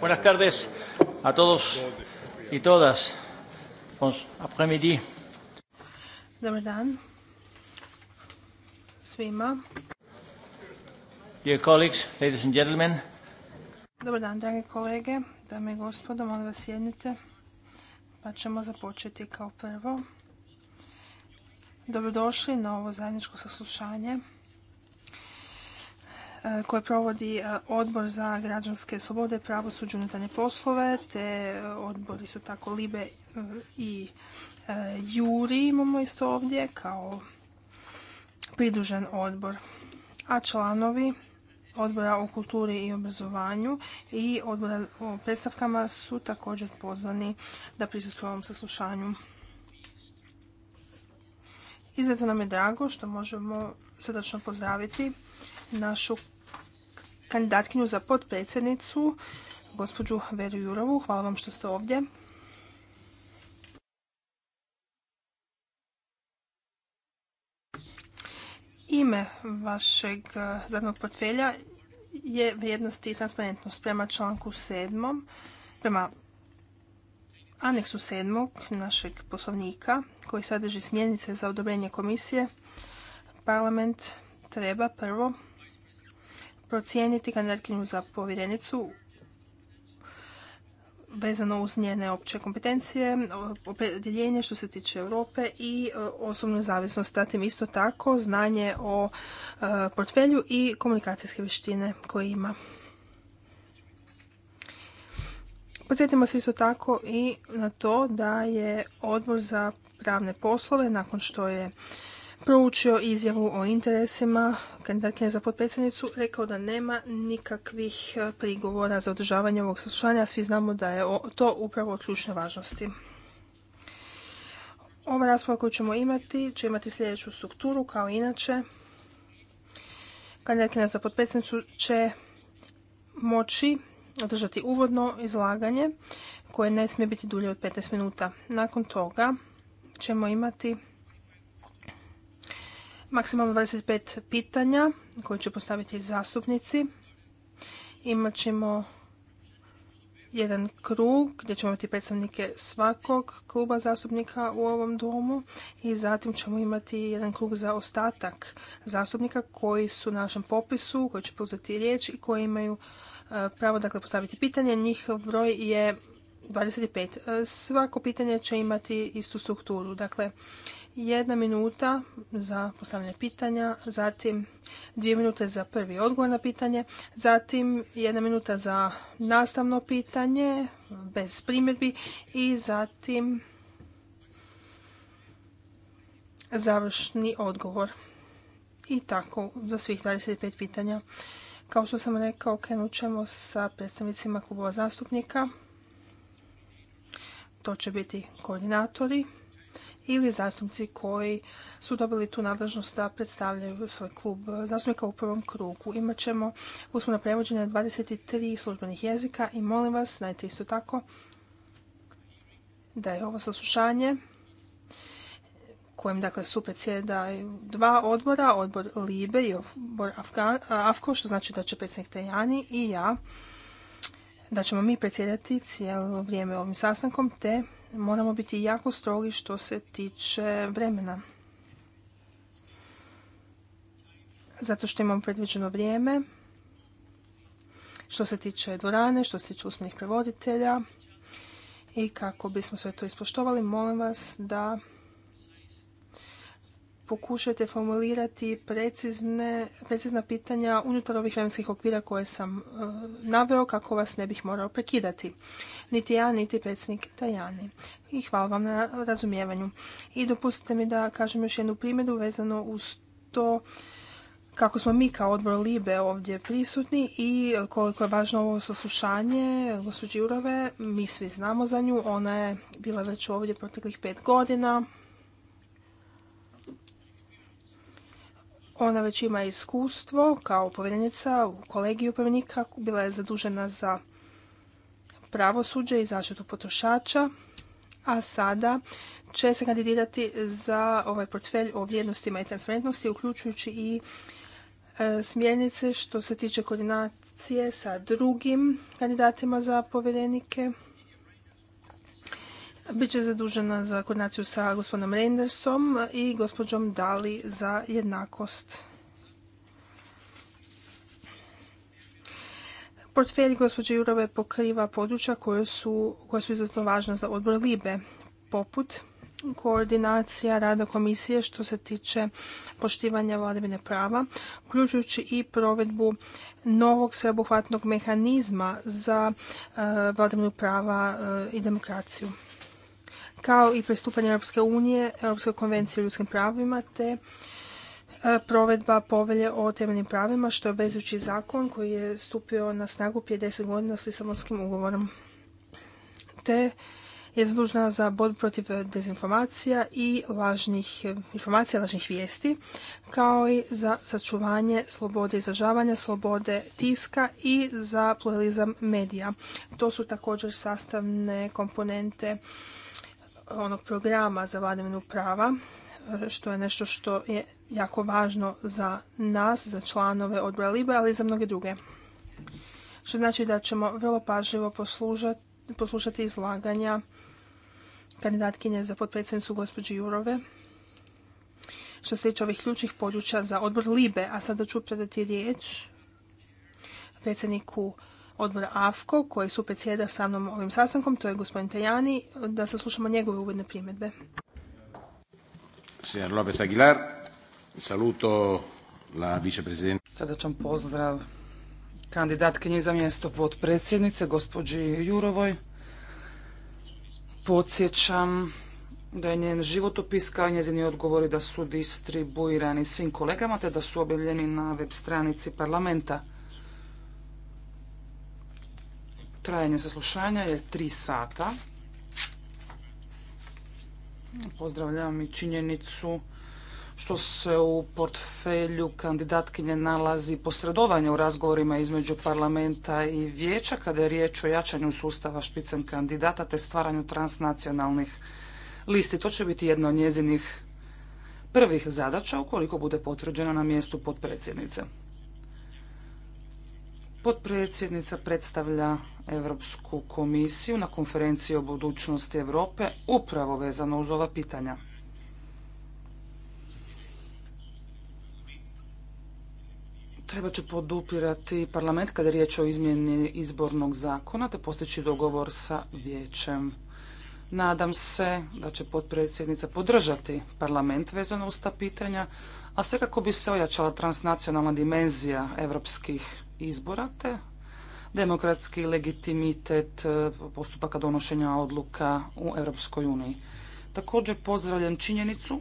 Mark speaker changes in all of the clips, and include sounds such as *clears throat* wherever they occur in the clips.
Speaker 1: Buenas tardes a todos i todas. Bon après-midi.
Speaker 2: Dobar svima.
Speaker 1: Dear colleagues, ladies and gentlemen.
Speaker 2: Dobar dan, dragi kolege, dame i gospodo, molim vas sjednite. Pa ćemo započeti kao prvo. Dobrodošli na ovo zajedničko saslušanje koje provodi e, odbor za građanske slobode, pravo unutarnje poslove, te e, odbor isto tako Libe e, i Juri imamo isto ovdje kao pridružen odbor. A članovi odbora o kulturi i obrazovanju i odbora o predstavkama su također pozvani da prisustvuju ovom saslušanju. Izuzetno nam je drago što možemo srdačno pozdraviti našu kandidatkinju za potpredsjednicu, gospođu Veru Jurovu. Hvala vam što ste ovdje. Ime vašeg eh, zadnog portfelja je vrijednost i transparentnost prema članku 7. prema aneksu 7. našeg poslovnika koji sadrži smjernice za odobrenje komisije. Parlament treba prvo procijeniti kandidatkinju za povjerenicu vezano uz njene opće kompetencije, opredjeljenje što se tiče Europe i e, osobnu zavisnost zatim isto tako znanje o e, portfelju i komunikacijske vještine koje ima. Podsjetimo se isto tako i na to da je odbor za pravne poslove nakon što je proučio izjavu o interesima kandidatkinje za potpredsjednicu, rekao da nema nikakvih e, prigovora za održavanje ovog saslušanja. Svi znamo da je to upravo od ključne važnosti. Ova rasprava koju ćemo imati će imati sljedeću strukturu kao inače. Kandidatkinja za potpredsjednicu će moći održati uvodno izlaganje koje ne smije biti dulje od 15 minuta. Nakon toga ćemo imati maksimalno 25 pitanja koje će postaviti zastupnici. Imat ćemo jedan krug gdje ćemo imati predstavnike svakog kluba zastupnika u ovom domu i zatim ćemo imati jedan krug za ostatak zastupnika koji su na našem popisu, koji će preuzeti riječ i koji imaju e, pravo dakle, postaviti pitanje. Njih broj je 25. E, svako pitanje će imati istu strukturu. Dakle, jedna minuta za postavljanje pitanja, zatim dvije minute za prvi odgovor na pitanje, zatim jedna minuta za nastavno pitanje bez primjedbi i zatim završni odgovor. I tako, za svih 25 pitanja. Kao što sam rekao, krenut ćemo sa predstavnicima klubova zastupnika. To će biti koordinatori ili zastupnici koji su dobili tu nadležnost da predstavljaju svoj klub zastupnika u prvom krugu. Imaćemo usmeno prevođenje 23 službenih jezika i molim vas, znajte isto tako da je ovo saslušanje kojim dakle su predsjedaju dva odbora, odbor Libe i odbor Afko, što znači da će predsjednik Tajani i ja, da ćemo mi predsjedati cijelo vrijeme ovim sastankom, te moramo biti jako strogi što se tiče vremena. Zato što imamo predviđeno vrijeme, što se tiče dvorane, što se tiče usmenih prevoditelja i kako bismo sve to ispoštovali, molim vas da pokušajte formulirati precizne, precizna pitanja unutar ovih vremenskih okvira koje sam e, naveo kako vas ne bih morao prekidati. Niti ja, niti predsjednik Tajani. I hvala vam na razumijevanju. I dopustite mi da kažem još jednu primjeru vezano uz to kako smo mi kao odbor Libe ovdje prisutni i koliko je važno ovo saslušanje gospođe Jurove, mi svi znamo za nju, ona je bila već ovdje proteklih pet godina, Ona već ima iskustvo kao povjerenica u kolegiju povjerenika, bila je zadužena za pravosuđe i zaštitu potrošača, a sada će se kandidirati za ovaj portfelj o vrijednostima i transparentnosti, uključujući i e, smjernice što se tiče koordinacije sa drugim kandidatima za povjerenike će zadužena za koordinaciju sa gospodinom Reindersom i gospođom Dali za jednakost. Portfelj gospođe Jurove pokriva područja koje su, koje su izuzetno važna za odbor Libe, poput koordinacija rada komisije što se tiče poštivanja vladavine prava, uključujući i provedbu novog sveobuhvatnog mehanizma za eh, vladavinu prava eh, i demokraciju kao i pristupanje Europske unije, Europske konvencije o ljudskim pravima te e, provedba povelje o temeljnim pravima što je obvezujući zakon koji je stupio na snagu prije 10 godina s Lisabonskim ugovorom. Te je zadužena za borbu protiv dezinformacija i lažnih informacija, lažnih vijesti, kao i za sačuvanje slobode izražavanja, slobode tiska i za pluralizam medija. To su također sastavne komponente onog programa za vladavinu prava, e, što je nešto što je jako važno za nas, za članove odbora Libe, ali i za mnoge druge. Što znači da ćemo vrlo pažljivo poslušati izlaganja kandidatkinje za potpredsjednicu gospođe Jurove što se tiče ovih ključnih područja za odbor Libe, a sada ću predati riječ predsjedniku odbora AFKO koji su predsjeda sa mnom ovim sastankom, to je gospodin Tajani, da saslušamo njegove uvodne primjedbe.
Speaker 1: Lopez Aguilar, saluto la
Speaker 3: Srdačan pozdrav kandidatkinji za mjesto podpredsjednice, gospođi Jurovoj. Podsjećam da je njen životopis kao i njezini odgovori da su distribuirani svim kolegama te da su objavljeni na web stranici parlamenta. Trajanje saslušanja je 3 sata. Pozdravljam i činjenicu što se u portfelju kandidatkinje nalazi posredovanje u razgovorima između parlamenta i vijeća kada je riječ o jačanju sustava špicen kandidata te stvaranju transnacionalnih listi. To će biti jedna od njezinih prvih zadaća ukoliko bude potvrđena na mjestu potpredsjednice. Potpredsjednica predstavlja Europsku komisiju na konferenciji o budućnosti Europe upravo vezano uz ova pitanja. Treba će podupirati parlament kada je riječ o izmjeni izbornog zakona te postići dogovor sa vijećem. Nadam se da će potpredsjednica podržati parlament vezano uz ta pitanja, a sve kako bi se ojačala transnacionalna dimenzija europskih izbora te demokratski legitimitet e, postupaka donošenja odluka u Europskoj uniji. Također pozdravljam činjenicu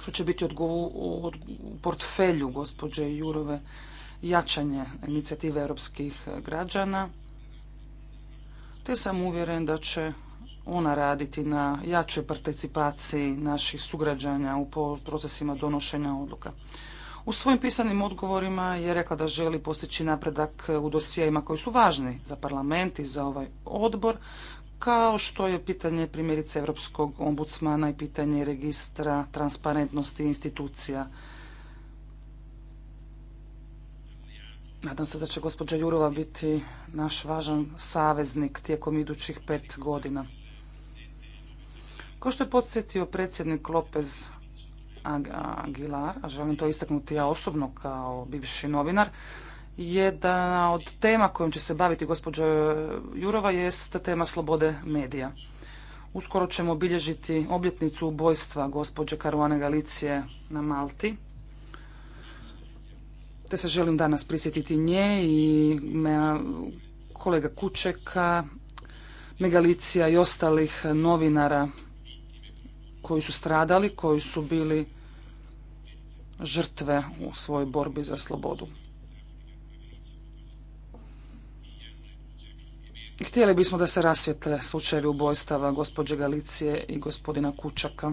Speaker 3: što će biti u portfelju gospođe Jurove jačanje inicijative europskih građana, te sam uvjeren da će ona raditi na jačoj participaciji naših sugrađana u procesima donošenja odluka. U svojim pisanim odgovorima je rekla da želi postići napredak u dosijajima koji su važni za parlament i za ovaj odbor, kao što je pitanje primjerice Europskog ombudsmana i pitanje registra transparentnosti institucija. Nadam se da će gospođa Jurova biti naš važan saveznik tijekom idućih pet godina. Kao što je podsjetio predsjednik Lopez Aguilar, a želim to istaknuti ja osobno kao bivši novinar, je da od tema kojom će se baviti gospođa Jurova jest tema slobode medija. Uskoro ćemo obilježiti obljetnicu ubojstva gospođe Karuane Galicije na Malti. Te se želim danas prisjetiti nje i me, kolega Kučeka, Megalicija i ostalih novinara koji su stradali, koji su bili žrtve u svojoj borbi za slobodu. Htjeli bismo da se rasvijetle slučajevi ubojstava gospođe Galicije i gospodina Kučaka.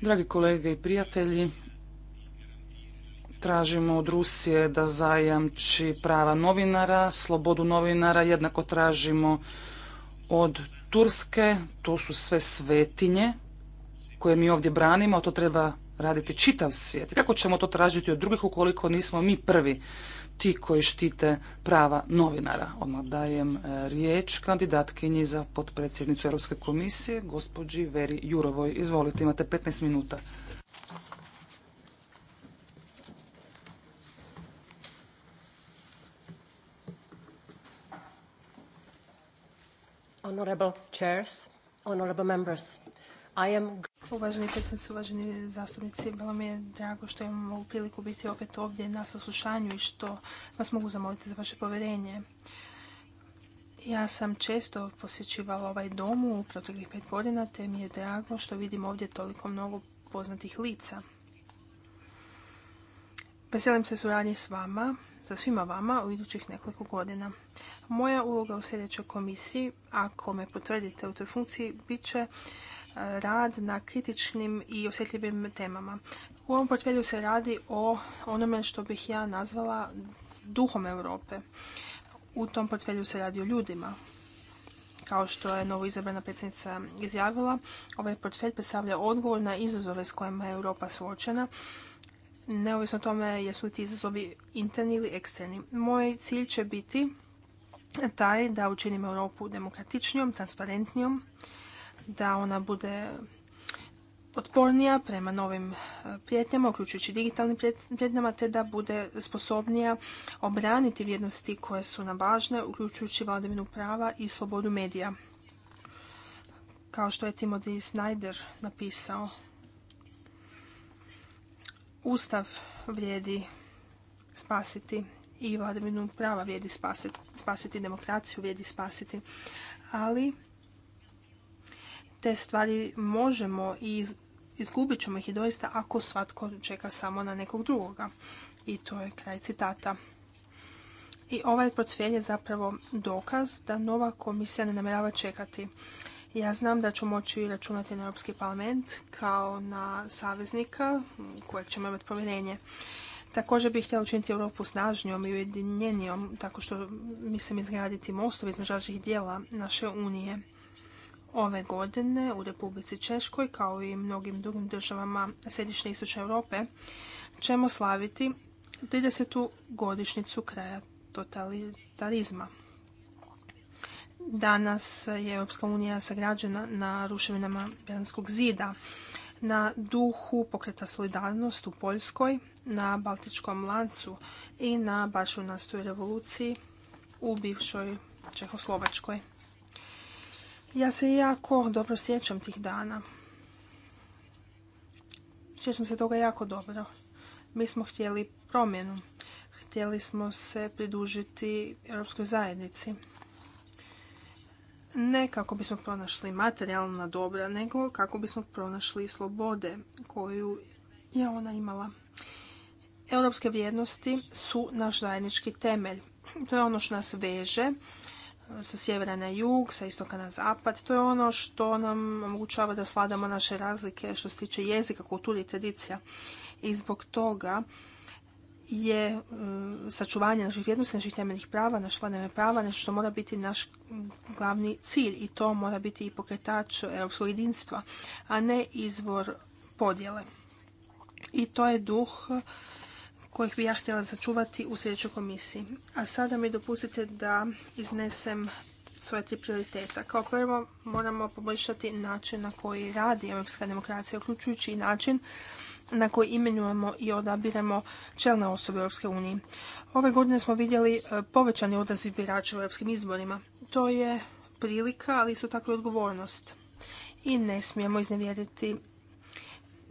Speaker 3: Dragi kolege i prijatelji, tražimo od Rusije da zajamči prava novinara, slobodu novinara, jednako tražimo od Turske, to su sve svetinje koje mi ovdje branimo, a to treba raditi čitav svijet. kako ćemo to tražiti od drugih ukoliko nismo mi prvi ti koji štite prava novinara? Odmah dajem e, riječ kandidatkinji za potpredsjednicu Europske komisije, gospođi Veri Jurovoj. Izvolite, imate 15 minuta.
Speaker 2: Honorable chairs, honorable members. Uvaženi predsjednici, uvaženi zastupnici, bilo mi je drago što imam ovu priliku biti opet ovdje na saslušanju i što vas mogu zamoliti za vaše povjerenje. Ja sam često posjećivala ovaj dom u proteklih pet godina, te mi je drago što vidim ovdje toliko mnogo poznatih lica. Veselim se suradnji s vama, sa svima vama u idućih nekoliko godina. Moja uloga u sljedećoj komisiji, ako me potvrdite u toj funkciji, bit će rad na kritičnim i osjetljivim temama. U ovom portfelju se radi o onome što bih ja nazvala duhom Europe. U tom portfelju se radi o ljudima. Kao što je novo izabrana predsjednica izjavila, ovaj portfelj predstavlja odgovor na izazove s kojima je Europa suočena, neovisno o tome jesu li ti izazovi interni ili eksterni. Moj cilj će biti taj da učinim Europu demokratičnijom, transparentnijom da ona bude otpornija prema novim e, prijetnjama, uključujući digitalnim prijetnjama, te da bude sposobnija obraniti vrijednosti koje su nam važne, uključujući vladavinu prava i slobodu medija. Kao što je Timothy Snyder napisao, Ustav vrijedi spasiti i vladavinu prava vrijedi spasiti, spasiti demokraciju vrijedi spasiti, ali te stvari možemo i izgubit ćemo ih i doista ako svatko čeka samo na nekog drugoga. I to je kraj citata. I ovaj portfelj je zapravo dokaz da nova komisija ne namjerava čekati. Ja znam da ću moći računati na Europski parlament kao na saveznika kojeg ćemo imati povjerenje. Također bih htjela učiniti Europu snažnijom i ujedinjenijom tako što mislim izgraditi mostove između različitih dijela naše unije. Ove godine u Republici Češkoj, kao i mnogim drugim državama Središnje istočne Europe, ćemo slaviti 30. godišnicu kraja totalitarizma. Danas je Europska unija sagrađena na ruševinama Berlinskog zida, na duhu pokreta Solidarnost u Poljskoj, na Baltičkom lancu i na nastoj revoluciji u bivšoj Čehoslovačkoj. Ja se jako dobro sjećam tih dana. Sjećam se toga jako dobro. Mi smo htjeli promjenu. Htjeli smo se pridružiti Europskoj zajednici. Ne kako bismo pronašli materijalna dobra, nego kako bismo pronašli slobode koju je ona imala. Europske vrijednosti su naš zajednički temelj. To je ono što nas veže sa sjevera na jug, sa istoka na zapad. To je ono što nam omogućava da sladamo naše razlike što se tiče jezika, kulturi i tradicija. I zbog toga je e, sačuvanje naših vrijednosti, naših temeljnih prava, naših vladavine prava, nešto što mora biti naš glavni cilj i to mora biti i pokretač europskog jedinstva, a ne izvor podjele. I to je duh kojih bi ja htjela začuvati u sljedećoj komisiji. A sada mi dopustite da iznesem svoje tri prioriteta. Kao prvo moramo poboljšati način na koji radi europska demokracija, uključujući i način na koji imenujemo i odabiremo čelne osobe u Europske unije. Ove godine smo vidjeli e, povećani odaziv birača u europskim izborima. To je prilika, ali isto tako i odgovornost. I ne smijemo iznevjeriti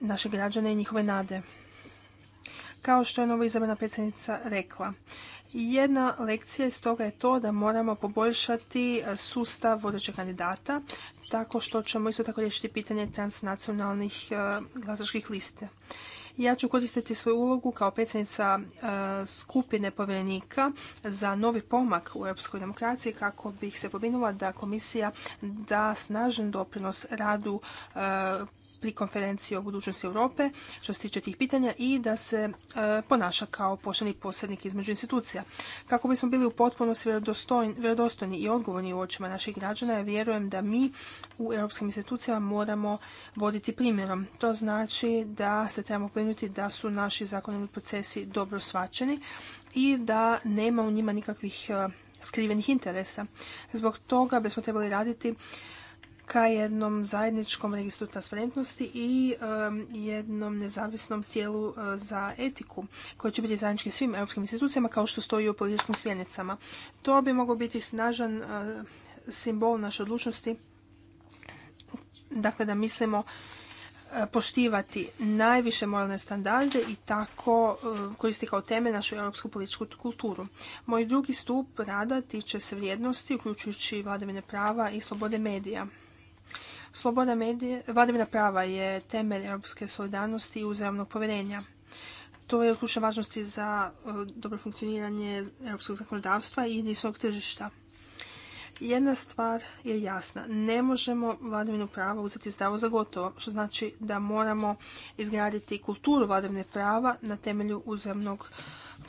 Speaker 2: naše građane i njihove nade kao što je novo izabrana predsjednica rekla. Jedna lekcija iz toga je to da moramo poboljšati sustav vodećeg kandidata tako što ćemo isto tako riješiti pitanje transnacionalnih e, glasačkih liste. Ja ću koristiti svoju ulogu kao predsjednica e, skupine povjerenika za novi pomak u europskoj demokraciji kako bih se pobinula da komisija da snažan doprinos radu e, pri konferenciji o budućnosti Europe što se tiče tih pitanja i da se e, ponaša kao pošteni posrednik između institucija. Kako bismo bili u potpunosti vjerodostojni i odgovorni u očima naših građana, ja vjerujem da mi u europskim institucijama moramo voditi primjerom. To znači da se trebamo brinuti da su naši zakonodavni procesi dobro svačeni i da nema u njima nikakvih e, skrivenih interesa. Zbog toga bismo trebali raditi ka jednom zajedničkom registru transparentnosti i jednom nezavisnom tijelu e, za etiku koje će biti zajednički svim europskim institucijama kao što stoji u političkim smjernicama. To bi mogao biti snažan e, simbol naše odlučnosti dakle da mislimo e, poštivati najviše moralne standarde i tako koristi kao teme našu europsku političku kulturu. Moj drugi stup rada tiče se vrijednosti, uključujući vladavine prava i slobode medija. Sloboda medije, vladavina prava je temelj europske solidarnosti i uzajamnog povjerenja. To je od ključne važnosti za e, dobro funkcioniranje europskog zakonodavstva i jedinstvenog tržišta. Jedna stvar je jasna. Ne možemo vladavinu prava uzeti zdravo za gotovo, što znači da moramo izgraditi kulturu vladavine prava na temelju uzemnog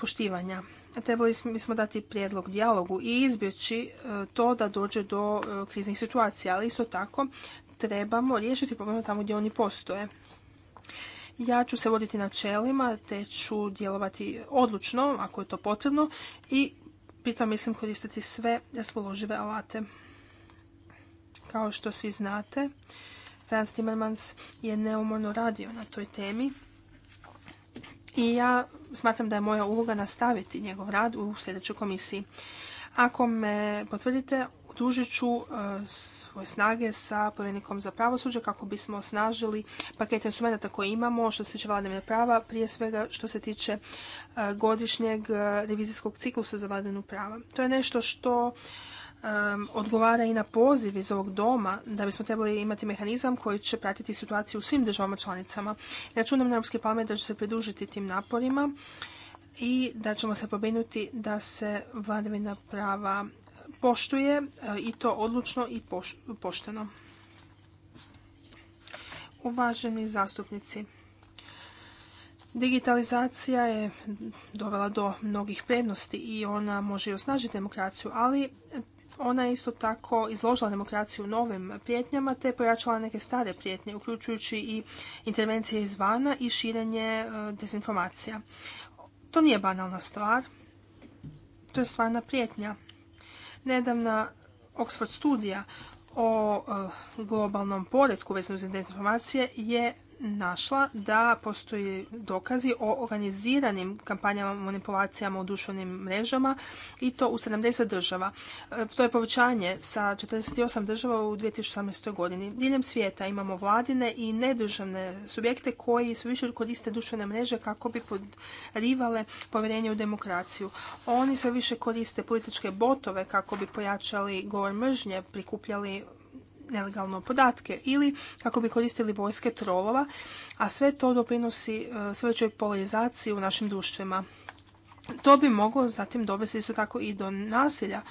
Speaker 2: poštivanja. Trebali smo dati prijedlog dijalogu i izbjeći e, to da dođe do e, kriznih situacija, ali isto tako trebamo riješiti problem tamo gdje oni postoje. Ja ću se voditi na čelima, te ću djelovati odlučno, ako je to potrebno, i pritom mislim koristiti sve raspoložive alate. Kao što svi znate, Franz Timmermans je neumorno radio na toj temi i ja smatram da je moja uloga nastaviti njegov rad u sljedećoj komisiji. Ako me potvrdite, udružit ću e, s svoje snage sa povjerenikom za pravosuđe kako bismo osnažili pakete instrumenta koje imamo što se tiče vladavine prava, prije svega što se tiče e, godišnjeg e, revizijskog ciklusa za vladavinu prava. To je nešto što e, odgovara i na poziv iz ovog doma da bismo trebali imati mehanizam koji će pratiti situaciju u svim državama članicama. Računam na Europski parlament da će se pridružiti tim naporima i da ćemo se pobinuti da se vladavina prava poštuje e, i to odlučno i pošteno. Uvaženi zastupnici, digitalizacija je dovela do mnogih prednosti i ona može i osnažiti demokraciju, ali ona je isto tako izložila demokraciju novim prijetnjama te pojačala neke stare prijetnje, uključujući i intervencije izvana i širenje e, dezinformacija. To nije banalna stvar, to je stvarna prijetnja Nedavna Oxford studija o e, globalnom poretku vezano za dezinformacije je našla da postoji dokazi o organiziranim kampanjama manipulacijama u duševnim mrežama i to u 70 država. E, to je povećanje sa 48 država u 2018. godini. Diljem svijeta imamo vladine i nedržavne subjekte koji su više koriste duševne mreže kako bi podrivale povjerenje u demokraciju. Oni sve više koriste političke botove kako bi pojačali govor mržnje, prikupljali nelegalno podatke ili kako bi koristili vojske trolova, a sve to doprinosi e, sve većoj polarizaciji u našim društvima. To bi moglo zatim dovesti isto tako i do nasilja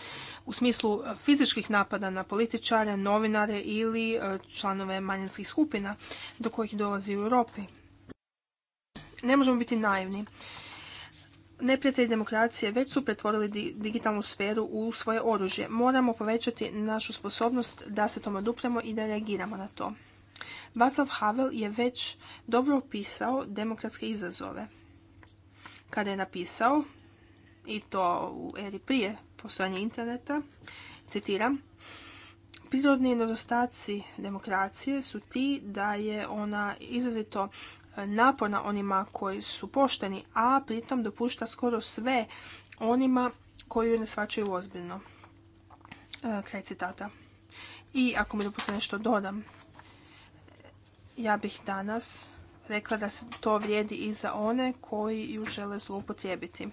Speaker 2: u smislu fizičkih napada na političare, novinare ili e, članove manjinskih skupina do kojih dolazi u Europi. Ne možemo biti naivni neprijatelji demokracije već su pretvorili digitalnu sferu u svoje oružje. Moramo povećati našu sposobnost da se tome odupremo i da reagiramo na to. Václav Havel je već dobro opisao demokratske izazove. Kada je napisao, i to u eri prije postojanja interneta, citiram, prirodni nedostaci demokracije su ti da je ona izrazito napona onima koji su pošteni, a pritom dopušta skoro sve onima koji ju ne svačaju ozbiljno. E, kraj citata. I ako mi dopustite nešto dodam, ja bih danas rekla da se to vrijedi i za one koji ju žele zloupotrijebiti.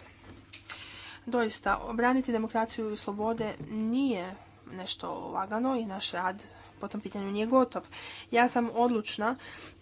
Speaker 2: Doista, obraniti demokraciju i slobode nije nešto lagano i naš rad po tom pitanju nije gotov. Ja sam odlučna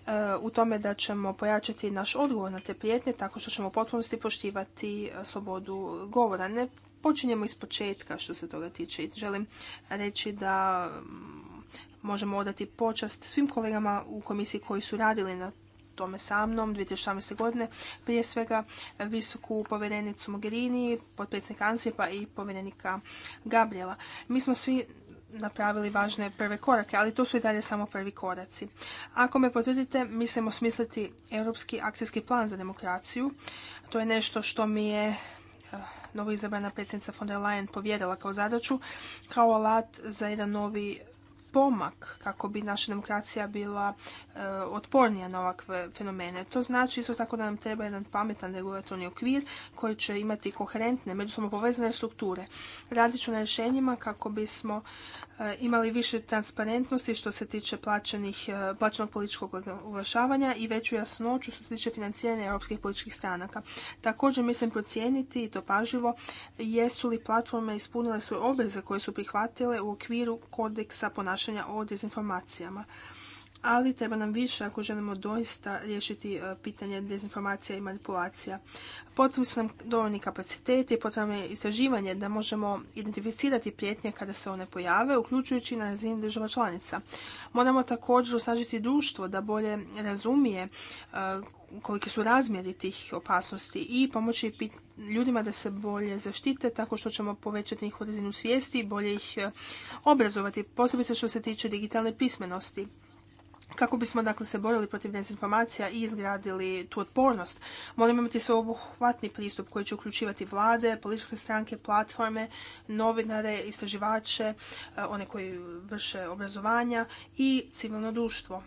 Speaker 2: e, u tome da ćemo pojačati naš odgovor na te prijetnje tako što ćemo u potpunosti poštivati e, slobodu govora. Ne počinjemo iz početka što se toga tiče želim reći da mm, možemo odati počast svim kolegama u komisiji koji su radili na tome sa mnom 2018. godine, prije svega e, visoku povjerenicu Mogherini, potpredsjednika Ansipa i povjerenika Gabriela. Mi smo svi napravili važne prve korake, ali to su i dalje samo prvi koraci. Ako me potvrdite, mislimo smisliti Europski akcijski plan za demokraciju. To je nešto što mi je eh, novo izabrana predsjednica von der Leyen povjerila kao zadaću, kao alat za jedan novi pomak kako bi naša demokracija bila Eh, otpornija na ovakve fenomene. To znači isto tako da nam treba jedan pametan regulatorni okvir koji će imati koherentne, međusobno povezane strukture. Radit ću na rješenjima kako bismo eh, imali više transparentnosti što se tiče eh, plaćenog političkog oglašavanja i veću jasnoću što se tiče financiranja europskih političkih stranaka. Također mislim procijeniti i to pažljivo jesu li platforme ispunile svoje obveze koje su prihvatile u okviru kodeksa ponašanja o dezinformacijama ali treba nam više ako želimo doista riješiti e, pitanje dezinformacija i manipulacija. Potrebni su nam dovoljni kapaciteti, potrebno je istraživanje da možemo identificirati prijetnje kada se one pojave, uključujući na razini država članica. Moramo također osnažiti društvo da bolje razumije e, koliki su razmjeri tih opasnosti i pomoći ljudima da se bolje zaštite tako što ćemo povećati njihovu razinu svijesti i bolje ih e, obrazovati, posebno što se tiče digitalne pismenosti kako bismo dakle se borili protiv dezinformacija i izgradili tu otpornost. Moramo imati sveobuhvatni pristup koji će uključivati vlade, političke stranke, platforme, novinare, istraživače, eh, one koji vrše obrazovanja i civilno društvo.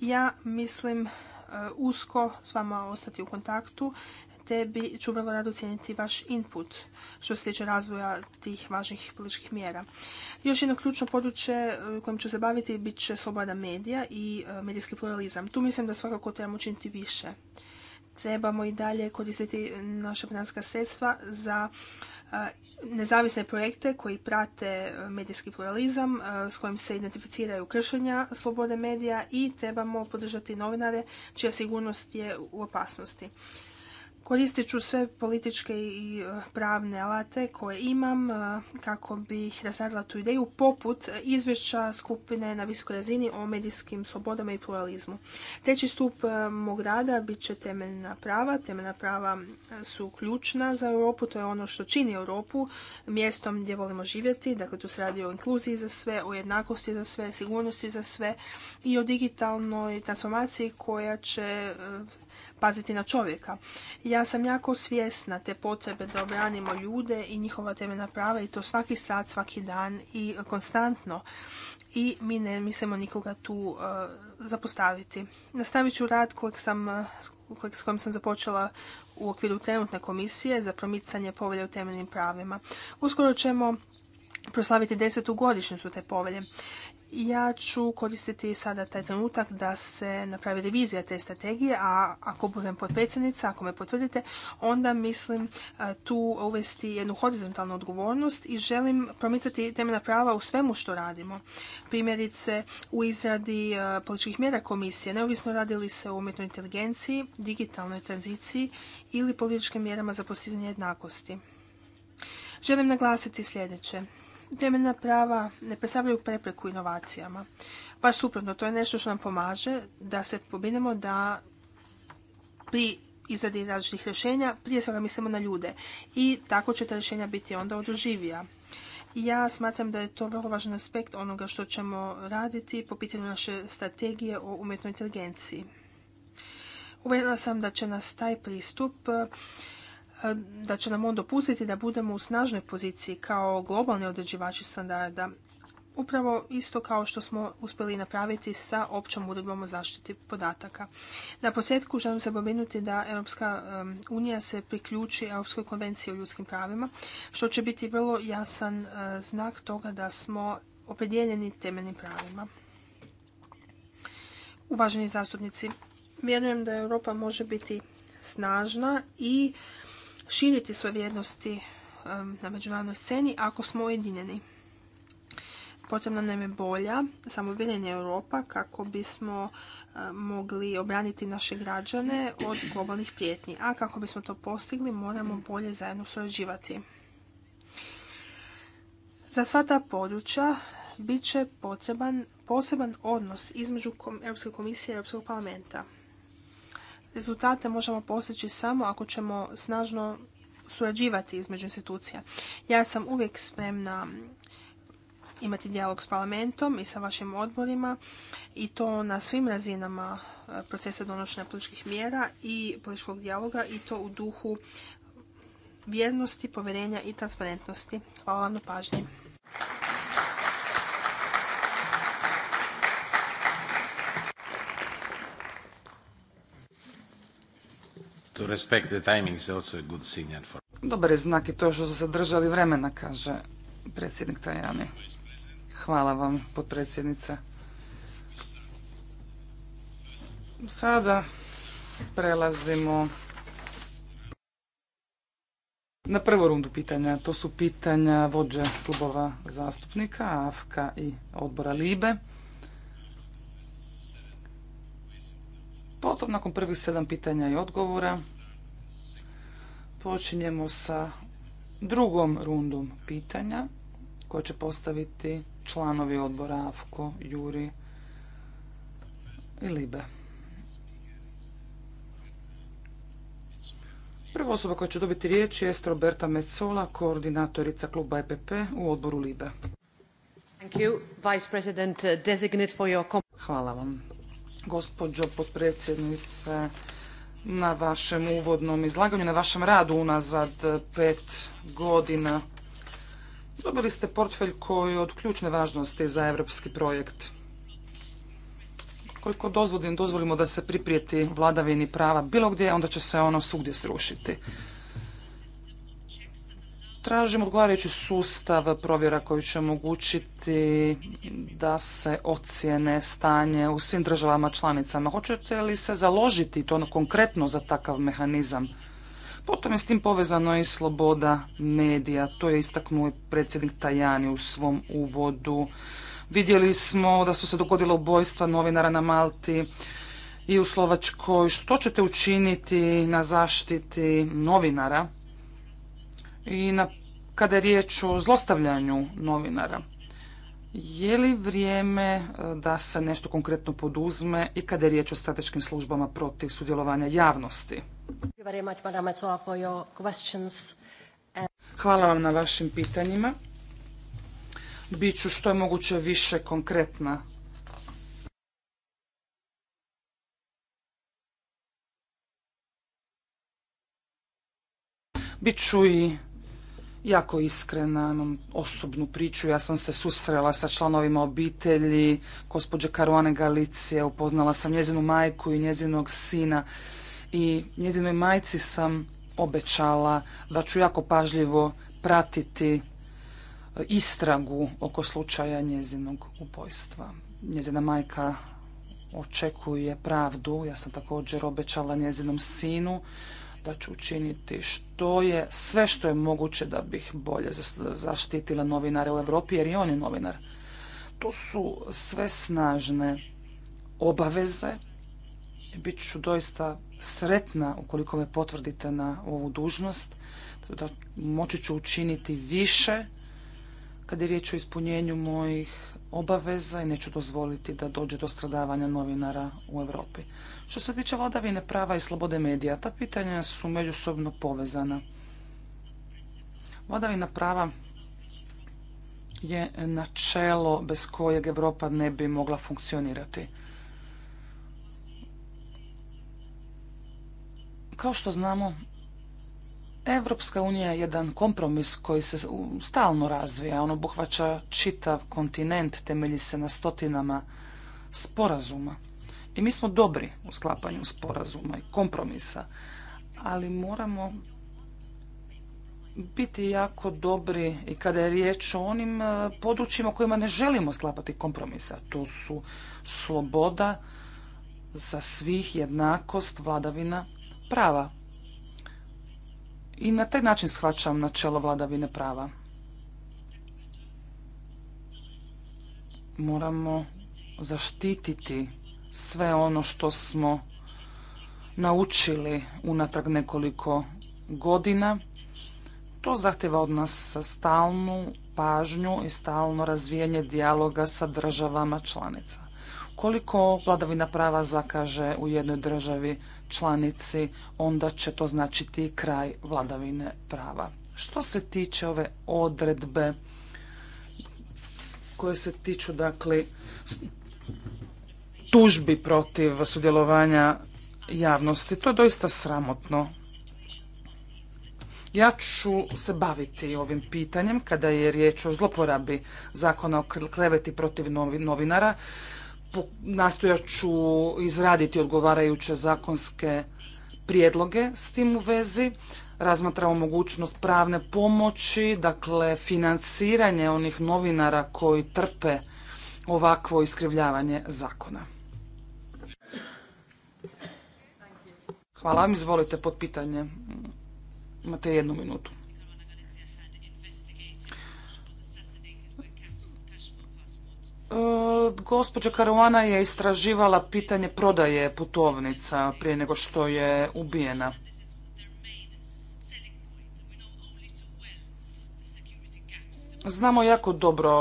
Speaker 2: Ja mislim eh, usko s vama ostati u kontaktu te bi, ću vrlo rado cijeniti vaš input što se tiče razvoja tih važnih političkih mjera. Još jedno ključno područje e, kojim ću se baviti bit će sloboda medija i e, medijski pluralizam. Tu mislim da svakako trebamo učiniti više. Trebamo i dalje koristiti naše financijska sredstva za e, nezavisne projekte koji prate medijski pluralizam s kojim se identificiraju kršenja slobode medija i trebamo podržati novinare čija sigurnost je u opasnosti. Koristit ću sve političke i e, pravne alate koje imam e, kako bih razradila tu ideju poput e, izvješća skupine na visokoj razini o medijskim slobodama i pluralizmu. Treći stup mog rada bit će temeljna prava. Temeljna prava su ključna za Europu, to je ono što čini Europu mjestom gdje volimo živjeti. Dakle, tu se radi o inkluziji za sve, o jednakosti za sve, sigurnosti za sve i o digitalnoj transformaciji koja će paziti na čovjeka. Ja sam jako svjesna te potrebe da obranimo ljude i njihova temeljna prava i to svaki sat, svaki dan i konstantno. I mi ne mislimo nikoga tu uh, zapostaviti. Nastavit ću rad uh, s kojim sam započela u okviru trenutne komisije za promicanje povelje u temeljnim pravima. Uskoro ćemo proslaviti desetu godišnjicu te povelje. Ja ću koristiti sada taj trenutak da se napravi revizija te strategije, a ako budem potpredsjednica, ako me potvrdite, onda mislim e, tu uvesti jednu horizontalnu odgovornost i želim promicati temeljna prava u svemu što radimo. Primjerice u izradi e, političkih mjera komisije, neovisno radili se o umjetnoj inteligenciji, digitalnoj tranziciji ili političkim mjerama za postizanje jednakosti. Želim naglasiti sljedeće temeljna prava ne predstavljaju prepreku inovacijama. Baš suprotno, to je nešto što nam pomaže da se pobinemo da pri izradi različitih rješenja prije svega mislimo na ljude i tako će ta rješenja biti onda održivija. Ja smatram da je to vrlo važan aspekt onoga što ćemo raditi po pitanju naše strategije o umjetnoj inteligenciji. Uvjerila sam da će nas taj pristup E, da će nam on dopustiti da budemo u snažnoj poziciji kao globalni određivači standarda. Upravo isto kao što smo uspjeli napraviti sa općom uredbom o zaštiti podataka. Na posjetku želim se pomenuti da Europska unija se priključi Europskoj konvenciji o ljudskim pravima, što će biti vrlo jasan e, znak toga da smo opredijeljeni temeljnim pravima. Uvaženi zastupnici, vjerujem da Europa može biti snažna i širiti svoje vrijednosti na međunarodnoj sceni ako smo ujedinjeni. Potrebna nam je bolja, samovirjenja Europa kako bismo mogli obraniti naše građane od globalnih prijetnji, a kako bismo to postigli moramo bolje zajedno surađivati. Za sva ta područja bit će potreban poseban odnos između Europske komisije i Europskog parlamenta rezultate možemo postići samo ako ćemo snažno surađivati između institucija. Ja sam uvijek spremna imati dijalog s parlamentom i sa vašim odborima i to na svim razinama e, procesa donošenja političkih mjera i političkog dijaloga i to u duhu vjernosti, povjerenja i transparentnosti. Hvala vam na pažnji.
Speaker 1: To timing
Speaker 3: Dobar je znak i to što su se držali vremena, kaže predsjednik Tajani. Hvala vam, potpredsjednice. Sada prelazimo na prvu rundu pitanja. To su pitanja vođe klubova zastupnika, AFKA i odbora LIBE. Potom, nakon prvih sedam pitanja i odgovora, počinjemo sa drugom rundom pitanja koje će postaviti članovi odbora Avko, Juri i Libe. Prva osoba koja će dobiti riječ je Roberta Mezzola, koordinatorica kluba EPP u odboru Libe. Uh, Hvala vam gospođo potpredsjednice na vašem uvodnom izlaganju, na vašem radu unazad pet godina. Dobili ste portfelj koji je od ključne važnosti za europski projekt. Koliko dozvolim, dozvolimo da se priprijeti vladavini prava bilo gdje, onda će se ono svugdje srušiti tražim odgovarajući sustav provjera koji će omogućiti da se ocjene stanje u svim državama članicama. Hoćete li se založiti to ono konkretno za takav mehanizam? Potom je s tim povezano i sloboda medija. To je istaknuo predsjednik Tajani u svom uvodu. Vidjeli smo da su se dogodila ubojstva novinara na Malti i u Slovačkoj. Što ćete učiniti na zaštiti novinara i na, kada je riječ o zlostavljanju novinara. Je li vrijeme e, da se nešto konkretno poduzme i kada je riječ o strateškim službama protiv sudjelovanja javnosti? Hvala vam na vašim pitanjima. Biću što je moguće više konkretna. Biću i jako iskrena, imam osobnu priču. Ja sam se susrela sa članovima obitelji, gospođe Karuane Galicije, upoznala sam njezinu majku i njezinog sina. I njezinoj majci sam obećala da ću jako pažljivo pratiti e, istragu oko slučaja njezinog ubojstva. Njezina majka očekuje pravdu, ja sam također obećala njezinom sinu da ću učiniti što je, sve što je moguće da bih bolje zaštitila novinare u Europi jer i on je novinar. To su sve snažne obaveze. Bit ću doista sretna ukoliko me potvrdite na ovu dužnost. Da moći ću učiniti više kada je riječ o ispunjenju mojih obaveza i neću dozvoliti da dođe do stradavanja novinara u Europi. Što se tiče vladavine prava i slobode medija, ta pitanja su međusobno povezana. Vladavina prava je načelo bez kojeg Europa ne bi mogla funkcionirati. Kao što znamo, Evropska unija je jedan kompromis koji se stalno razvija. On obuhvaća čitav kontinent, temelji se na stotinama sporazuma. I mi smo dobri u sklapanju sporazuma i kompromisa, ali moramo biti jako dobri i kada je riječ o onim e, područjima kojima ne želimo sklapati kompromisa. To su sloboda za svih, jednakost, vladavina prava. I na taj način shvaćam načelo vladavine prava. Moramo zaštititi sve ono što smo naučili unatrag nekoliko godina. To zahtjeva od nas stalnu pažnju i stalno razvijanje dijaloga sa državama članica. Koliko vladavina prava zakaže u jednoj državi članici, onda će to značiti i kraj vladavine prava. Što se tiče ove odredbe koje se tiču dakle tužbi protiv sudjelovanja javnosti. To je doista sramotno. Ja ću se baviti ovim pitanjem kada je riječ o zloporabi zakona o kleveti protiv novinara. Nastojat ću izraditi odgovarajuće zakonske prijedloge s tim u vezi. Razmatramo mogućnost pravne pomoći, dakle financiranje onih novinara koji trpe ovakvo iskrivljavanje zakona. Hvala vam, izvolite pod pitanje. Imate jednu minutu. E, gospođa Karuana je istraživala pitanje prodaje putovnica prije nego što je ubijena. Znamo jako dobro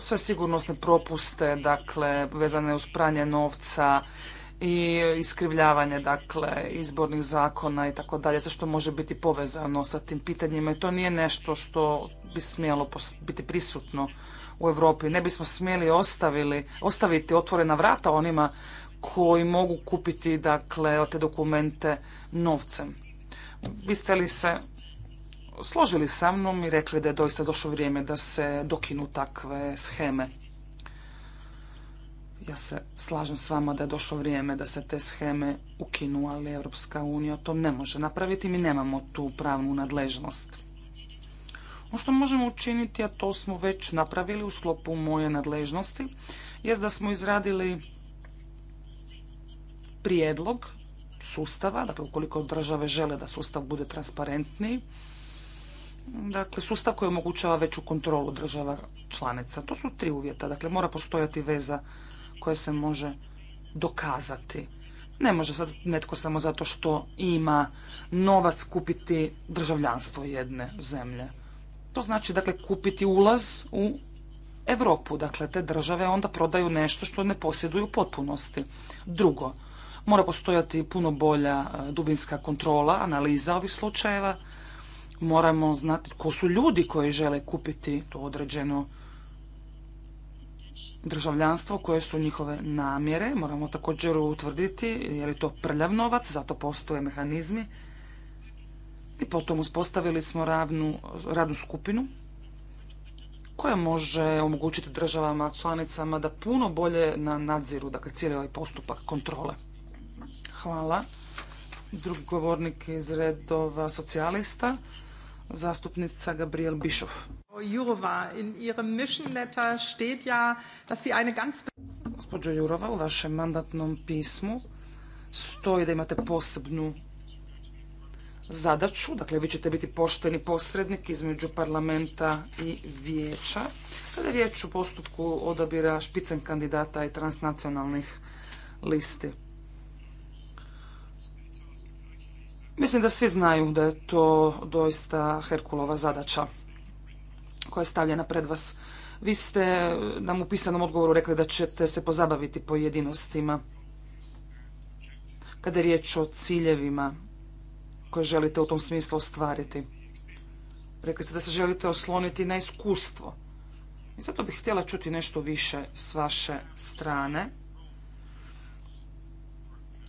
Speaker 3: sve sigurnosne propuste, dakle, vezane uz pranje novca, i iskrivljavanje dakle izbornih zakona i tako dalje, sve što može biti povezano sa tim pitanjima i to nije nešto što bi smjelo biti prisutno u Europi. Ne bismo smjeli ostavili, ostaviti otvorena vrata onima koji mogu kupiti dakle te dokumente novcem. Biste li se složili sa mnom i rekli da je doista došlo vrijeme da se dokinu takve scheme? Ja se slažem s vama da je došlo vrijeme da se te sheme ukinu, ali Europska unija to ne može napraviti. Mi nemamo tu pravnu nadležnost. Ono što možemo učiniti, a to smo već napravili u sklopu moje nadležnosti, je da smo izradili prijedlog sustava, dakle ukoliko države žele da sustav bude transparentniji, dakle sustav koji omogućava veću kontrolu država članica. To su tri uvjeta, dakle mora postojati veza koje se može dokazati. Ne može sad netko samo zato što ima novac kupiti državljanstvo jedne zemlje. To znači dakle kupiti ulaz u Europu, dakle te države onda prodaju nešto što ne posjeduju u potpunosti. Drugo, mora postojati puno bolja e, dubinska kontrola, analiza ovih slučajeva. Moramo znati ko su ljudi koji žele kupiti to određeno državljanstvo, koje su njihove namjere. Moramo također utvrditi je li to prljav novac, zato postoje mehanizmi. I potom uspostavili smo radnu skupinu koja može omogućiti državama članicama da puno bolje na nadziru, dakle cijeli ovaj postupak kontrole. Hvala. Drugi govornik iz redova socijalista, zastupnica Gabriel Bišov.
Speaker 2: Jurova, in ihrem mission
Speaker 3: Gospođo Jurova, u vašem mandatnom pismu stoji da imate posebnu zadaću, dakle vi ćete biti pošteni posrednik između parlamenta i vijeća, kada je riječ u postupku odabira špicen kandidata i transnacionalnih listi. Mislim da svi znaju da je to doista Herkulova zadaća koja je stavljena pred vas. Vi ste nam u pisanom odgovoru rekli da ćete se pozabaviti pojedinostima kada je riječ o ciljevima koje želite u tom smislu ostvariti. Rekli ste da se želite osloniti na iskustvo. I zato bih htjela čuti nešto više s vaše strane.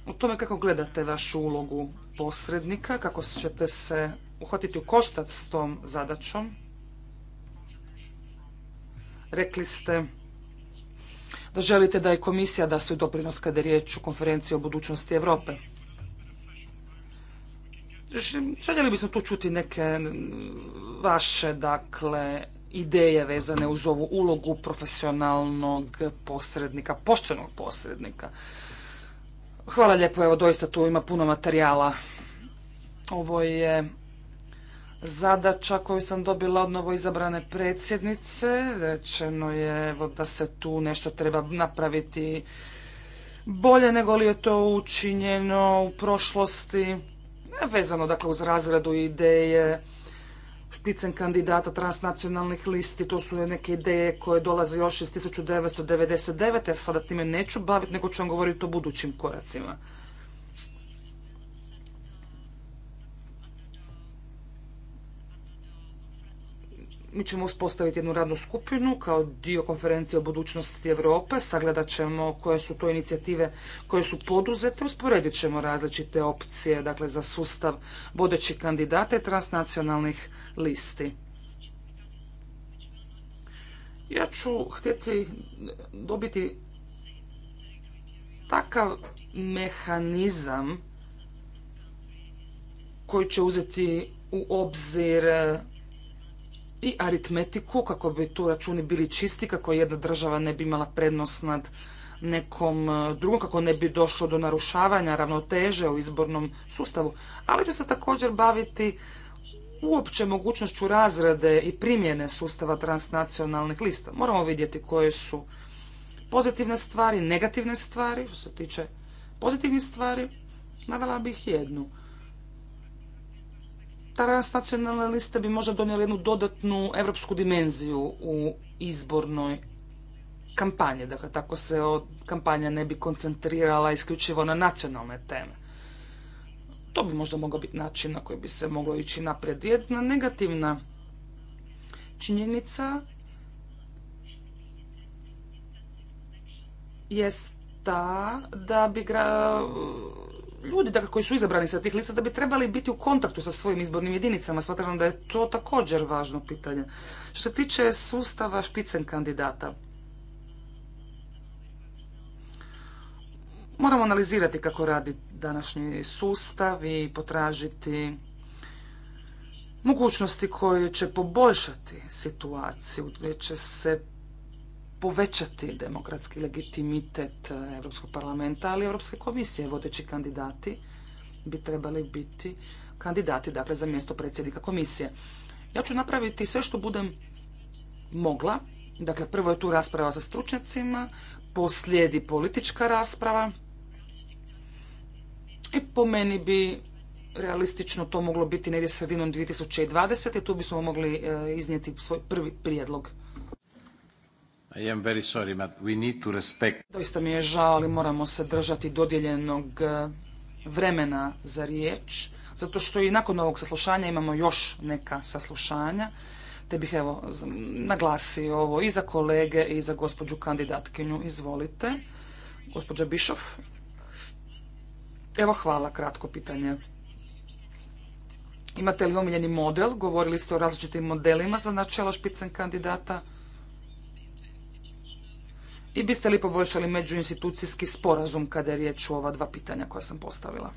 Speaker 3: O tome kako gledate vašu ulogu posrednika, kako ćete se uhvatiti u koštac s tom zadaćom. Rekli ste da želite da je komisija da svoj doprinos kada je riječ o konferenciji o budućnosti Europe. Željeli bismo tu čuti neke vaše, dakle, ideje vezane uz ovu ulogu profesionalnog posrednika, poštenog posrednika. Hvala lijepo, evo doista tu ima puno materijala. Ovo je zadaća koju sam dobila od novo izabrane predsjednice. Rečeno je evo, da se tu nešto treba napraviti bolje nego li je to učinjeno u prošlosti. Vezano dakle uz razradu ideje špicen kandidata transnacionalnih listi, to su neke ideje koje dolaze još iz 1999. Ja sada time neću baviti, nego ću vam govoriti o budućim koracima. Mi ćemo uspostaviti jednu radnu skupinu kao dio konferencije o budućnosti Europe, sagledat ćemo koje su to inicijative koje su poduzete, usporedit ćemo različite opcije dakle, za sustav vodećih kandidata i transnacionalnih listi. Ja ću htjeti dobiti takav mehanizam koji će uzeti u obzir i aritmetiku kako bi tu računi bili čisti, kako jedna država ne bi imala prednost nad nekom e, drugom, kako ne bi došlo do narušavanja ravnoteže u izbornom sustavu, ali ću se također baviti uopće mogućnošću razrade i primjene sustava transnacionalnih lista. Moramo vidjeti koje su pozitivne stvari, negativne stvari, što se tiče pozitivnih stvari, navela bih jednu transnacionalne liste bi možda donijeli jednu dodatnu europsku dimenziju u izbornoj kampanji. Dakle, tako se kampanja ne bi koncentrirala isključivo na nacionalne teme. To bi možda mogao biti način na koji bi se moglo ići naprijed. Jedna negativna činjenica jest ta da bi gra, ljudi dakle, koji su izabrani sa tih lista da bi trebali biti u kontaktu sa svojim izbornim jedinicama. Smatram da je to također važno pitanje. Što se tiče sustava špicen kandidata, moramo analizirati kako radi današnji sustav i potražiti mogućnosti koje će poboljšati situaciju, gdje će se povećati demokratski legitimitet Europskog parlamenta, ali Europske komisije vodeći kandidati bi trebali biti kandidati dakle, za mjesto predsjednika komisije. Ja ću napraviti sve što budem mogla. Dakle, prvo je tu rasprava sa stručnjacima, poslijedi politička rasprava i po meni bi realistično to moglo biti negdje sredinom 2020. Tu bismo mogli e, iznijeti svoj prvi prijedlog. Doista mi je žao, ali moramo se držati dodijeljenog e, vremena za riječ, zato što i nakon ovog saslušanja imamo još neka saslušanja, te bih evo naglasio ovo i za kolege i za gospođu kandidatkinju. Izvolite, gospođa Bišov. Evo hvala, kratko pitanje. Imate li omiljeni model? Govorili ste o različitim modelima za načelo špicen kandidata i biste li poboljšali međuinstitucijski sporazum kada je riječ o ova dva pitanja koja sam postavila?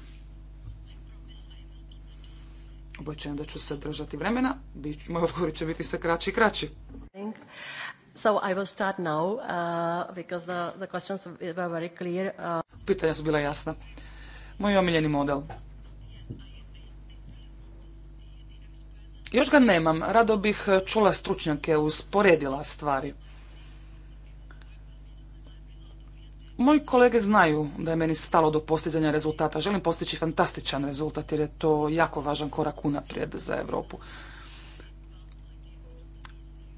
Speaker 3: Obećajem da ću se držati vremena. Moj odgovor će biti sve kraći i kraći. Pitanja su bila jasna. Moj omiljeni model. Još ga nemam. Rado bih čula stručnjake, usporedila stvari. Moji kolege znaju da je meni stalo do postizanja rezultata. Želim postići fantastičan rezultat jer je to jako važan korak unaprijed za Europu.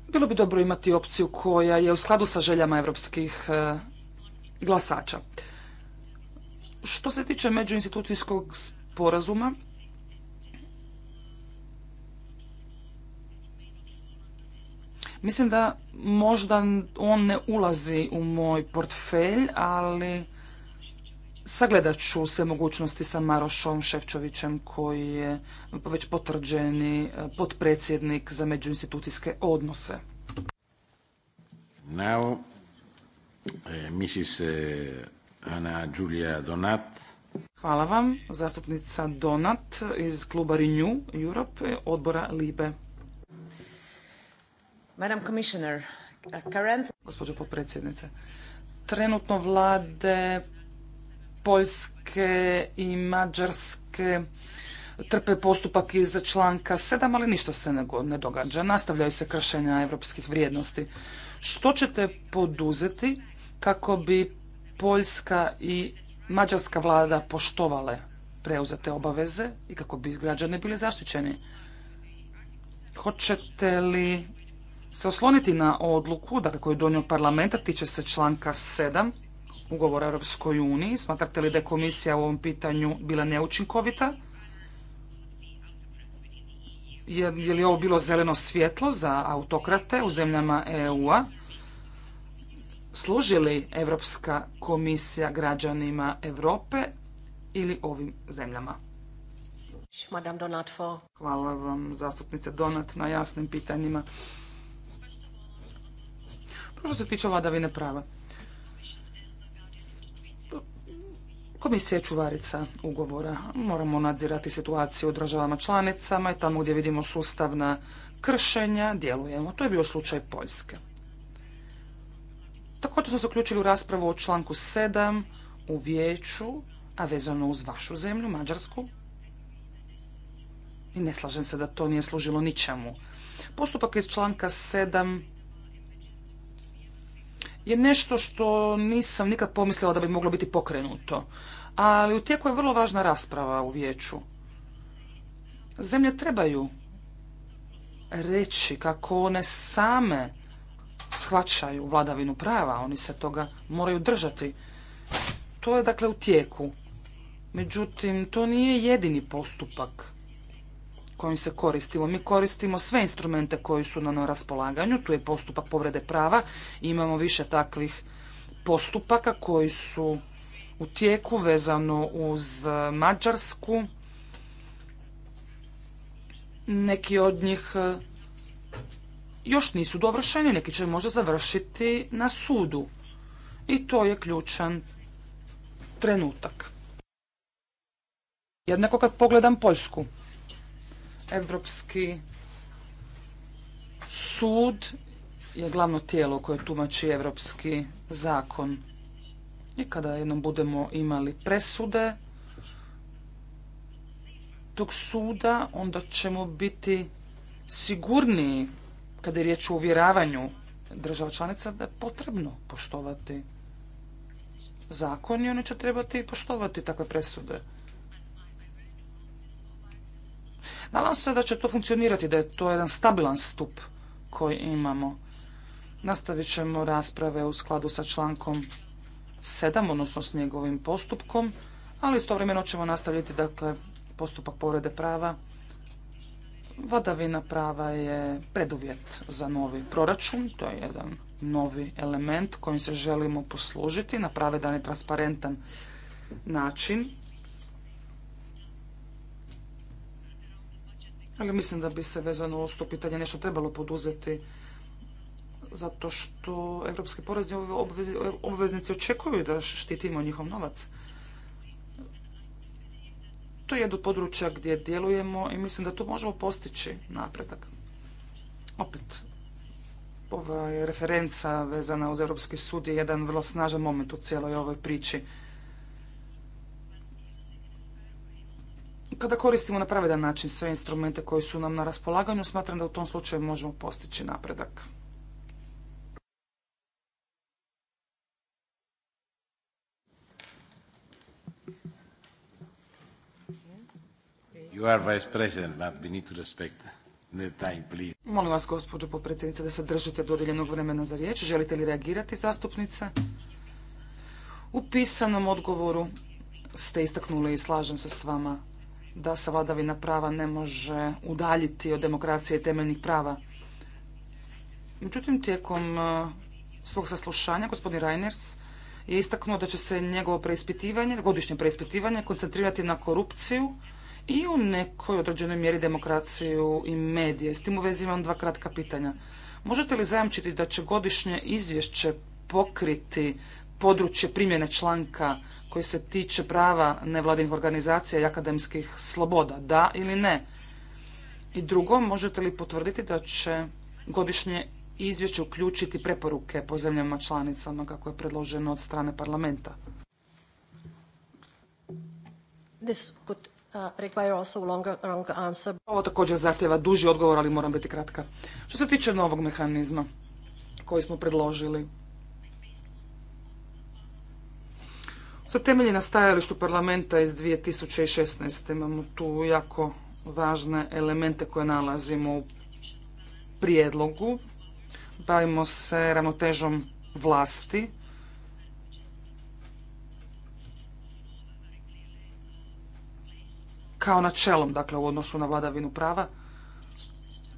Speaker 3: Bilo bi dobro imati opciju koja je u skladu sa željama europskih e, glasača. Što se tiče međuinstitucijskog sporazuma, Mislim da možda on ne ulazi u moj portfelj, ali sagledat ću sve mogućnosti sa Marošom Ševčovićem koji je već potvrđeni e, potpredsjednik za međuinstitucijske odnose.
Speaker 1: Now, e, Mrs. E, Ana Giulia Donat.
Speaker 3: Hvala vam, zastupnica Donat iz kluba Renew Europe, odbora Libe. Madam uh, Gospođo potpredsjednice, trenutno vlade Poljske i Mađarske trpe postupak iz članka 7, ali ništa se ne, događa. Nastavljaju se kršenja evropskih vrijednosti. Što ćete poduzeti kako bi Poljska i Mađarska vlada poštovale preuzete obaveze i kako bi građani bili zaštićeni? Hoćete li se osloniti na odluku dakle, koju je donio parlamenta, tiče se članka 7 ugovora Europskoj uniji. Smatrate li da je komisija u ovom pitanju bila neučinkovita? Je, li ovo bilo zeleno svjetlo za autokrate u zemljama EU-a? Služi li Europska komisija građanima Europe ili ovim zemljama? Hvala vam, zastupnice Donat, na jasnim pitanjima. Pa što se tiče vladavine prava. Komisija je čuvarica ugovora. Moramo nadzirati situaciju u državama članicama i tamo gdje vidimo sustavna kršenja djelujemo. To je bio slučaj Poljske. Također smo uključili u raspravu o članku 7 u vijeću, a vezano uz vašu zemlju, Mađarsku. I ne slažem se da to nije služilo ničemu. Postupak iz članka 7 je nešto što nisam nikad pomislila da bi moglo biti pokrenuto. Ali u tijeku je vrlo važna rasprava u vijeću. Zemlje trebaju reći kako one same shvaćaju vladavinu prava, oni se toga moraju držati. To je dakle u tijeku. Međutim, to nije jedini postupak kojim se koristimo. Mi koristimo sve instrumente koji su nam na raspolaganju, tu je postupak povrede prava, imamo više takvih postupaka koji su u tijeku vezano uz Mađarsku. Neki od njih e, još nisu dovršeni, neki će možda završiti na sudu. I to je ključan trenutak. Jednako kad pogledam Poljsku. Europski sud je glavno tijelo koje tumači europski zakon. I kada jednom budemo imali presude tog suda, onda ćemo biti sigurniji kada je riječ o uvjeravanju država članica da je potrebno poštovati zakon i oni će trebati poštovati takve presude. Nadam se da će to funkcionirati, da je to jedan stabilan stup koji imamo. Nastavit ćemo rasprave u skladu sa člankom 7, odnosno s njegovim postupkom, ali istovremeno ćemo nastaviti dakle, postupak povrede prava. Vladavina prava je preduvjet za novi proračun, to je jedan novi element kojim se želimo poslužiti na pravedan i transparentan način. Ali mislim da bi se vezano uz to pitanje nešto trebalo poduzeti zato što evropski porezni obveznici očekuju da štitimo njihov novac. To je jedno područja gdje djelujemo i mislim da tu možemo postići napredak. Opet, ova je referenca vezana uz Europski sud je jedan vrlo snažan moment u cijeloj ovoj priči. kada koristimo na pravedan način sve instrumente koji su nam na raspolaganju, smatram da u tom slučaju možemo postići napredak.
Speaker 1: You are vice president, but we need to respect
Speaker 3: Molim vas, gospođo potpredsjednice, da se držite dodijeljenog vremena za riječ. Želite li reagirati, zastupnice? U pisanom odgovoru ste istaknuli i slažem se s vama da se vladavina prava ne može udaljiti od demokracije i temeljnih prava. Međutim, tijekom e, svog saslušanja gospodin Reiners je istaknuo da će se njegovo preispitivanje, godišnje preispitivanje, koncentrirati na korupciju i u nekoj određenoj mjeri demokraciju i medije. S tim u vezi imam dva kratka pitanja. Možete li zajamčiti da će godišnje izvješće pokriti područje primjene članka koji se tiče prava nevladinih organizacija i akademskih sloboda, da ili ne? I drugo, možete li potvrditi da će godišnje izvješće uključiti preporuke po zemljama članicama kako je predloženo od strane parlamenta? Uh, Ovo također zahtjeva duži odgovor, ali moram biti kratka. Što se tiče novog mehanizma koji smo predložili, Sa temelji na stajalištu parlamenta iz 2016. Imamo tu jako važne elemente koje nalazimo u prijedlogu. Bavimo se ravnotežom vlasti. Kao načelom, dakle, u odnosu na vladavinu prava.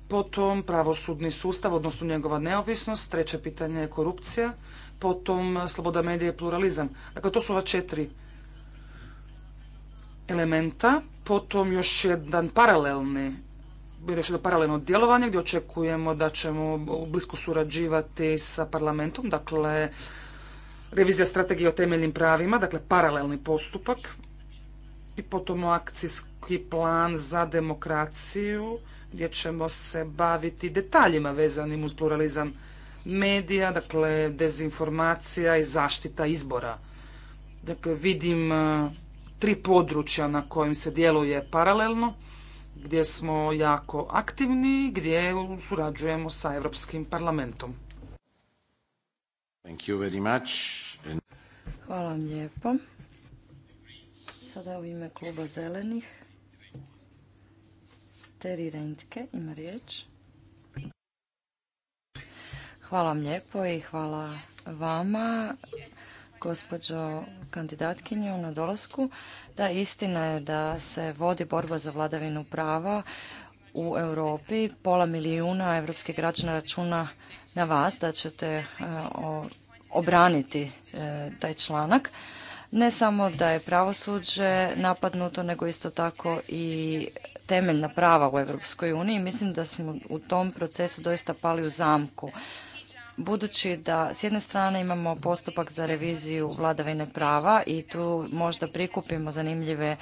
Speaker 3: Potom pravosudni sustav, odnosno njegova neovisnost. Treće pitanje je korupcija potom sloboda medija i pluralizam. Dakle, to su ova četiri elementa. Potom još jedan paralelni još jedno paralelno djelovanje gdje očekujemo da ćemo blisko surađivati sa parlamentom, dakle revizija strategije o temeljnim pravima, dakle paralelni postupak i potom akcijski plan za demokraciju gdje ćemo se baviti detaljima vezanim uz pluralizam medija, dakle dezinformacija i zaštita izbora. Dakle, vidim e, tri područja na kojim se djeluje paralelno, gdje smo jako aktivni, gdje surađujemo sa Europskim parlamentom.
Speaker 1: Thank you very much.
Speaker 3: Hvala
Speaker 4: vam lijepo. Sada u ime kluba zelenih. Teri Rentke ima riječ. Hvala vam lijepo i hvala vama, gospođo kandidatkinju na dolasku. Da, istina je da se vodi borba za vladavinu prava u Europi. Pola milijuna evropskih građana računa na vas da ćete e, obraniti e, taj članak. Ne samo da je pravosuđe napadnuto, nego isto tako i temeljna prava u Europskoj uniji. Mislim da smo u tom procesu doista pali u zamku budući da s jedne strane imamo postupak za reviziju vladavine prava i tu možda prikupimo zanimljive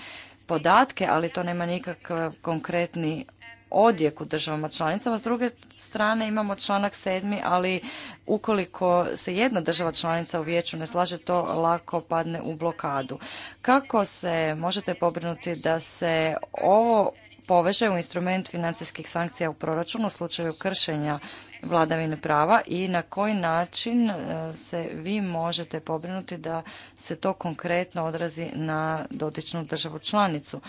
Speaker 4: podatke, ali to nema nikakav konkretni odjek u državama članicama. S druge strane imamo članak sedmi, ali ukoliko se jedna država članica u vijeću ne slaže, to lako padne u blokadu. Kako se možete pobrinuti da se ovo poveže u instrument financijskih sankcija u proračunu u slučaju kršenja vladavine prava i na koji način e, se vi možete pobrinuti da se to konkretno odrazi na dotičnu državu članicu.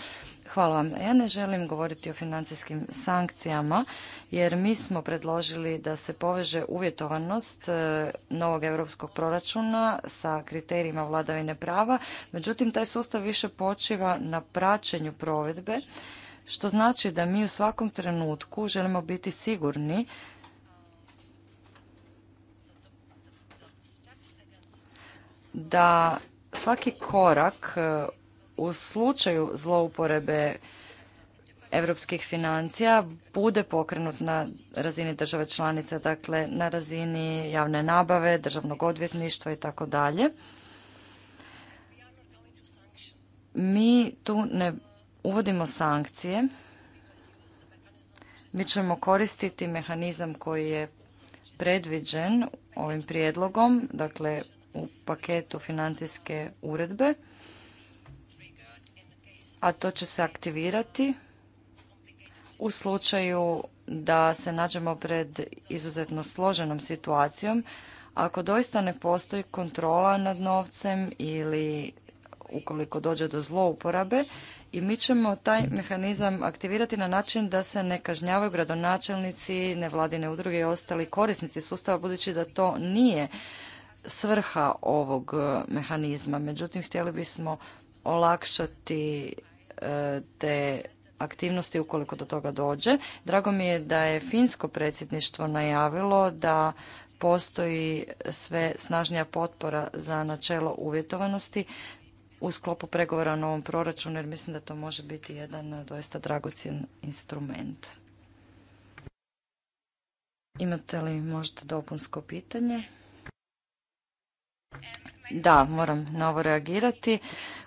Speaker 4: Hvala vam. Ja ne želim govoriti o financijskim sankcijama jer mi smo predložili da se poveže uvjetovanost e, novog europskog proračuna sa kriterijima vladavine prava. Međutim, taj sustav više počiva na praćenju provedbe što znači da mi u svakom trenutku želimo biti sigurni da svaki korak e, u slučaju zlouporebe europskih financija bude pokrenut na razini države članice, dakle na razini javne nabave, državnog odvjetništva i tako dalje. Mi tu ne uvodimo sankcije. Mi ćemo koristiti mehanizam koji je predviđen ovim prijedlogom, dakle u paketu financijske uredbe, a to će se aktivirati u slučaju da se nađemo pred izuzetno složenom situacijom, ako doista ne postoji kontrola nad novcem ili ukoliko dođe do zlouporabe i mi ćemo taj mehanizam aktivirati na način da se ne kažnjavaju gradonačelnici, nevladine udruge i ostali korisnici sustava budući da to nije svrha ovog e, mehanizma. Međutim, htjeli bismo olakšati e, te aktivnosti ukoliko do toga dođe. Drago mi je da je finsko predsjedništvo najavilo da postoji sve snažnija potpora za načelo uvjetovanosti u sklopu pregovora o novom proračunu jer mislim da to može biti jedan e, doista dragocjen instrument. Imate li možda dopunsko pitanje? Da, moram na ovo reagirati.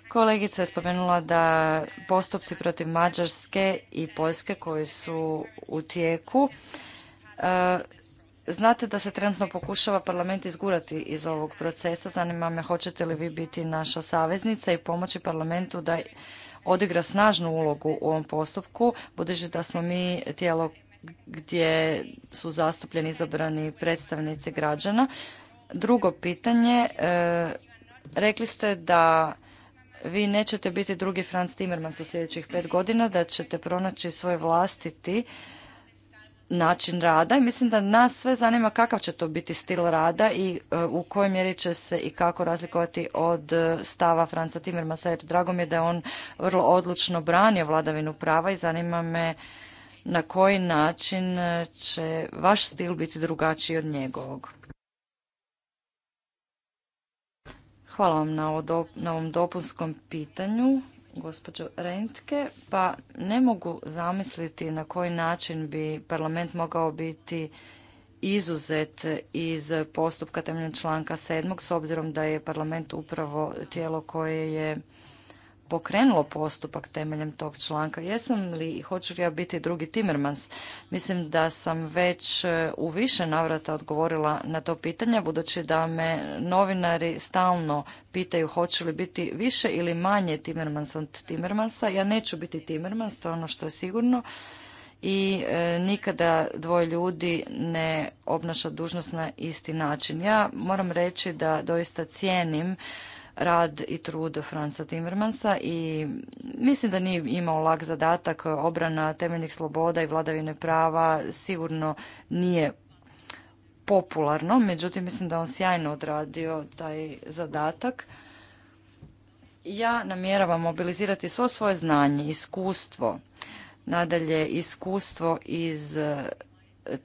Speaker 4: Kolegica je spomenula da postupci protiv Mađarske i Poljske koji su u tijeku. E, znate da se trenutno pokušava parlament izgurati iz ovog procesa. Zanima me hoćete li vi biti naša saveznica i pomoći parlamentu da odigra snažnu ulogu u ovom postupku, budući da smo mi tijelo gdje su zastupljeni izabrani predstavnici građana Drugo pitanje, e, rekli ste da vi nećete biti drugi Franz Timmermans u sljedećih pet godina, da ćete pronaći svoj vlastiti način rada i mislim da nas sve zanima kakav će to biti stil rada i e, u kojoj mjeri će se i kako razlikovati od e, stava Franca Timmermansa jer drago mi je da je on vrlo odlučno branio vladavinu prava i zanima me na koji način će vaš stil biti drugačiji od njegovog. Hvala vam na ovom dopunskom pitanju, gospođo Rentke. Pa ne mogu zamisliti na koji način bi parlament mogao biti izuzet iz postupka temeljem članka 7. s obzirom da je parlament upravo tijelo koje je pokrenulo postupak temeljem tog članka. Jesam li, hoću li ja biti drugi Timmermans? Mislim da sam već e, u više navrata odgovorila na to pitanje, budući da me novinari stalno pitaju hoću li biti više ili manje Timmermans od Timmermansa. Ja neću biti Timmermans, to je ono što je sigurno. I e, nikada dvoje ljudi ne obnaša dužnost na isti način. Ja moram reći da doista cijenim rad i trud Franca Timmermansa i mislim da nije imao lak zadatak obrana temeljnih sloboda i vladavine prava sigurno nije popularno, međutim mislim da on sjajno odradio taj zadatak. Ja namjeravam mobilizirati svo svoje znanje, iskustvo, nadalje iskustvo iz e,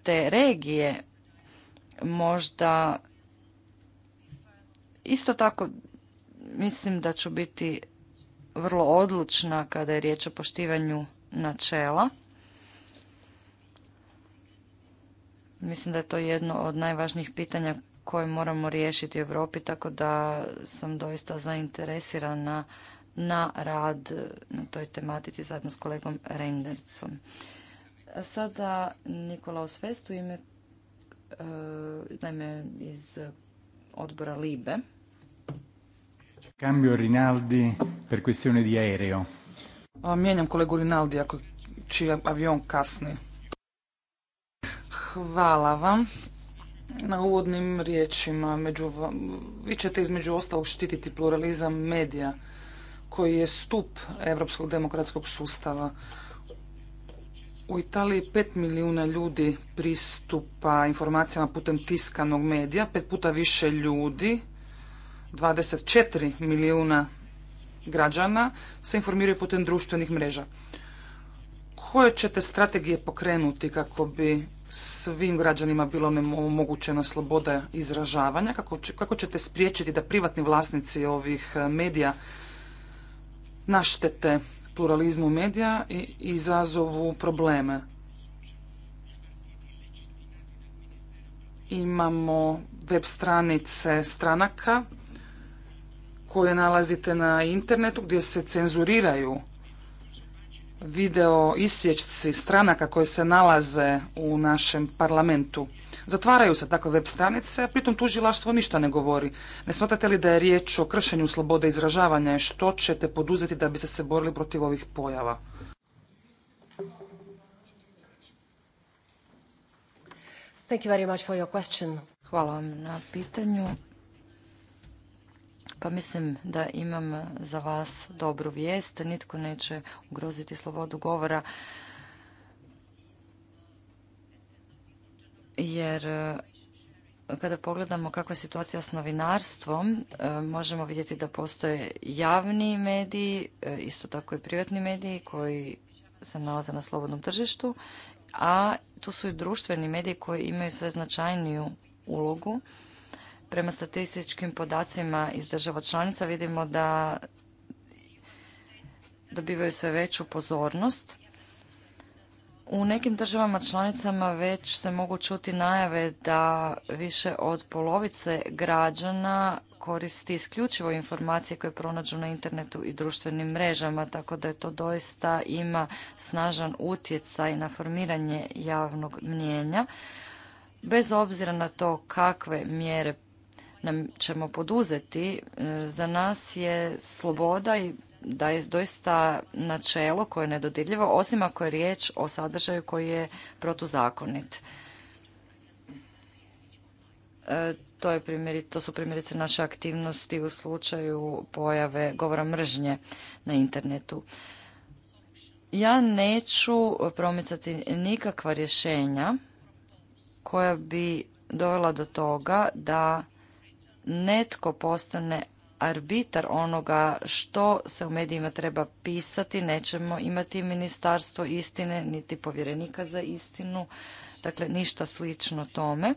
Speaker 4: te regije možda isto tako Mislim da ću biti vrlo odlučna kada je riječ o poštivanju načela. Mislim da je to jedno od najvažnijih pitanja koje moramo riješiti u Europi, tako da sam doista zainteresirana na rad na toj tematici zajedno s kolegom Reindercom. Sada nikola Vest u ime e, naime iz odbora Libe.
Speaker 1: Cambio Rinaldi per questione di aereo.
Speaker 3: Mijenjam kolegu Rinaldi ako čiji avion kasni. Hvala vam na uvodnim riječima. vi ćete između ostalog štititi pluralizam medija koji je stup evropskog demokratskog sustava. U Italiji pet milijuna ljudi pristupa informacijama putem tiskanog medija, pet puta više ljudi 24 milijuna građana se informiraju putem društvenih mreža. Koje ćete strategije pokrenuti kako bi svim građanima bilo omogućena sloboda izražavanja? Kako, kako ćete spriječiti da privatni vlasnici ovih e, medija naštete pluralizmu medija i izazovu probleme? Imamo web stranice stranaka koje nalazite na internetu gdje se cenzuriraju video isječci stranaka koje se nalaze u našem parlamentu. Zatvaraju se takve web stranice, a pritom tužilaštvo ništa ne govori. Ne smatrate li da je riječ o kršenju slobode izražavanja i što ćete poduzeti da biste se borili protiv ovih pojava? Thank
Speaker 4: Hvala vam na pitanju pa mislim da imam za vas dobru vijest. Nitko neće ugroziti slobodu govora jer e, kada pogledamo kakva je situacija s novinarstvom, e, možemo vidjeti da postoje javni mediji, e, isto tako i privatni mediji koji se nalaze na slobodnom tržištu, a tu su i društveni mediji koji imaju sve značajniju ulogu Prema statističkim podacima iz država članica vidimo da dobivaju sve veću pozornost. U nekim državama članicama već se mogu čuti najave da više od polovice građana koristi isključivo informacije koje pronađu na internetu i društvenim mrežama, tako da je to doista ima snažan utjecaj na formiranje javnog mnjenja. Bez obzira na to kakve mjere nam ćemo poduzeti e, za nas je sloboda i da je doista načelo koje je nedodirljivo, osim ako je riječ o sadržaju koji je protuzakonit. E, to, je to su primjerice naše aktivnosti u slučaju pojave govora mržnje na internetu. Ja neću promicati nikakva rješenja koja bi dovela do toga da netko postane arbitar onoga što se u medijima treba pisati, nećemo imati ministarstvo istine, niti povjerenika za istinu, dakle ništa slično tome.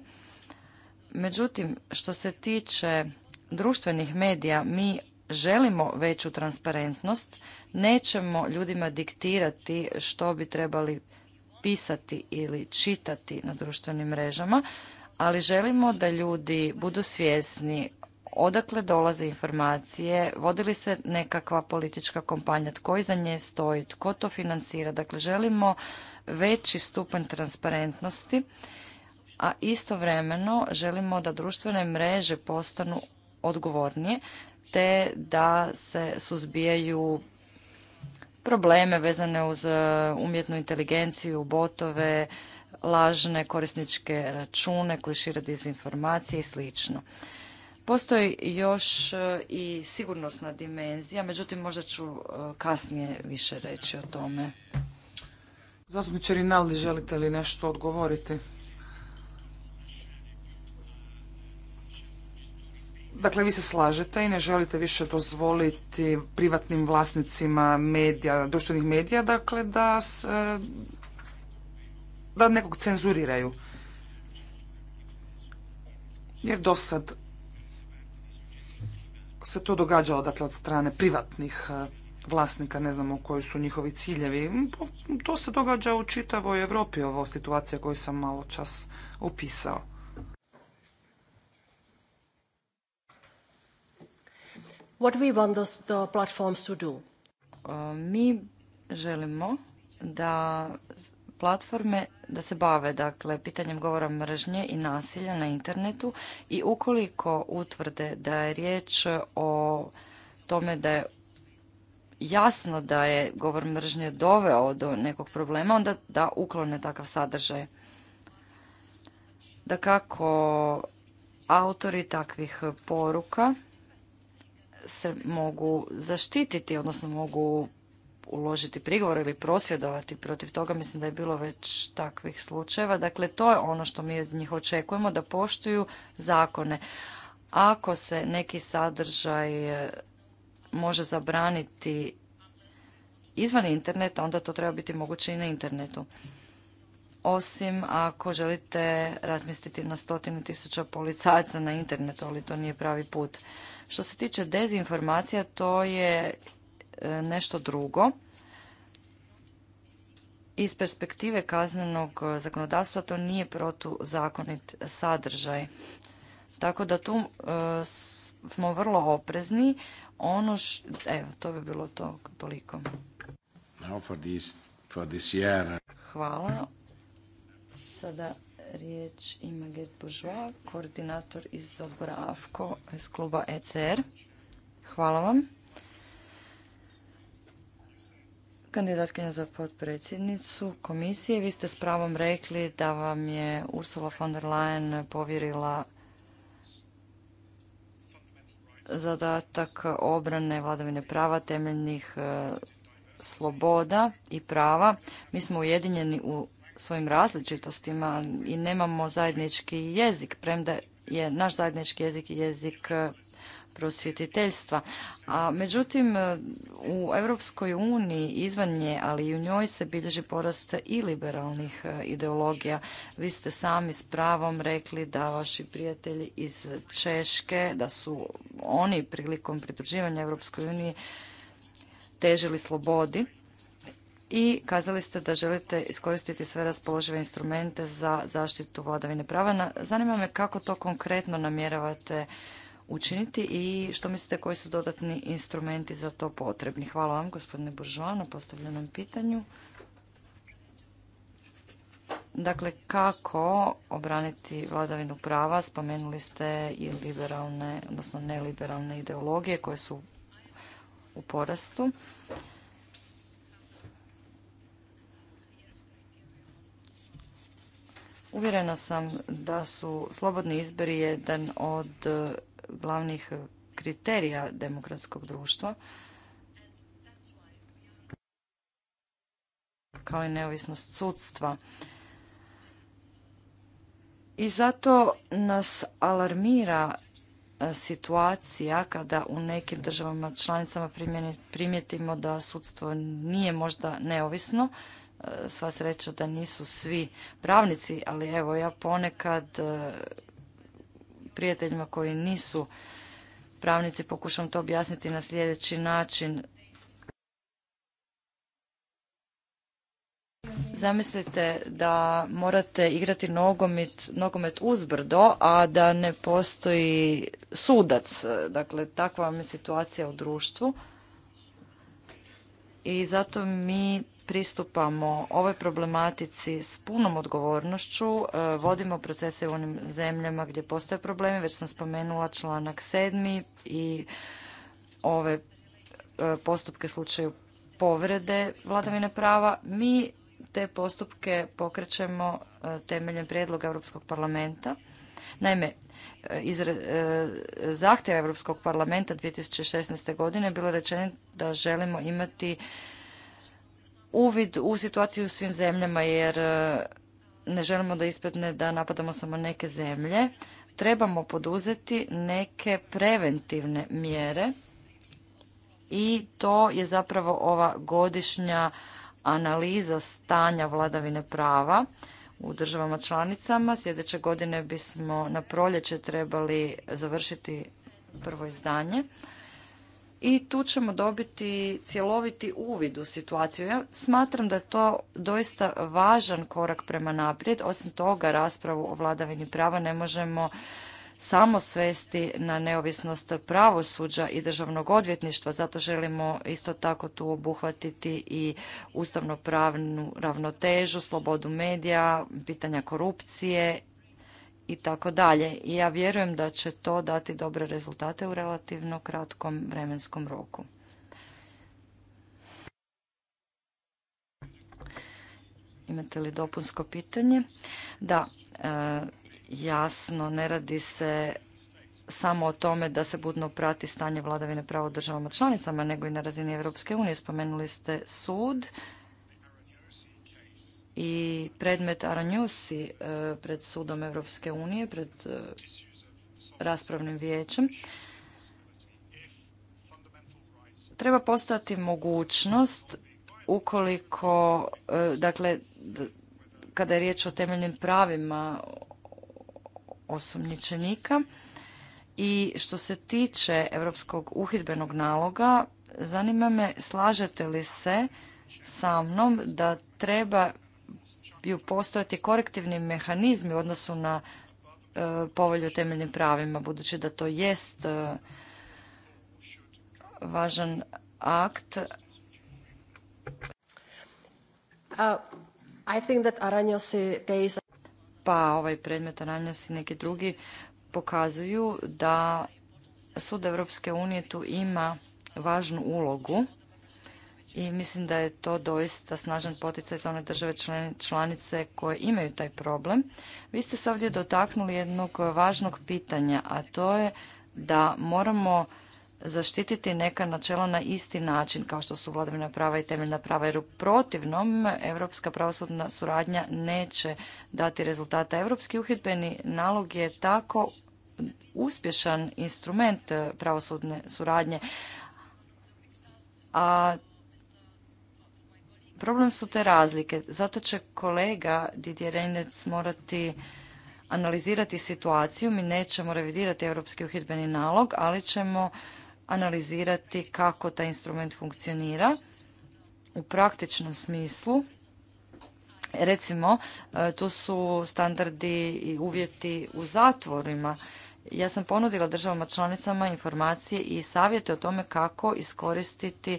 Speaker 4: Međutim, što se tiče društvenih medija, mi želimo veću transparentnost, nećemo ljudima diktirati što bi trebali pisati ili čitati na društvenim mrežama ali želimo da ljudi budu svjesni odakle dolaze informacije, vodili se nekakva politička kampanja, tko iza nje stoji, tko to financira. Dakle, želimo veći stupanj transparentnosti, a istovremeno želimo da društvene mreže postanu odgovornije, te da se suzbijaju probleme vezane uz e, umjetnu inteligenciju, botove, lažne korisničke račune koji šire dezinformacije i slično. Postoji još e, i sigurnosna dimenzija, međutim možda ću e, kasnije više reći o tome.
Speaker 3: Zastupniče Rinaldi, želite li nešto odgovoriti? Dakle, vi se slažete i ne želite više dozvoliti privatnim vlasnicima medija, društvenih medija, dakle, da se da nekog cenzuriraju. Jer do sad se to događalo dakle, od strane privatnih e, vlasnika, ne znamo koji su njihovi ciljevi. To se događa u čitavoj Europi, ovo situacija koju sam malo čas opisao. What we
Speaker 4: want platforms to do? E, mi želimo da platforme da se bave dakle pitanjem govora mržnje i nasilja na internetu i ukoliko utvrde da je riječ o tome da je jasno da je govor mržnje doveo do nekog problema, onda da uklone takav sadržaj. Da kako autori takvih poruka se mogu zaštititi, odnosno mogu uložiti prigovor ili prosvjedovati protiv toga. Mislim da je bilo već takvih slučajeva. Dakle, to je ono što mi od njih očekujemo, da poštuju zakone. Ako se neki sadržaj e, može zabraniti izvan interneta, onda to treba biti moguće i na internetu. Osim ako želite razmisliti na stotine tisuća policajaca na internetu, ali to nije pravi put. Što se tiče dezinformacija, to je e, nešto drugo iz perspektive kaznenog e, zakonodavstva to nije protuzakonit sadržaj. Tako da tu e, smo vrlo oprezni. Ono š... Evo, to bi bilo to toliko. Hvala. Sada riječ ima Gert Bourgeois, koordinator iz odbora iz kluba ECR. Hvala vam. kandidatkinja za potpredsjednicu komisije. Vi ste s pravom rekli da vam je Ursula von der Leyen povjerila zadatak obrane vladavine prava, temeljnih e, sloboda i prava. Mi smo ujedinjeni u svojim različitostima i nemamo zajednički jezik, premda je naš zajednički jezik jezik prosvjetiteljstva. A međutim, e, u Europskoj uniji, izvan nje, ali i u njoj se bilježi porast i liberalnih e, ideologija. Vi ste sami s pravom rekli da vaši prijatelji iz Češke, da su oni prilikom pridruživanja Europskoj uniji težili slobodi i kazali ste da želite iskoristiti sve raspoložive instrumente za zaštitu vladavine prava. Zanima me kako to konkretno namjeravate učiniti i što mislite koji su dodatni instrumenti za to potrebni? Hvala vam gospodine Buržova na postavljenom pitanju. Dakle, kako obraniti vladavinu prava? Spomenuli ste i liberalne, odnosno neliberalne ideologije koje su u porastu. Uvjerena sam da su slobodni izbori jedan od glavnih kriterija demokratskog društva, kao i neovisnost sudstva. I zato nas alarmira e, situacija kada u nekim državama članicama primijetimo da sudstvo nije možda neovisno. E, sva sreća da nisu svi pravnici, ali evo ja ponekad e, prijateljima koji nisu pravnici, pokušam to objasniti na sljedeći način. Zamislite da morate igrati nogomet, nogomet uzbrdo, a da ne postoji sudac. Dakle, takva vam je situacija u društvu. I zato mi pristupamo ovoj problematici s punom odgovornošću, e, vodimo procese u onim zemljama gdje postoje problemi, već sam spomenula članak 7. i ove e, postupke slučaju povrede vladavine prava. Mi te postupke pokrećemo e, temeljem prijedloga Europskog parlamenta. Naime, iz zahtjeva Europskog parlamenta 2016. godine bilo rečeno da želimo imati uvid u situaciju u svim zemljama jer e, ne želimo da ispadne da napadamo samo neke zemlje. Trebamo poduzeti neke preventivne mjere i to je zapravo ova godišnja analiza stanja vladavine prava u državama članicama. Sljedeće godine bismo na proljeće trebali završiti prvo izdanje i tu ćemo dobiti cjeloviti uvid u situaciju. Ja smatram da je to doista važan korak prema naprijed. Osim toga, raspravu o vladavini prava ne možemo samo svesti na neovisnost pravosuđa i državnog odvjetništva. Zato želimo isto tako tu obuhvatiti i ustavno-pravnu ravnotežu, slobodu medija, pitanja korupcije i tako dalje. I ja vjerujem da će to dati dobre rezultate u relativno kratkom vremenskom roku. Imate li dopunsko pitanje? Da, e, jasno, ne radi se samo o tome da se budno prati stanje vladavine pravo u državama članicama, nego i na razini Europske unije. Spomenuli ste sud i predmet Aranjusi e, pred sudom Europske unije, pred e, raspravnim vijećem, treba postati mogućnost ukoliko, e, dakle, kada je riječ o temeljnim pravima osumnjičenika i što se tiče Europskog uhidbenog naloga, zanima me slažete li se sa mnom da treba bi postojati korektivni mehanizmi u odnosu na e, povolju o temeljnim pravima, budući da to jest e, važan akt. Uh, pa ovaj predmet Aranjos i neki drugi pokazuju da Sud Europske unije tu ima važnu ulogu i mislim da je to doista snažan poticaj za one države članice koje imaju taj problem. Vi ste se ovdje dotaknuli jednog važnog pitanja, a to je da moramo zaštititi neka načela na isti način kao što su vladavina prava i temeljna prava jer u protivnom europska pravosudna suradnja neće dati rezultata. Europski uhidbeni nalog je tako uspješan instrument pravosudne suradnje, a Problem su te razlike. Zato će kolega Didier Reynec morati analizirati situaciju. Mi nećemo revidirati europski uhidbeni nalog, ali ćemo analizirati kako taj instrument funkcionira u praktičnom smislu. Recimo, e, tu su standardi i uvjeti u zatvorima. Ja sam ponudila državama članicama informacije i savjete o tome kako iskoristiti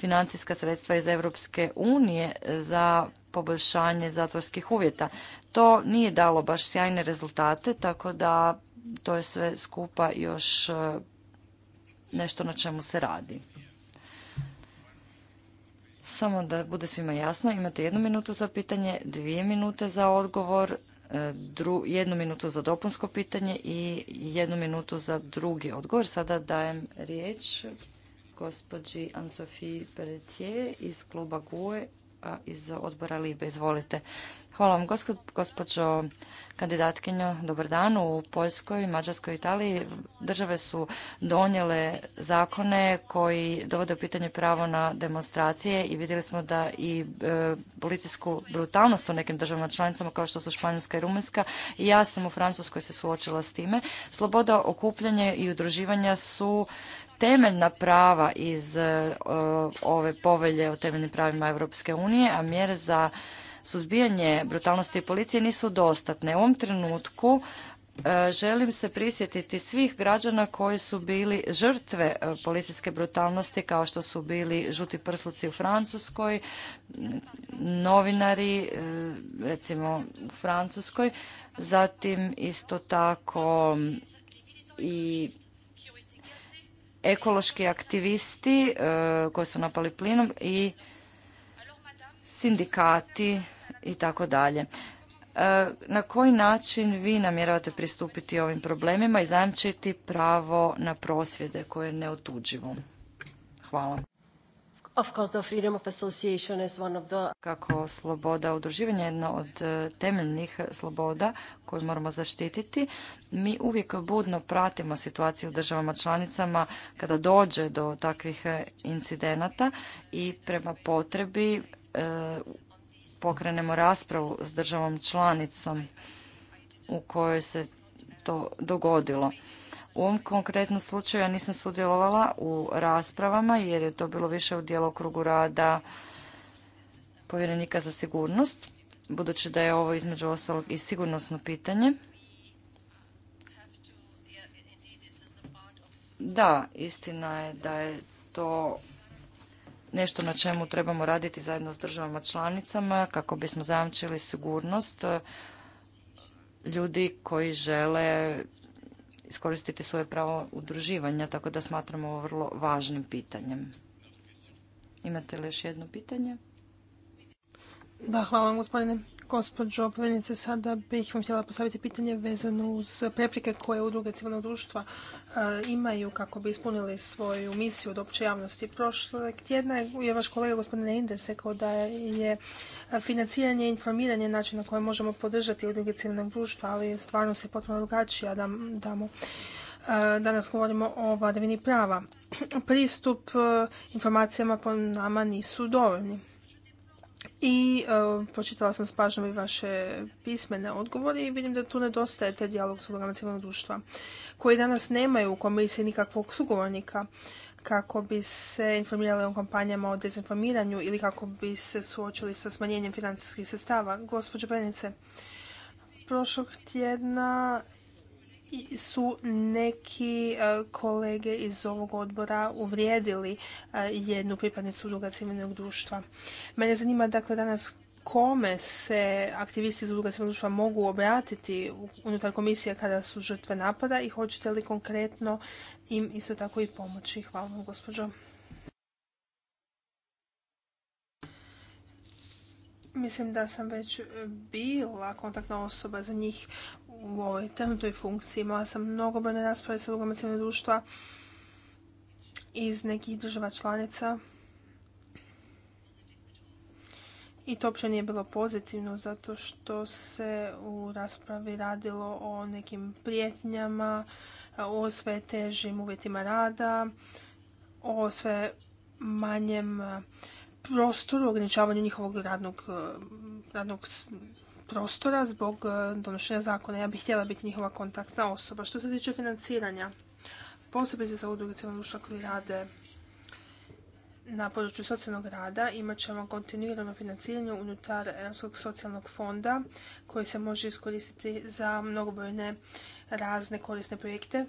Speaker 4: financijska sredstva iz Europske unije za poboljšanje zatvorskih uvjeta. To nije dalo baš sjajne rezultate, tako da to je sve skupa još e, nešto na čemu se radi. Samo da bude svima jasno, imate jednu minutu za pitanje, dvije minute za odgovor, e, jednu minutu za dopunsko pitanje i jednu minutu za drugi odgovor. Sada dajem riječ gospođi Ansofiji Pelletier iz kluba GUE iz odbora Libe. Izvolite. Hvala vam, gospođo kandidatkinjo. Dobar dan. U Poljskoj, Mađarskoj i Italiji države su donijele zakone koji dovode u pitanje pravo na demonstracije i vidjeli smo da i e, policijsku brutalnost u nekim državama članicama kao što su Španjolska i Rumunjska. I ja sam u Francuskoj se suočila s time. Sloboda okupljanja i udruživanja su temeljna prava iz e, ove povelje o temeljnim pravima Europske unije, a mjere za suzbijanje brutalnosti policije nisu dostatne. U ovom trenutku e, želim se prisjetiti svih građana koji su bili žrtve e, policijske brutalnosti kao što su bili žuti prsluci u Francuskoj, novinari recimo u Francuskoj, zatim isto tako i ekološki aktivisti e, koji su napali plinom i sindikati i tako dalje. E, na koji način vi namjeravate pristupiti ovim problemima i zajamčiti pravo na prosvjede koje je neotuđivo? Hvala. Of the freedom of association is one of the... Kako sloboda udruživanja je jedna od e, temeljnih sloboda koju moramo zaštititi. Mi uvijek budno pratimo situaciju u državama članicama kada dođe do takvih e, incidenata i prema potrebi e, pokrenemo raspravu s državom članicom u kojoj se to dogodilo. U ovom konkretnom slučaju ja nisam sudjelovala u raspravama jer je to bilo više u djelokrugu rada povjerenika za sigurnost, budući da je ovo između ostalog i sigurnosno pitanje. Da, istina je da je to nešto na čemu trebamo raditi zajedno s državama članicama kako bismo zajamčili sigurnost ljudi koji žele iskoristiti svoje pravo udruživanja, tako da smatramo ovo vrlo važnim pitanjem.
Speaker 2: Imate li još jedno pitanje? Da, hvala vam gospodine. Gospođo povjerenice, sada bih vam htjela postaviti pitanje vezano uz preprike koje udruge civilnog društva e, imaju kako bi ispunili svoju misiju od opće javnosti. Prošle tjedna je vaš kolega gospodine Indes rekao da je financiranje i informiranje način na koji možemo podržati udruge civilnog društva, ali stvarnost je potpuno drugačija da damo. E, danas govorimo o vladavini prava. *clears throat* Pristup e, informacijama po nama nisu dovoljni i e, počitala pročitala sam s pažnjom i vaše pismene odgovore i vidim da tu nedostaje te dijalog s ulogama civilnog društva koji danas nemaju u komisiji nikakvog sugovornika kako bi se informirali o kampanjama o dezinformiranju ili kako bi se suočili sa smanjenjem financijskih sredstava. Gospođo Brenice, prošlog tjedna su neki e, kolege iz ovog odbora uvrijedili e, jednu pripadnicu Udruga civilnog društva. Mene zanima dakle danas kome se aktivisti iz udruga civilnog društva mogu obratiti unutar komisije kada su žrtve napada i hoćete li konkretno im isto tako i pomoći? Hvala vam, gospođo Mislim da sam već bila kontaktna osoba za njih u ovoj trenutnoj funkciji. Imala sam mnogobrojne rasprave sa drugom cijelog društva iz nekih država članica. I to uopće nije bilo pozitivno zato što se u raspravi radilo o nekim prijetnjama, o sve težim uvjetima rada, o sve manjem prostoru, ograničavanju njihovog radnog, eh, radnog prostora zbog eh, donošenja zakona. Ja bih htjela biti njihova kontaktna osoba. Što se tiče financiranja, posebice za udruge civilnog koji rade na području socijalnog rada imat ćemo kontinuirano financiranje unutar Europskog socijalnog fonda koji se može iskoristiti za mnogobrojne razne korisne projekte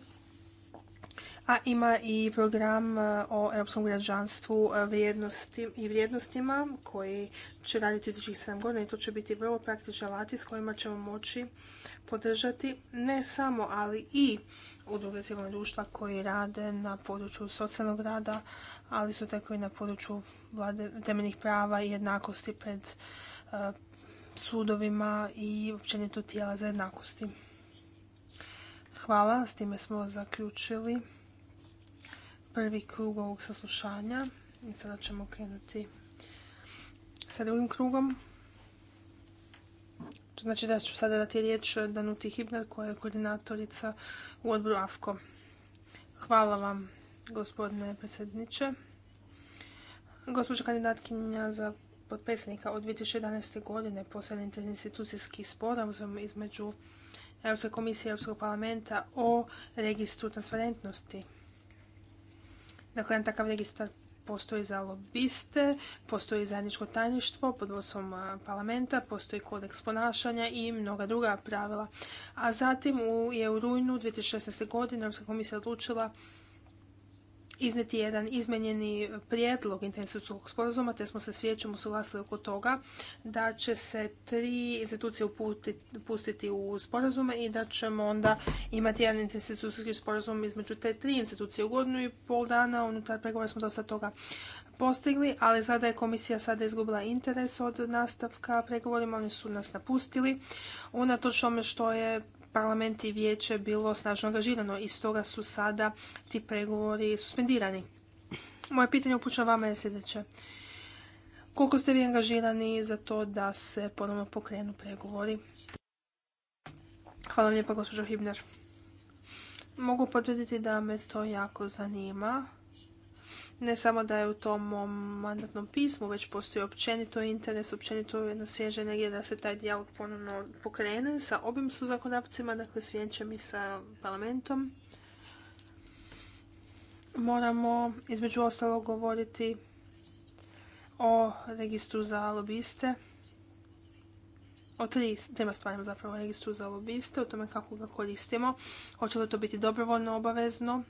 Speaker 2: a ima i program e, o europskom građanstvu e, i vrijednostima koji će raditi idućih 7 godina i to će biti vrlo praktični alati s kojima ćemo moći podržati ne samo, ali i udruge civilnog društva koji rade na području socijalnog rada, ali su tako i na području temeljnih prava i jednakosti pred e, sudovima i općenito tijela za jednakosti. Hvala, s time smo zaključili prvi krug ovog saslušanja. I sada ćemo krenuti sa drugim krugom. znači da ću sada dati riječ Danuti Hibner koja je koordinatorica u odboru AFKO. Hvala vam gospodine predsjedniče. Gospođa kandidatkinja za potpredsjednika od 2011. godine posljednji interinstitucijski sporazum između Europske komisije i Europskog parlamenta o registru transparentnosti Dakle, jedan takav registar postoji za lobiste, postoji zajedničko tajništvo pod vodstvom parlamenta, postoji kodeks ponašanja i mnoga druga pravila. A zatim u, je u rujnu 2016. godine Europska komisija odlučila izneti jedan izmenjeni prijedlog intenzivnog sporazuma, te smo se s vijećem usuglasili oko toga da će se tri institucije upustiti u sporazume i da ćemo onda imati jedan institucijski sporazum između te tri institucije u godinu i pol dana. Unutar pregovora smo dosta toga postigli, ali zada je komisija sada izgubila interes od nastavka pregovorima, oni su nas napustili. Unatoč tome što je parlament i vijeće bilo snažno angažirano i stoga su sada ti pregovori suspendirani. Moje pitanje upućam vama je sljedeće. Koliko ste vi angažirani za to da se ponovno pokrenu pregovori? Hvala vam lijepa, gospođo Hibner. Mogu potvrditi da me to jako zanima ne samo da je u tom mandatnom pismu, već postoji općenito interes, općenito je na svježe da se taj dijalog ponovno pokrene sa obim su dakle s vjenčem i sa parlamentom. Moramo između ostalog govoriti o registru za lobiste, o tri tema stvarima zapravo registru za lobiste, o tome kako ga koristimo, hoće li to biti dobrovoljno, obavezno,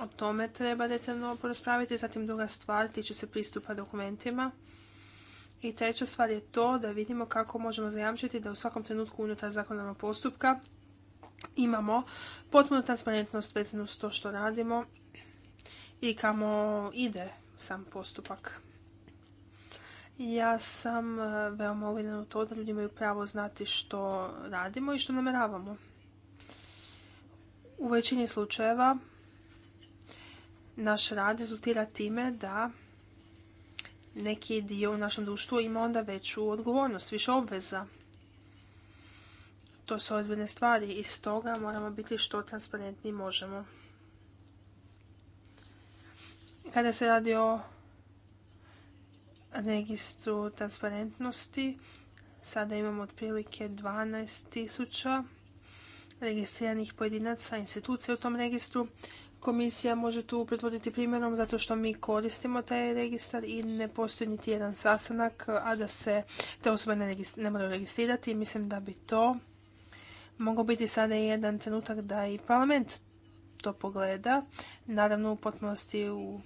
Speaker 2: o tome treba detaljno poraspraviti. Zatim druga stvar tiče se pristupa dokumentima. I treća stvar je to da vidimo kako možemo zajamčiti da u svakom trenutku unutar zakonodavnog postupka imamo potpunu transparentnost vezanu s to što radimo i kamo ide sam postupak. Ja sam e, veoma uvjerena u to da ljudi imaju pravo znati što radimo i što namjeravamo. U većini slučajeva naš rad rezultira time da neki dio u našem društvu ima onda veću odgovornost, više obveza. To su ozbiljne stvari i stoga moramo biti što transparentniji možemo. Kada se radi o registru transparentnosti, sada imamo otprilike 12.000 registriranih pojedinaca, institucija u tom registru komisija može tu pretvoriti primjerom zato što mi koristimo taj registar i ne postoji niti jedan sastanak, a da se te osobe ne, ne moraju registrirati. Mislim da bi to mogao biti sada jedan trenutak da i parlament to pogleda. Naravno u potpunosti u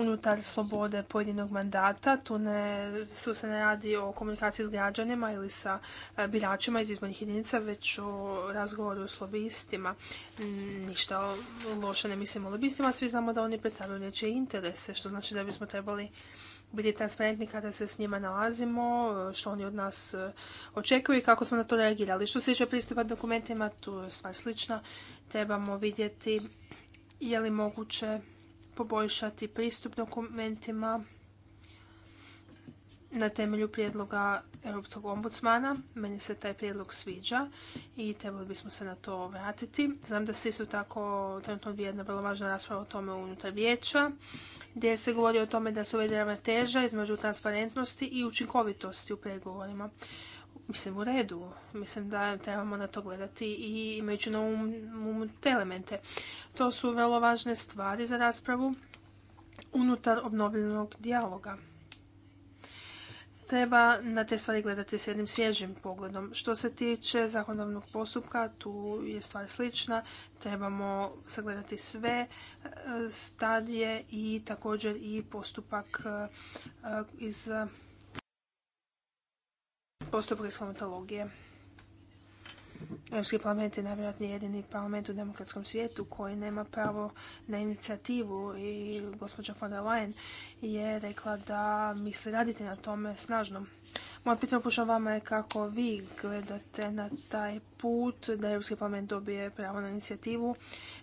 Speaker 2: unutar slobode pojedinog mandata. Tu ne, su se ne radi o komunikaciji s građanima ili sa e, biračima iz izbornih jedinica, već o razgovoru s lobistima. Ništa loše ne mislimo o lobistima, svi znamo da oni predstavljaju nečije interese, što znači da bismo trebali biti transparentni kada se s njima nalazimo, e, što oni od nas e, očekuju i kako smo na to reagirali. Što se tiče pristupa dokumentima, tu je stvar slična. Trebamo vidjeti je li moguće poboljšati pristup dokumentima na temelju prijedloga Europskog ombudsmana. Meni se taj prijedlog sviđa i trebali bismo se na to vratiti. Znam da se isto tako trenutno bi jedna vrlo važna rasprava o tome unutar vijeća, gdje se govori o tome da se uvede ravnoteža između transparentnosti i učinkovitosti u pregovorima mislim, u redu. Mislim da trebamo na to gledati i imajući na umu te elemente. To su vrlo važne stvari za raspravu unutar obnovljenog dijaloga. Treba na te stvari gledati s jednim svježim pogledom. Što se tiče zakonodavnog postupka, tu je stvar slična. Trebamo sagledati sve e, stadije i također i postupak e, iz postupak iz Europski parlament je najvjerojatni jedini parlament u demokratskom svijetu koji nema pravo na inicijativu i gospođa von der Leyen je rekla da misli raditi na tome snažno. Moje pitanje pošto vama je kako vi gledate na taj put da Europski parlament dobije pravo na inicijativu.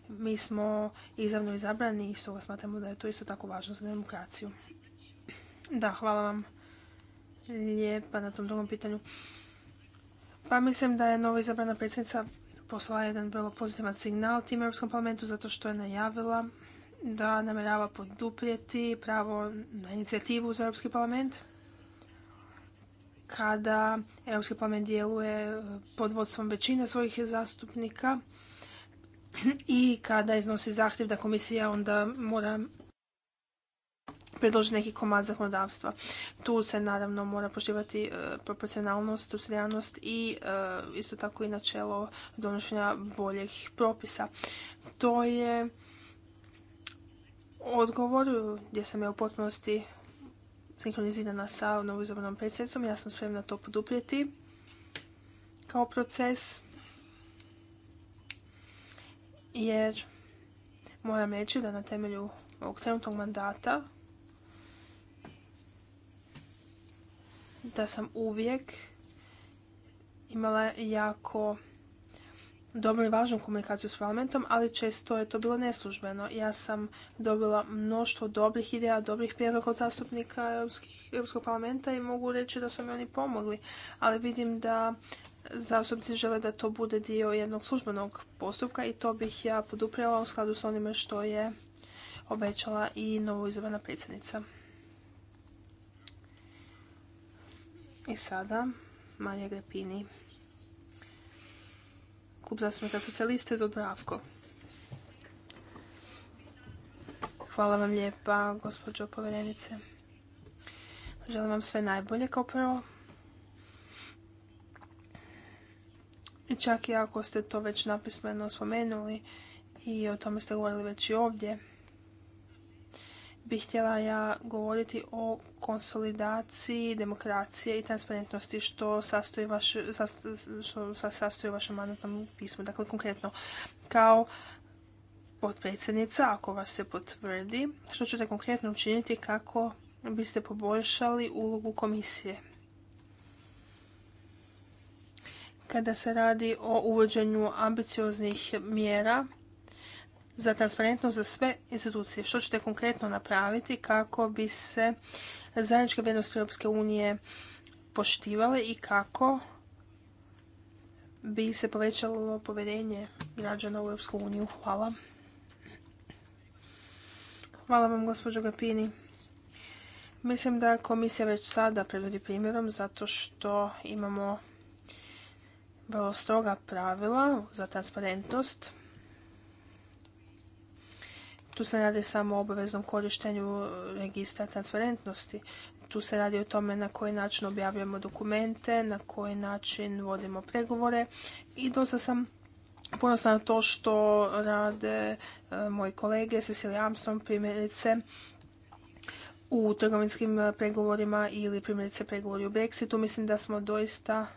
Speaker 2: Mi smo izravno izabrani i stoga smatramo da je to isto tako važno za demokraciju. Da, hvala vam lijepa na tom drugom pitanju. Pa mislim da je novo izabrana predsjednica poslala jedan vrlo pozitivan signal tim Europskom parlamentu zato što je najavila da namjerava poduprijeti pravo na inicijativu za Europski parlament kada Europski parlament djeluje pod vodstvom većine svojih zastupnika i kada iznosi zahtjev da komisija onda mora predloži neki komad zakonodavstva. Tu se naravno mora poštivati e, proporcionalnost, usrejanost i e, isto tako i načelo donošenja boljih propisa. To je odgovor gdje sam ja u potpunosti sinkronizirana sa novoizabranom predsjednicom. Ja sam spremna to poduprijeti kao proces jer moram reći da na temelju ovog trenutnog mandata da sam uvijek imala jako dobru i važnu komunikaciju s parlamentom, ali često je to bilo neslužbeno. Ja sam dobila mnoštvo dobrih ideja, dobrih prijedloga od zastupnika Europskih, Europskog parlamenta i mogu reći da su mi oni pomogli, ali vidim da zastupnici žele da to bude dio jednog službenog postupka i to bih ja poduprijela u skladu s onime što je obećala i novoizabrana predsjednica. I sada Marija Grepini, klub zastupnika socijaliste za odbravko. Hvala vam lijepa, gospođo povjerenice. Želim vam sve najbolje kao prvo. I čak i ako ste to već napismeno spomenuli i o tome ste govorili već i ovdje, bih htjela ja govoriti o konsolidaciji demokracije i transparentnosti što sastoji vaš, što sastoji mandatnom pismu. Dakle, konkretno, kao potpredsjednica, ako vas se potvrdi, što ćete konkretno učiniti kako biste poboljšali ulogu komisije? Kada se radi o uvođenju ambicioznih mjera, za transparentnost za sve institucije. Što ćete konkretno napraviti kako bi se zajedničke vrijednosti Europske unije poštivale i kako bi se povećalo povjerenje građana u Europsku uniju. Hvala. Hvala vam, gospođo Gapini. Mislim da komisija već sada predvodi primjerom zato što imamo vrlo stroga pravila za transparentnost tu se radi samo o obaveznom korištenju registra transparentnosti. Tu se radi o tome na koji način objavljujemo dokumente, na koji način vodimo pregovore i dosta sam ponosna na to što rade e, moji kolege Cecilia Armstrong primjerice u trgovinskim pregovorima ili primjerice pregovori u Brexitu. Mislim da smo doista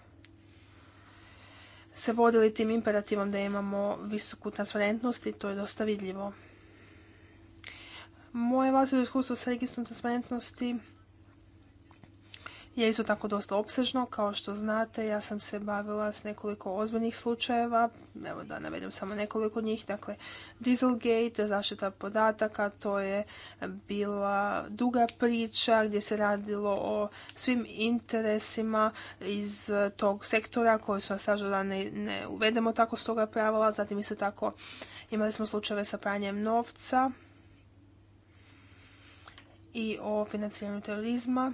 Speaker 2: se vodili tim imperativom da imamo visoku transparentnost i to je dosta vidljivo. Moje vlastno iskustvo sa registrom transparentnosti je isto tako dosta opsežno. Kao što znate, ja sam se bavila s nekoliko ozbiljnih slučajeva, evo da navedem samo nekoliko njih, dakle Dieselgate, zaštita podataka, to je bila duga priča gdje se radilo o svim interesima iz tog sektora koji su nas da ne, uvedemo tako stoga pravila, zatim isto tako imali smo slučajeve sa pranjem novca, i o financiranju terorizma.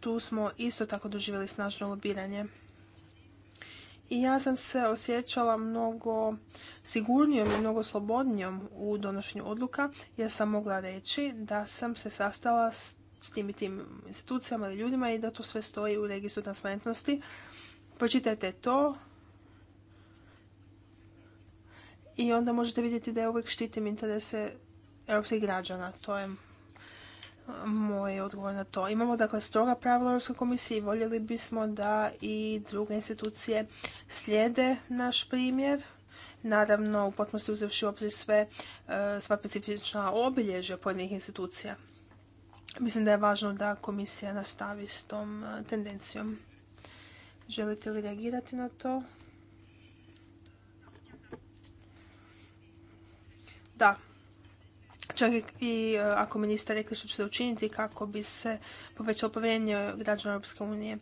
Speaker 2: Tu smo isto tako doživjeli snažno lobiranje. I ja sam se osjećala mnogo sigurnijom i mnogo slobodnijom u donošenju odluka jer sam mogla reći da sam se sastala s tim i tim institucijama ili ljudima i da to sve stoji u registru transparentnosti. Pročitajte to i onda možete vidjeti da je uvijek štitim interese europskih građana. To je moj odgovor na to. Imamo dakle stroga pravila Europske komisije i voljeli bismo da i druge institucije slijede naš primjer. Naravno, u potpunosti uzevši u obzir sve, e, sva specifična obilježja pojedinih institucija. Mislim da je važno da komisija nastavi s tom e, tendencijom. Želite li reagirati na to? Da, čak i e, ako ministar rekli što će učiniti kako bi se povećalo povjerenje građana Europske unije.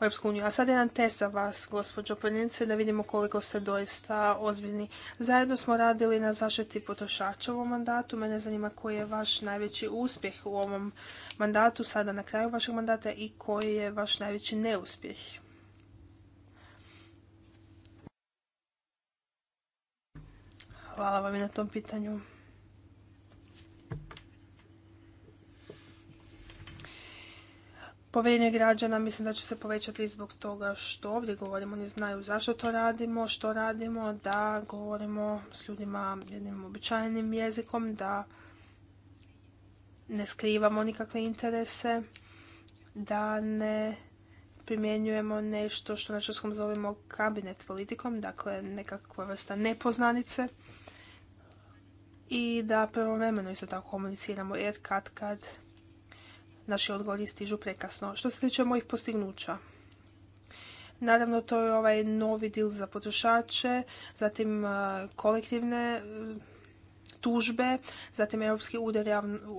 Speaker 2: Europsku uniju. A sada jedan test za vas, gospođo povjerenice, da vidimo koliko ste doista ozbiljni. Zajedno smo radili na zaštiti potrošača u ovom mandatu. Mene zanima koji je vaš najveći uspjeh u ovom mandatu, sada na kraju vašeg mandata i koji je vaš najveći neuspjeh. Hvala vam i na tom pitanju. povjerenje građana mislim da će se povećati zbog toga što ovdje govorimo, oni znaju zašto to radimo, što radimo, da govorimo s ljudima jednim običajnim jezikom, da ne skrivamo nikakve interese, da ne primjenjujemo nešto što na českom zovemo kabinet politikom, dakle nekakva vrsta nepoznanice i da pravovremeno isto tako komuniciramo jer kad kad naši odgovori stižu prekasno. Što se tiče mojih postignuća, Naravno, to je ovaj novi dil za potrošače, zatim e, kolektivne e, tužbe, zatim Europski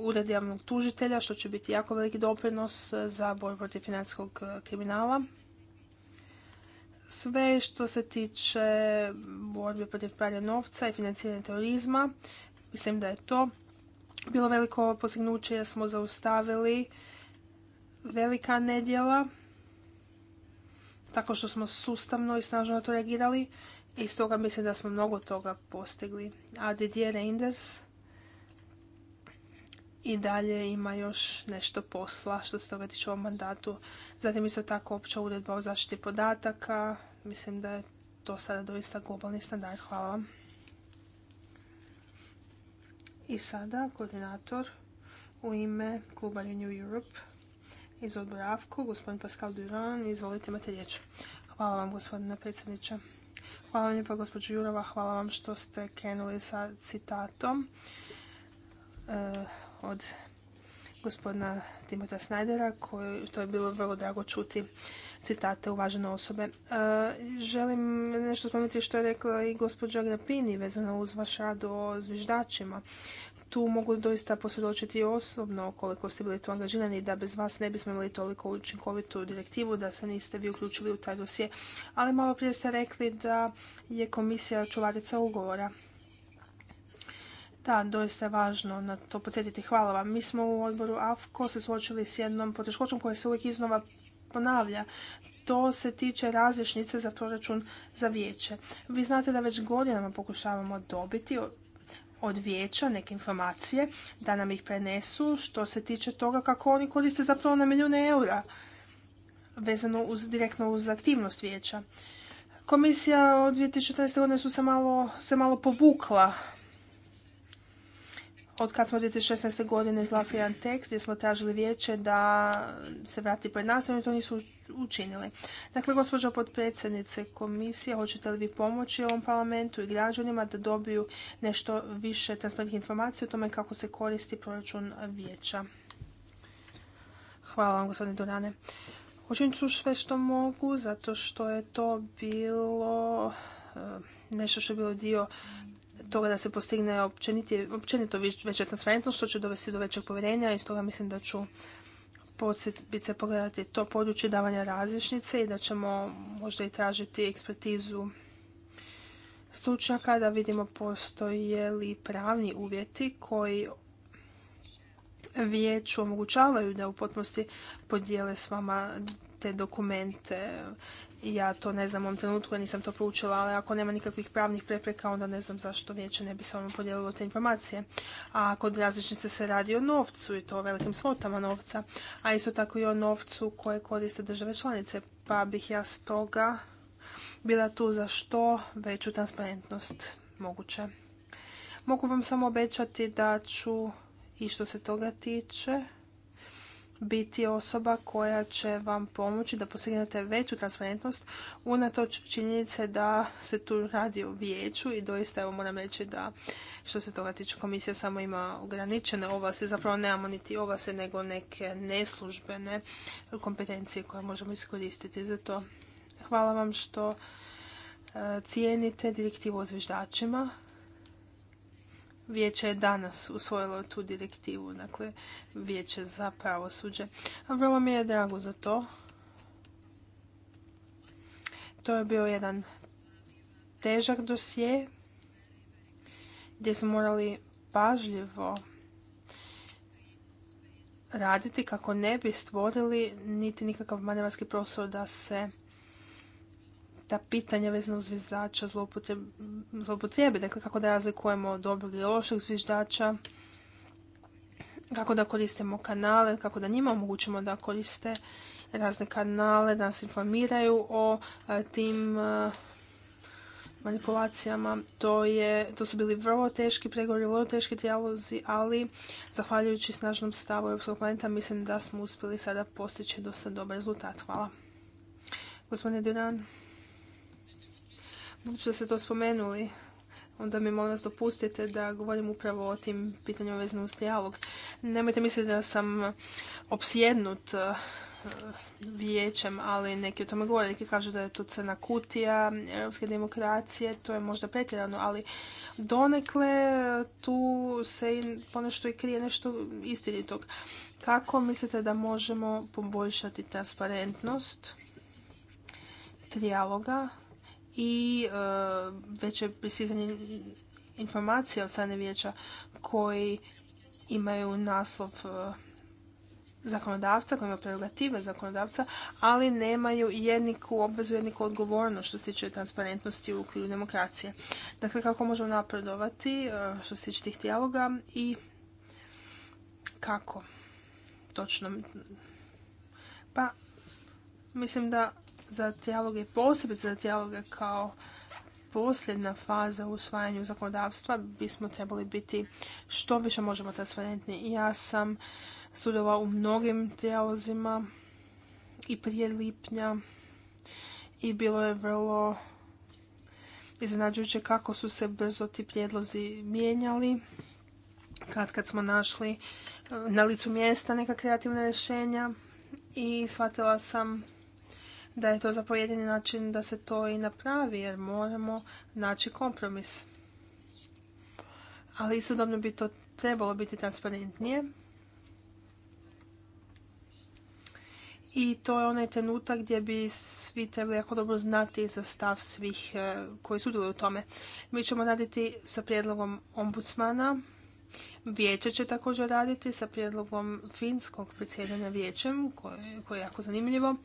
Speaker 2: ured javnog tužitelja, što će biti jako veliki doprinos e, za borbu protiv financijskog kriminala. Sve što se tiče borbe protiv pranja novca i financiranja terorizma, mislim da je to bilo veliko posignuće jer smo zaustavili velika nedjela tako što smo sustavno i snažno na to reagirali i stoga mislim da smo mnogo toga postigli. A Didier Reinders i dalje ima još nešto posla što se toga tiče u mandatu. Zatim isto tako opća uredba o zaštiti podataka. Mislim da je to sada doista globalni standard. Hvala vam. I sada koordinator u ime kluba Renew Europe iz odbora gospodin Pascal Duran, izvolite imate riječ. Hvala vam gospodine predsjedniče. Hvala vam lijepa gospođo Jurova, hvala vam što ste krenuli sa citatom eh, od gospodina Timota Snajdera, koji, to je bilo vrlo drago čuti citate uvažene osobe. E, želim nešto spomenuti što je rekla i gospođa Grapini vezano uz vaš rad o zviždačima. Tu mogu doista posvjedočiti osobno koliko ste bili tu angažirani da bez vas ne bismo imali toliko učinkovitu direktivu da se niste vi uključili u taj dosje. Ali malo prije ste rekli da je komisija čuvarica ugovora. Da, doista je važno na to podsjetiti. Hvala vam. Mi smo u odboru AFKO se suočili s jednom poteškoćom koja se uvijek iznova ponavlja. To se tiče različnice za proračun za vijeće. Vi znate da već godinama pokušavamo dobiti od vijeća neke informacije, da nam ih prenesu što se tiče toga kako oni koriste zapravo na milijune eura vezano uz, direktno uz aktivnost vijeća. Komisija od 2014. godine su se malo, se malo povukla od kad smo 2016. godine izglasili jedan tekst gdje smo tražili vijeće da se vrati pred nas, oni to nisu učinili. Dakle, gospođo potpredsjednice komisije, hoćete li vi pomoći ovom parlamentu i građanima da dobiju nešto više transparentnih informacija o tome kako se koristi proračun vijeća? Hvala vam, gospodine Dorane. Učinit ću sve što mogu, zato što je to bilo eh, nešto što je bilo dio toga da se postigne općenito veća transparentnost, što će dovesti do većeg povjerenja i stoga mislim da ću se pogledati to područje davanja različnice i da ćemo možda i tražiti ekspertizu stručnjaka da vidimo postoje li pravni uvjeti koji vijeću omogućavaju da u potpunosti podijele s vama te dokumente ja to ne znam u ovom trenutku, ja nisam to proučila, ali ako nema nikakvih pravnih prepreka, onda ne znam zašto vijeće ne bi se ono podijelilo te informacije. A kod različnice se radi o novcu i to o velikim svotama novca, a isto tako i o novcu koje koriste države članice. Pa bih ja stoga bila tu za što veću transparentnost moguće. Mogu vam samo obećati da ću i što se toga tiče biti osoba koja će vam pomoći da postignete veću transparentnost unatoč činjenice da se tu radi o vijeću i doista evo moram reći da što se toga tiče komisija samo ima ograničene ovlasti, zapravo nemamo niti ovlasti nego neke neslužbene kompetencije koje možemo iskoristiti za to. Hvala vam što e, cijenite direktivu o zviždačima Vijeće je danas usvojilo tu direktivu, dakle Vijeće za pravosuđe. A vrlo mi je drago za to. To je bio jedan težak dosje gdje smo morali pažljivo raditi kako ne bi stvorili niti nikakav manevarski prostor da se ta pitanja vezana uz zviždača zloupotrijebi. Dakle, kako da razlikujemo dobrog i lošeg zviždača, kako da koristimo kanale, kako da njima omogućimo da koriste razne kanale, da nas informiraju o e, tim e, manipulacijama. To, je, to su bili vrlo teški pregovori, vrlo teški dijalozi, ali zahvaljujući snažnom stavu Europskog planeta mislim da smo uspjeli sada postići dosta dobar rezultat. Hvala. Gospodine Duran. Budući da ste to spomenuli, onda mi molim vas dopustite da govorim upravo o tim pitanjima vezano uz dijalog. Nemojte misliti da sam opsjednut eh, vijećem, ali neki o tome govore, neki kažu da je to crna kutija europske demokracije, to je možda pretjerano, ali donekle tu se ponešto i krije nešto istinitog. Kako mislite da možemo poboljšati transparentnost trijaloga i e, veće prisizanje informacija od strane vijeća koji imaju naslov e, zakonodavca, koji imaju prerogative zakonodavca, ali nemaju jedniku obvezu, jedniku odgovornost što se tiče transparentnosti u okviru demokracije. Dakle, kako možemo napredovati e, što se tiče tih dijaloga i kako točno? Pa, mislim da za i posebice za dijaloge kao posljedna faza u usvajanju zakonodavstva bismo trebali biti što više možemo transparentni. Ja sam sudova u mnogim dijalozima i prije lipnja i bilo je vrlo iznenađujuće kako su se brzo ti prijedlozi mijenjali. Kad, kad smo našli eh, na licu mjesta neka kreativna rješenja i shvatila sam da je to zapravo pojedini način da se to i napravi jer moramo naći kompromis. Ali istodobno bi to trebalo biti transparentnije. I to je onaj trenutak gdje bi svi trebali jako dobro znati za stav svih e, koji sudjeluju u tome. Mi ćemo raditi sa prijedlogom ombudsmana. Vijeće će također raditi sa prijedlogom finskog predsjedanja vijećem, koje je jako zanimljivo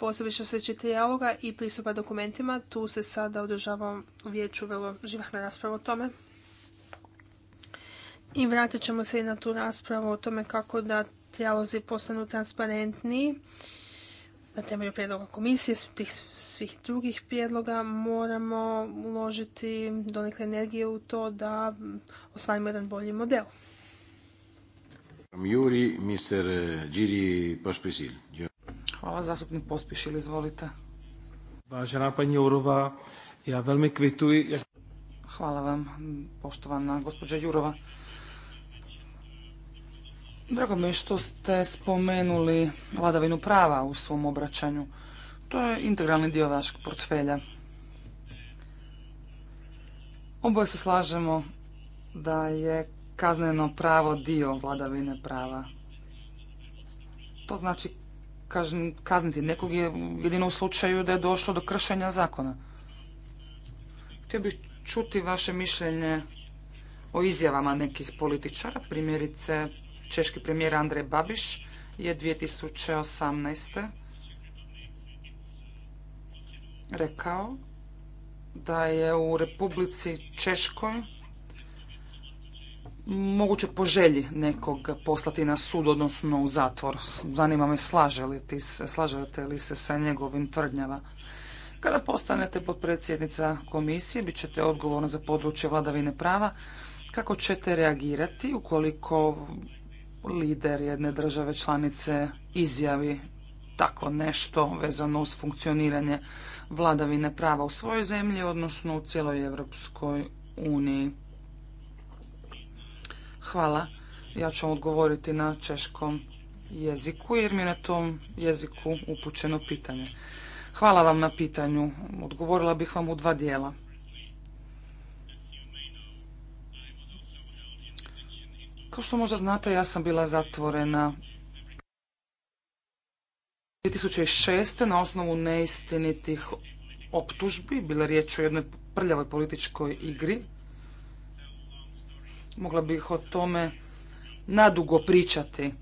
Speaker 2: posebice što se tiče dijaloga i pristupa dokumentima. Tu se sada održava u vijeću vrlo živahna rasprava o tome. I vratit ćemo se i na tu raspravu o tome kako da trijalozi postanu transparentniji. Na temelju prijedloga komisije, tih svih drugih prijedloga, moramo uložiti donekle energije u to da ostvarimo jedan bolji model.
Speaker 1: Juri, Giri
Speaker 3: Hvala, zastupnik Pospišil, izvolite. ja kvituji. Hvala vam, poštovana gospođa Jurova. Drago mi je što ste spomenuli vladavinu prava u svom obraćanju. To je integralni dio vašeg portfelja. Oboje se slažemo da je kazneno pravo dio vladavine prava. To znači kazniti nekog je jedino u slučaju da je došlo do kršenja zakona. Htio bih čuti vaše mišljenje o izjavama nekih političara, primjerice češki premijer Andrej Babiš je 2018. rekao da je u Republici Češkoj moguće po želji nekog poslati na sud, odnosno u zatvor. Zanima me slaže li ti se, slažete li se sa njegovim tvrdnjama. Kada postanete potpredsjednica komisije, bit ćete odgovorna za područje vladavine prava. Kako ćete reagirati ukoliko lider jedne države članice izjavi tako nešto vezano uz funkcioniranje vladavine prava u svojoj zemlji, odnosno u cijeloj Europskoj uniji? Hvala. Ja ću vam odgovoriti na češkom jeziku jer mi je na tom jeziku upućeno pitanje. Hvala vam na pitanju. Odgovorila bih vam u dva dijela. Kao što možda znate, ja sam bila zatvorena 2006. na osnovu neistinitih optužbi, bila riječ o jednoj prljavoj političkoj igri. Mogla bih o tome nadugo pričati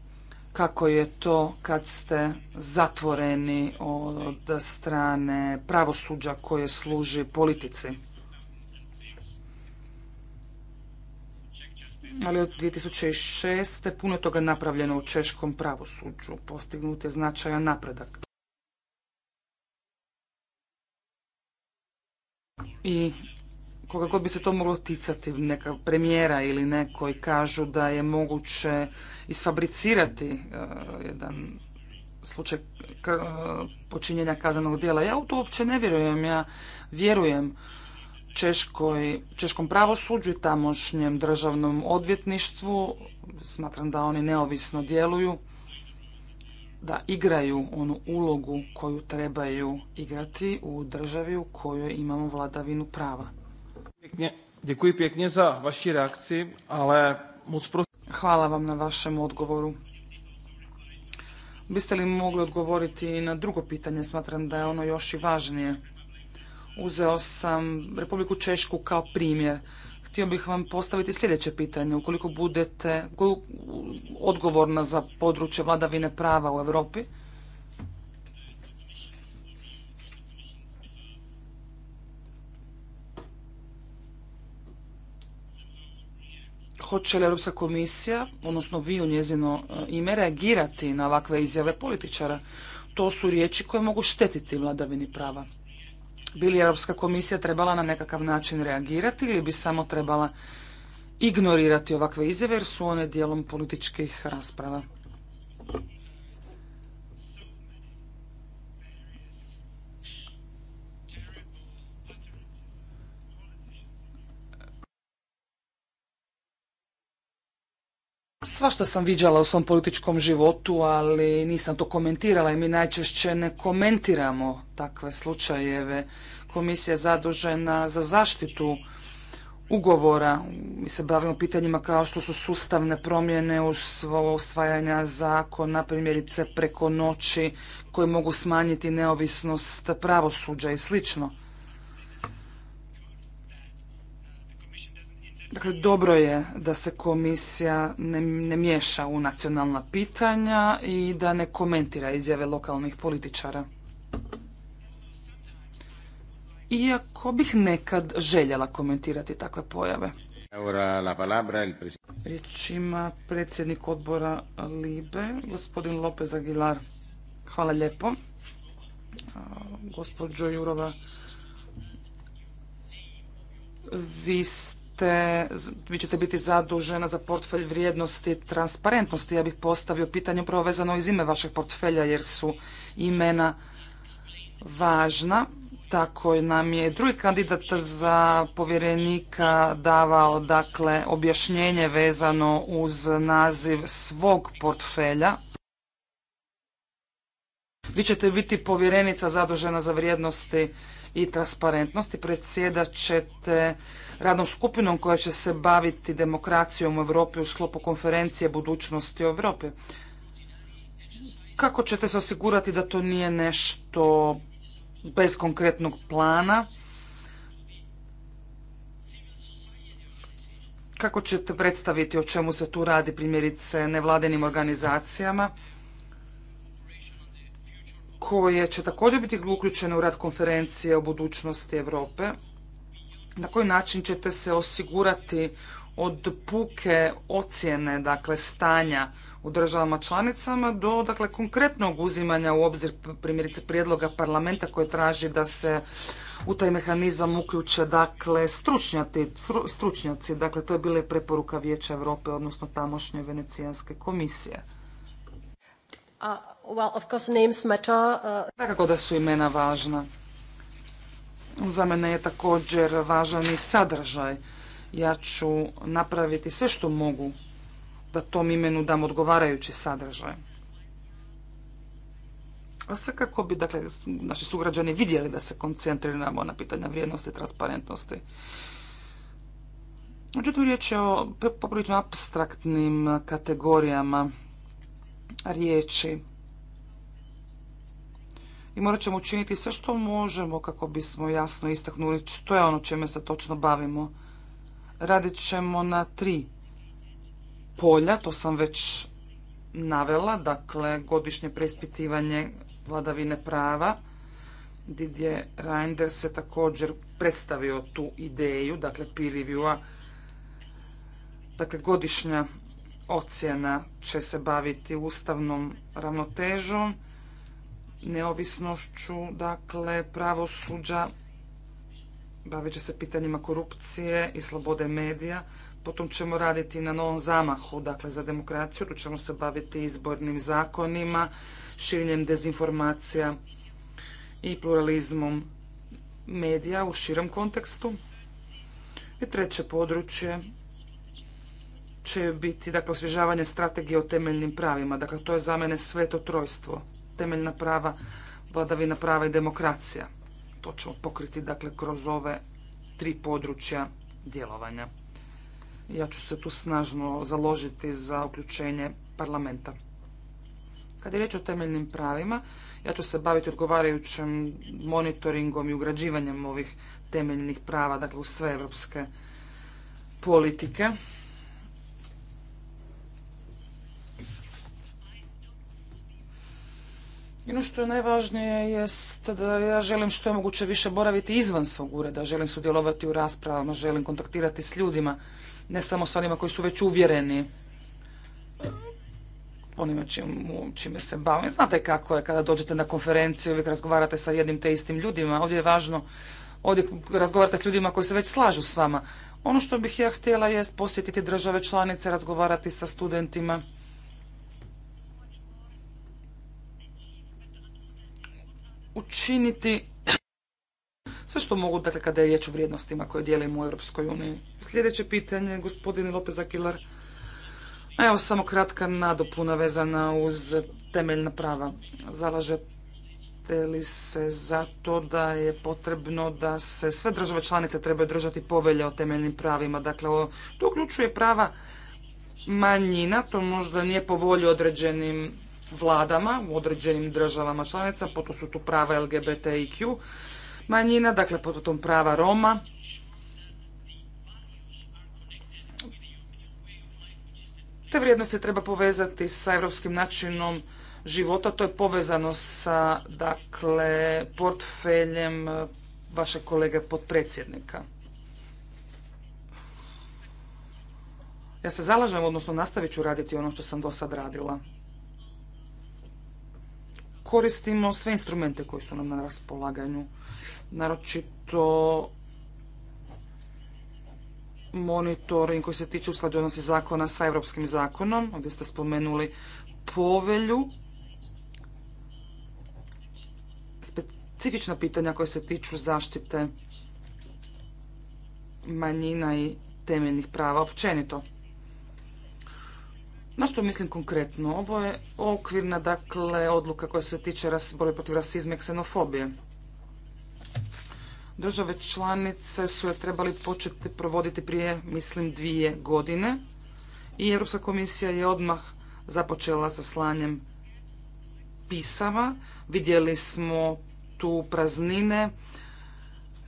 Speaker 3: kako je to kad ste zatvoreni od strane pravosuđa koje služi politici. ali od 2006. puno je toga napravljeno u češkom pravosuđu. Postignut je značajan napredak. I koga god bi se to moglo ticati, neka premijera ili neko i kažu da je moguće isfabricirati e, jedan slučaj e, počinjenja kaznenog djela. Ja u to uopće ne vjerujem, ja vjerujem Češkoj, Češkom pravosuđu i tamošnjem državnom odvjetništvu. Smatram da oni neovisno djeluju, da igraju onu ulogu koju trebaju igrati u državi u kojoj imamo vladavinu prava za vaši ale Hvala vam na vašem odgovoru. Biste li mogli odgovoriti na drugo pitanje? Smatram da je ono još i važnije. Uzeo sam Republiku Češku kao primjer. Htio bih vam postaviti sljedeće pitanje. Ukoliko budete odgovorna za područje vladavine prava u Europi, hoće li Europska komisija, odnosno vi u njezino e, ime, reagirati na ovakve izjave političara? To su riječi koje mogu štetiti vladavini prava. Bi li Europska komisija trebala na nekakav način reagirati ili bi samo trebala ignorirati ovakve izjave jer su one dijelom političkih rasprava? Svašta sam viđala u svom političkom životu, ali nisam to komentirala i mi najčešće ne komentiramo takve slučajeve. Komisija je zadužena za zaštitu ugovora. Mi se bavimo pitanjima kao što su sustavne promjene u usvajanja zakona, primjerice preko noći, koje mogu smanjiti neovisnost pravosuđa i slično. Dakle, dobro je da se komisija ne, miješa u nacionalna pitanja i da ne komentira izjave lokalnih političara. Iako bih nekad željela komentirati takve pojave. Riječ ima predsjednik odbora Libe, gospodin Lopez Aguilar. Hvala lijepo. Gospođo Jurova, vi ste vi ćete biti zadužena za portfelj vrijednosti transparentnosti. Ja bih postavio pitanje upravo vezano iz ime vašeg portfelja jer su imena važna. Tako nam je drugi kandidat za povjerenika davao dakle objašnjenje vezano uz naziv svog portfelja. Vi ćete biti povjerenica zadužena za vrijednosti i transparentnosti. Predsjedat ćete radnom skupinom koja će se baviti demokracijom u Europi u sklopu konferencije budućnosti Europe. Kako ćete se osigurati da to nije nešto bez konkretnog plana? Kako ćete predstaviti o čemu se tu radi primjerice nevladinim organizacijama? koje će također biti uključene u rad konferencije o budućnosti Europe. Na koji način ćete se osigurati od puke ocjene, dakle stanja u državama članicama do dakle konkretnog uzimanja u obzir primjerice prijedloga parlamenta koji traži da se u taj mehanizam uključe dakle stručnjaci, stručnjaci dakle to je bila i preporuka Vijeća Europe odnosno tamošnje venecijanske komisije. A well, of course uh, da su imena važna. Za mene je također važan i sadržaj. Ja ću napraviti sve što mogu da tom imenu dam odgovarajući sadržaj. A sve kako bi dakle, naši sugrađani vidjeli da se koncentriramo na pitanja vrijednosti i transparentnosti. Međutim, riječ je o poprilično abstraktnim kategorijama riječi i morat ćemo učiniti sve što možemo kako bismo jasno istaknuli što je ono čime se točno bavimo. Radit ćemo na tri polja, to sam već navela, dakle godišnje preispitivanje vladavine prava. Didje Reinders se također predstavio tu ideju, dakle peer review-a. Dakle, godišnja ocjena će se baviti ustavnom ravnotežom, neovisnošću, dakle, pravosuđa, bavit će se pitanjima korupcije i slobode medija. Potom ćemo raditi na novom zamahu, dakle, za demokraciju. Tu ćemo se baviti izbornim zakonima, širenjem dezinformacija i pluralizmom medija u širem kontekstu. I treće područje će biti dakle, osvježavanje strategije o temeljnim pravima. Dakle, to je za mene sveto trojstvo temeljna prava, vladavina prava i demokracija. To ćemo pokriti dakle kroz ove tri područja djelovanja. Ja ću se tu snažno založiti za uključenje parlamenta. Kad je riječ o temeljnim pravima, ja ću se baviti odgovarajućim monitoringom i ugrađivanjem ovih temeljnih prava, dakle u sve evropske politike. I ono što je najvažnije jest da ja želim što je moguće više boraviti izvan svog ureda, želim sudjelovati u raspravama, želim kontaktirati s ljudima, ne samo s onima koji su već uvjereni onima čime se bavim. Znate kako je kada dođete na konferenciju, uvijek razgovarate sa jednim te istim ljudima. Ovdje je važno, ovdje razgovarate s ljudima koji se već slažu s vama. Ono što bih ja htjela jest posjetiti države članice, razgovarati sa studentima, učiniti sve što mogu, dakle, kada je riječ o vrijednostima koje dijelimo u Europskoj uniji. Sljedeće pitanje, gospodin Lopez Aguilar. Evo, samo kratka nadopuna vezana uz temeljna prava. Zalažete li se za to da je potrebno da se sve države članice trebaju držati povelje o temeljnim pravima? Dakle, to uključuje prava manjina, to možda nije po volji određenim vladama u određenim državama članica, potom su tu prava LGBTIQ manjina, dakle potom prava Roma. Te vrijednosti treba povezati sa europskim načinom života, to je povezano sa dakle portfeljem e, vašeg kolege potpredsjednika. Ja se zalažem, odnosno nastavit ću raditi ono što sam do sad radila koristimo sve instrumente koji su nam na raspolaganju, naročito monitoring koji se tiče usklađenosti zakona sa europskim zakonom. Ovdje ste spomenuli povelju, specifična pitanja koja se tiču zaštite manjina i temeljnih prava općenito. Na što mislim konkretno? Ovo je okvirna, dakle, odluka koja se tiče borbe protiv rasizma i ksenofobije. Države članice su je trebali početi provoditi prije, mislim, dvije godine i Europska komisija je odmah započela sa slanjem pisama. Vidjeli smo tu praznine,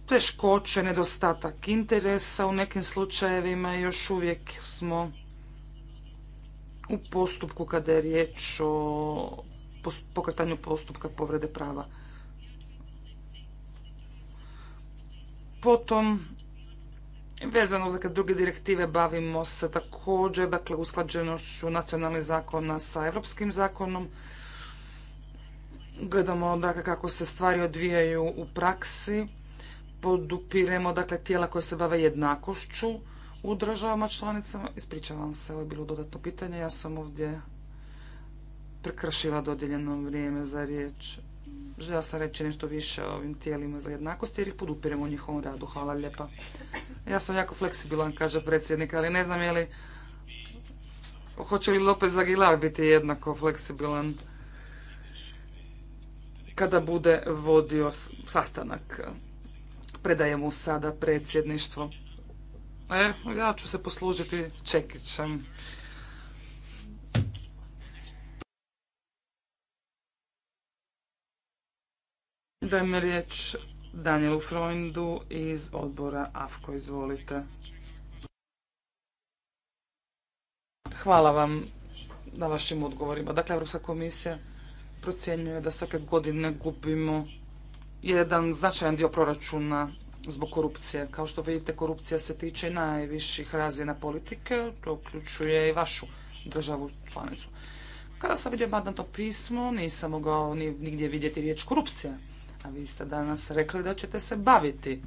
Speaker 3: teškoće, nedostatak interesa u nekim slučajevima još uvijek smo u postupku kada je riječ o pokretanju postupka povrede prava. Potom, vezano za druge direktive, bavimo se također, dakle, usklađenošću nacionalnih zakona sa europskim zakonom. Gledamo, dakle, kako se stvari odvijaju u praksi. Podupiremo, dakle, tijela koje se bave jednakošću u državama članicama. Ispričavam se, ovo je bilo dodatno pitanje. Ja sam ovdje prekršila dodijeljeno vrijeme za riječ. Željela sam reći nešto više o ovim tijelima za jednakost jer ih podupiremo u njihovom radu. Hvala lijepa. Ja sam jako fleksibilan, kaže predsjednik, ali ne znam je li... Hoće li Lopez Aguilar biti jednako fleksibilan kada bude vodio sastanak? Predajemo sada predsjedništvo. E, ja ću se poslužiti čekićem. Dajme riječ Danielu Freundu iz odbora AFKO. Izvolite. Hvala vam na vašim odgovorima. Dakle, Europska komisija procjenjuje da svake godine gubimo jedan značajan dio proračuna zbog korupcije. Kao što vidite, korupcija se tiče najviših razina politike, to uključuje i vašu državu članicu. Kada sam vidio to pismo, nisam mogao nigdje vidjeti riječ korupcija. A vi ste danas rekli da ćete se baviti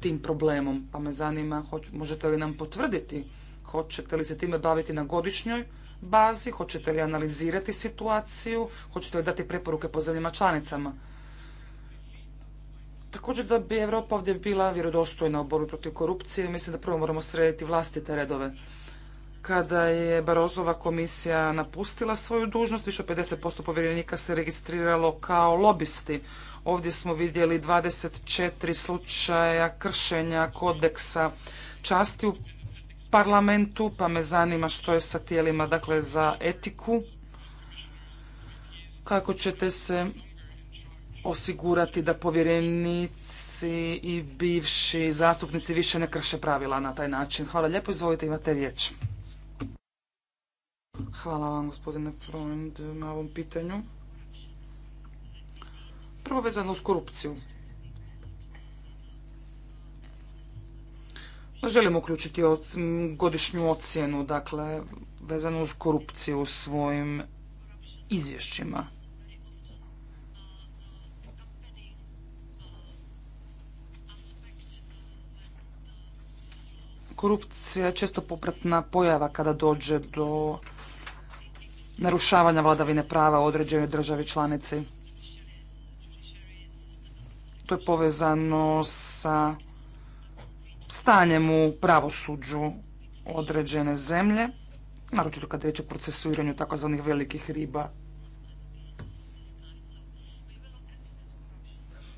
Speaker 3: tim problemom, pa me zanima možete li nam potvrditi hoćete li se time baviti na godišnjoj bazi, hoćete li analizirati situaciju, hoćete li dati preporuke po zemljama članicama. Također da bi Europa ovdje bila vjerodostojna u borbi protiv korupcije, mislim da prvo moramo srediti vlastite redove. Kada je Barozova komisija napustila svoju dužnost, više od 50% povjerenika se registriralo kao lobisti. Ovdje smo vidjeli 24 slučaja kršenja kodeksa časti u parlamentu, pa me zanima što je sa tijelima dakle, za etiku. Kako ćete se osigurati da povjerenici i bivši zastupnici više ne krše pravila na taj način. Hvala lijepo, izvolite, imate riječ. Hvala vam, gospodine Freund, na ovom pitanju. Prvo vezano uz korupciju. Želimo uključiti godišnju ocjenu, dakle, vezano uz korupciju u svojim izvješćima. Korupcija je često popratna pojava kada dođe do narušavanja vladavine prava u određenoj državi članici. To je povezano sa stanjem u pravosuđu određene zemlje, naročito kad riječ o procesuiranju takozvanih velikih riba.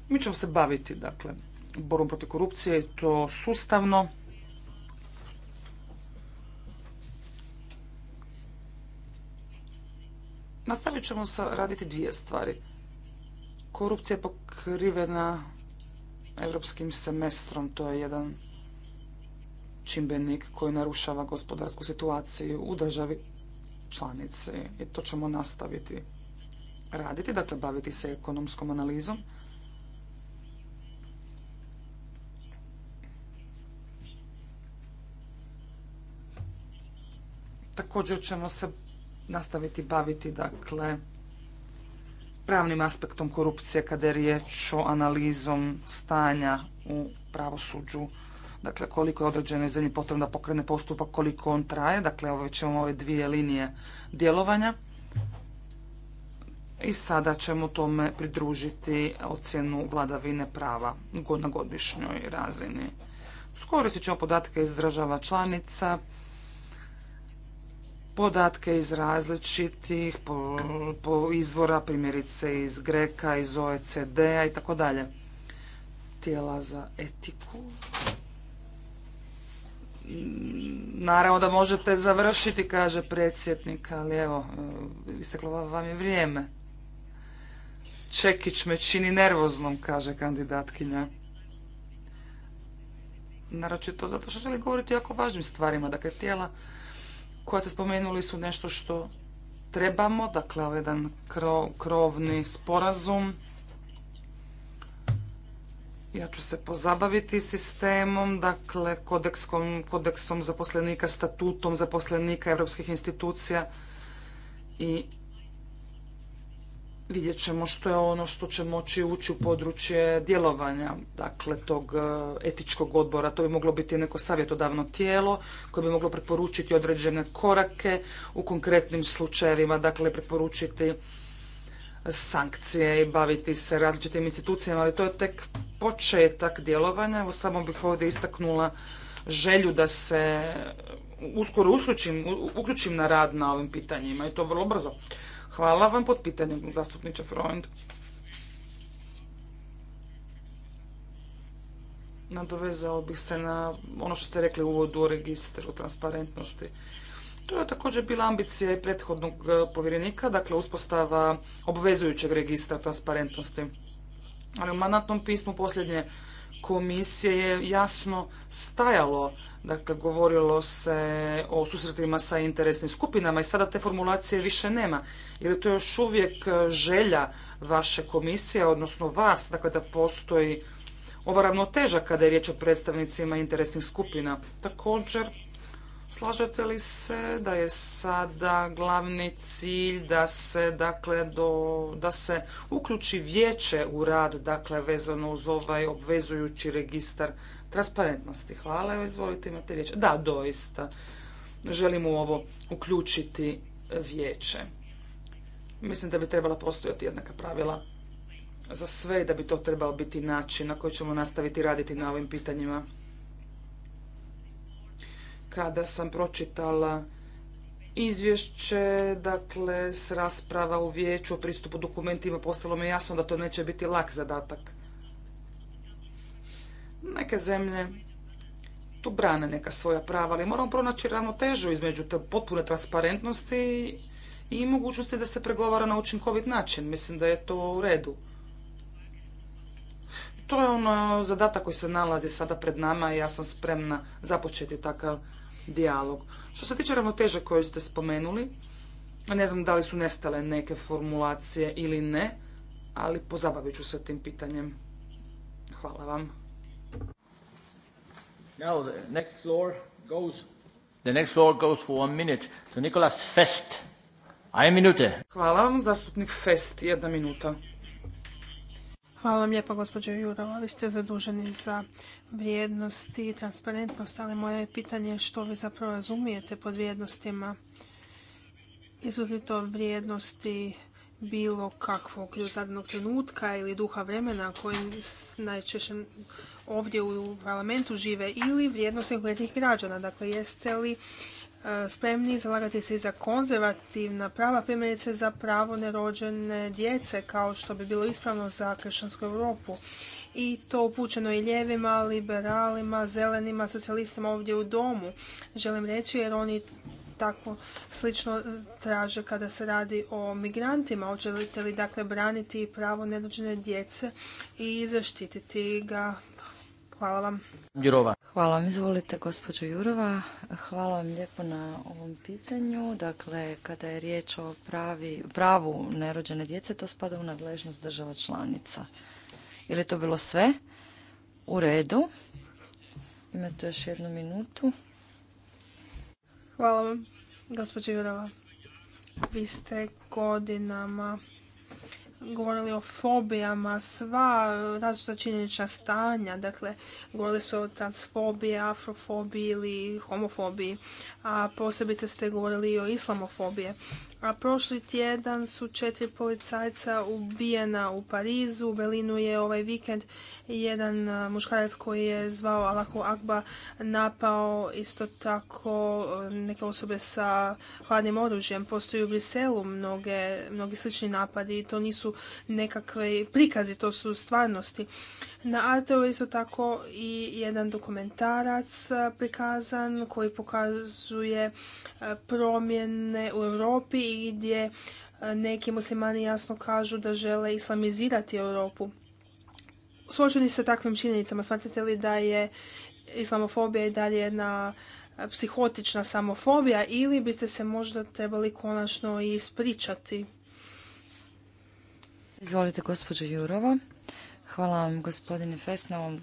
Speaker 3: Mi ćemo se baviti, dakle, borom protiv korupcije i to sustavno. Nastavit ćemo sa, raditi dvije stvari. Korupcija je pokrivena europskim semestrom, to je jedan čimbenik koji narušava gospodarsku situaciju u državi članice i to ćemo nastaviti raditi, dakle baviti se ekonomskom analizom. Također ćemo se nastaviti baviti dakle pravnim aspektom korupcije kada je riječ o analizom stanja u pravosuđu. Dakle, koliko je određenoj zemlji potrebno da pokrene postupak, koliko on traje. Dakle, ovo ćemo ove dvije linije djelovanja. I sada ćemo tome pridružiti ocjenu vladavine prava na godišnjoj razini. Skoristit ćemo podatke iz država članica, podatke iz različitih po, izvora, primjerice iz Greka, iz OECD-a i tako dalje. Tijela za etiku. Mm, naravno da možete završiti, kaže predsjednik, ali evo, e, isteklo vam je vrijeme. Čekić me čini nervoznom, kaže kandidatkinja. Naročito zato što želi govoriti o jako važnim stvarima, dakle tijela koja ste spomenuli su nešto što trebamo, dakle ovaj jedan krovni sporazum. Ja ću se pozabaviti sistemom, dakle kodeksom, kodeksom zaposlenika, statutom zaposlenika europskih institucija i Vidjet ćemo što je ono što će moći ući u područje djelovanja, dakle tog e, etičkog odbora. To bi moglo biti neko savjetodavno tijelo koje bi moglo preporučiti određene korake u konkretnim slučajevima, dakle preporučiti sankcije i baviti se različitim institucijama, ali to je tek početak djelovanja. Evo samo bih ovdje istaknula želju da se uskoro uključim, uključim na rad na ovim pitanjima i to vrlo brzo. Hvala vam pod pitanjem, zastupniče Freund. Nadovezao bih se na ono što ste rekli u uvodu o registru transparentnosti. To je također bila ambicija i prethodnog e, povjerenika, dakle uspostava obvezujućeg registra transparentnosti. Ali u mandatnom pismu posljednje komisije je jasno stajalo. Dakle, govorilo se o susretima sa interesnim skupinama i sada te formulacije više nema. Je li to još uvijek e, želja vaše komisije, odnosno vas, dakle da postoji ova ravnoteža kada je riječ o predstavnicima interesnih skupina. Također, Slažete li se da je sada glavni cilj da se dakle do, da se uključi vijeće u rad dakle vezano uz ovaj obvezujući registar transparentnosti? Hvala, evo izvolite imate riječ. Da, doista. Želimo u ovo uključiti vijeće. Mislim da bi trebala postojati jednaka pravila za sve i da bi to trebao biti način na koji ćemo nastaviti raditi na ovim pitanjima kada sam pročitala izvješće, dakle, s rasprava u vijeću o pristupu dokumentima, postalo mi jasno da to neće biti lak zadatak. Neke zemlje tu brane neka svoja prava, ali moramo pronaći ravnotežu između te potpune transparentnosti i mogućnosti da se pregovara na učinkovit način. Mislim da je to u redu. To je ono zadatak koji se nalazi sada pred nama i ja sam spremna započeti takav dijalog. Što se tiče ravnoteže koju ste spomenuli, ne znam da li su nestale neke formulacije ili ne, ali pozabavit ću se tim pitanjem. Hvala vam. one minute Fest. minute. Hvala vam, zastupnik Fest, jedna minuta.
Speaker 2: Hvala vam lijepa, gospođo Jurova. Vi ste zaduženi za vrijednost i transparentnost, ali moje pitanje je što vi zapravo razumijete pod vrijednostima. Jesu li to vrijednosti bilo kakvog zadanog trenutka ili duha vremena koji najčešće ovdje u parlamentu žive ili vrijednosti konkretnih građana. Dakle, jeste li spremni zalagati se i za konzervativna prava, primjerice za pravo nerođene djece, kao što bi bilo ispravno za kršćansku Europu. I to upućeno i ljevima, liberalima, zelenima, socijalistima ovdje u domu, želim reći, jer oni tako slično traže kada se radi o migrantima. Hoćete li dakle braniti pravo nerođene djece i zaštititi ga Hvala vam.
Speaker 4: Jurova. Hvala vam, izvolite gospođo Jurova. Hvala vam lijepo na ovom pitanju. Dakle, kada je riječ o pravi, pravu nerođene djece, to spada u nadležnost država članica. Je to bilo sve? U redu. Imate
Speaker 2: još jednu minutu. Hvala vam, gospođo Jurova. Vi ste godinama govorili o fobijama, sva različita činjenična stanja, dakle, govorili ste o transfobiji, afrofobiji ili homofobiji, a posebice ste govorili i o islamofobije. A prošli tjedan su četiri policajca ubijena u Parizu. U Belinu je ovaj vikend jedan muškarac koji je zvao Alahu Akba napao isto tako neke osobe sa hladnim oružjem. Postoji u Briselu mnoge, mnogi slični napadi i to nisu nekakve prikazi, to su stvarnosti. Na Ateu isto tako i jedan dokumentarac prikazan koji pokazuje e, promjene u Europi i gdje e, neki muslimani jasno kažu da žele islamizirati Europu. Suočeni se takvim činjenicama, smatrate li da je islamofobija i dalje jedna e, psihotična samofobija ili biste se možda trebali konačno i ispričati?
Speaker 4: Izvolite, gospođo Jurova. Hvala vam gospodine Fest na ovom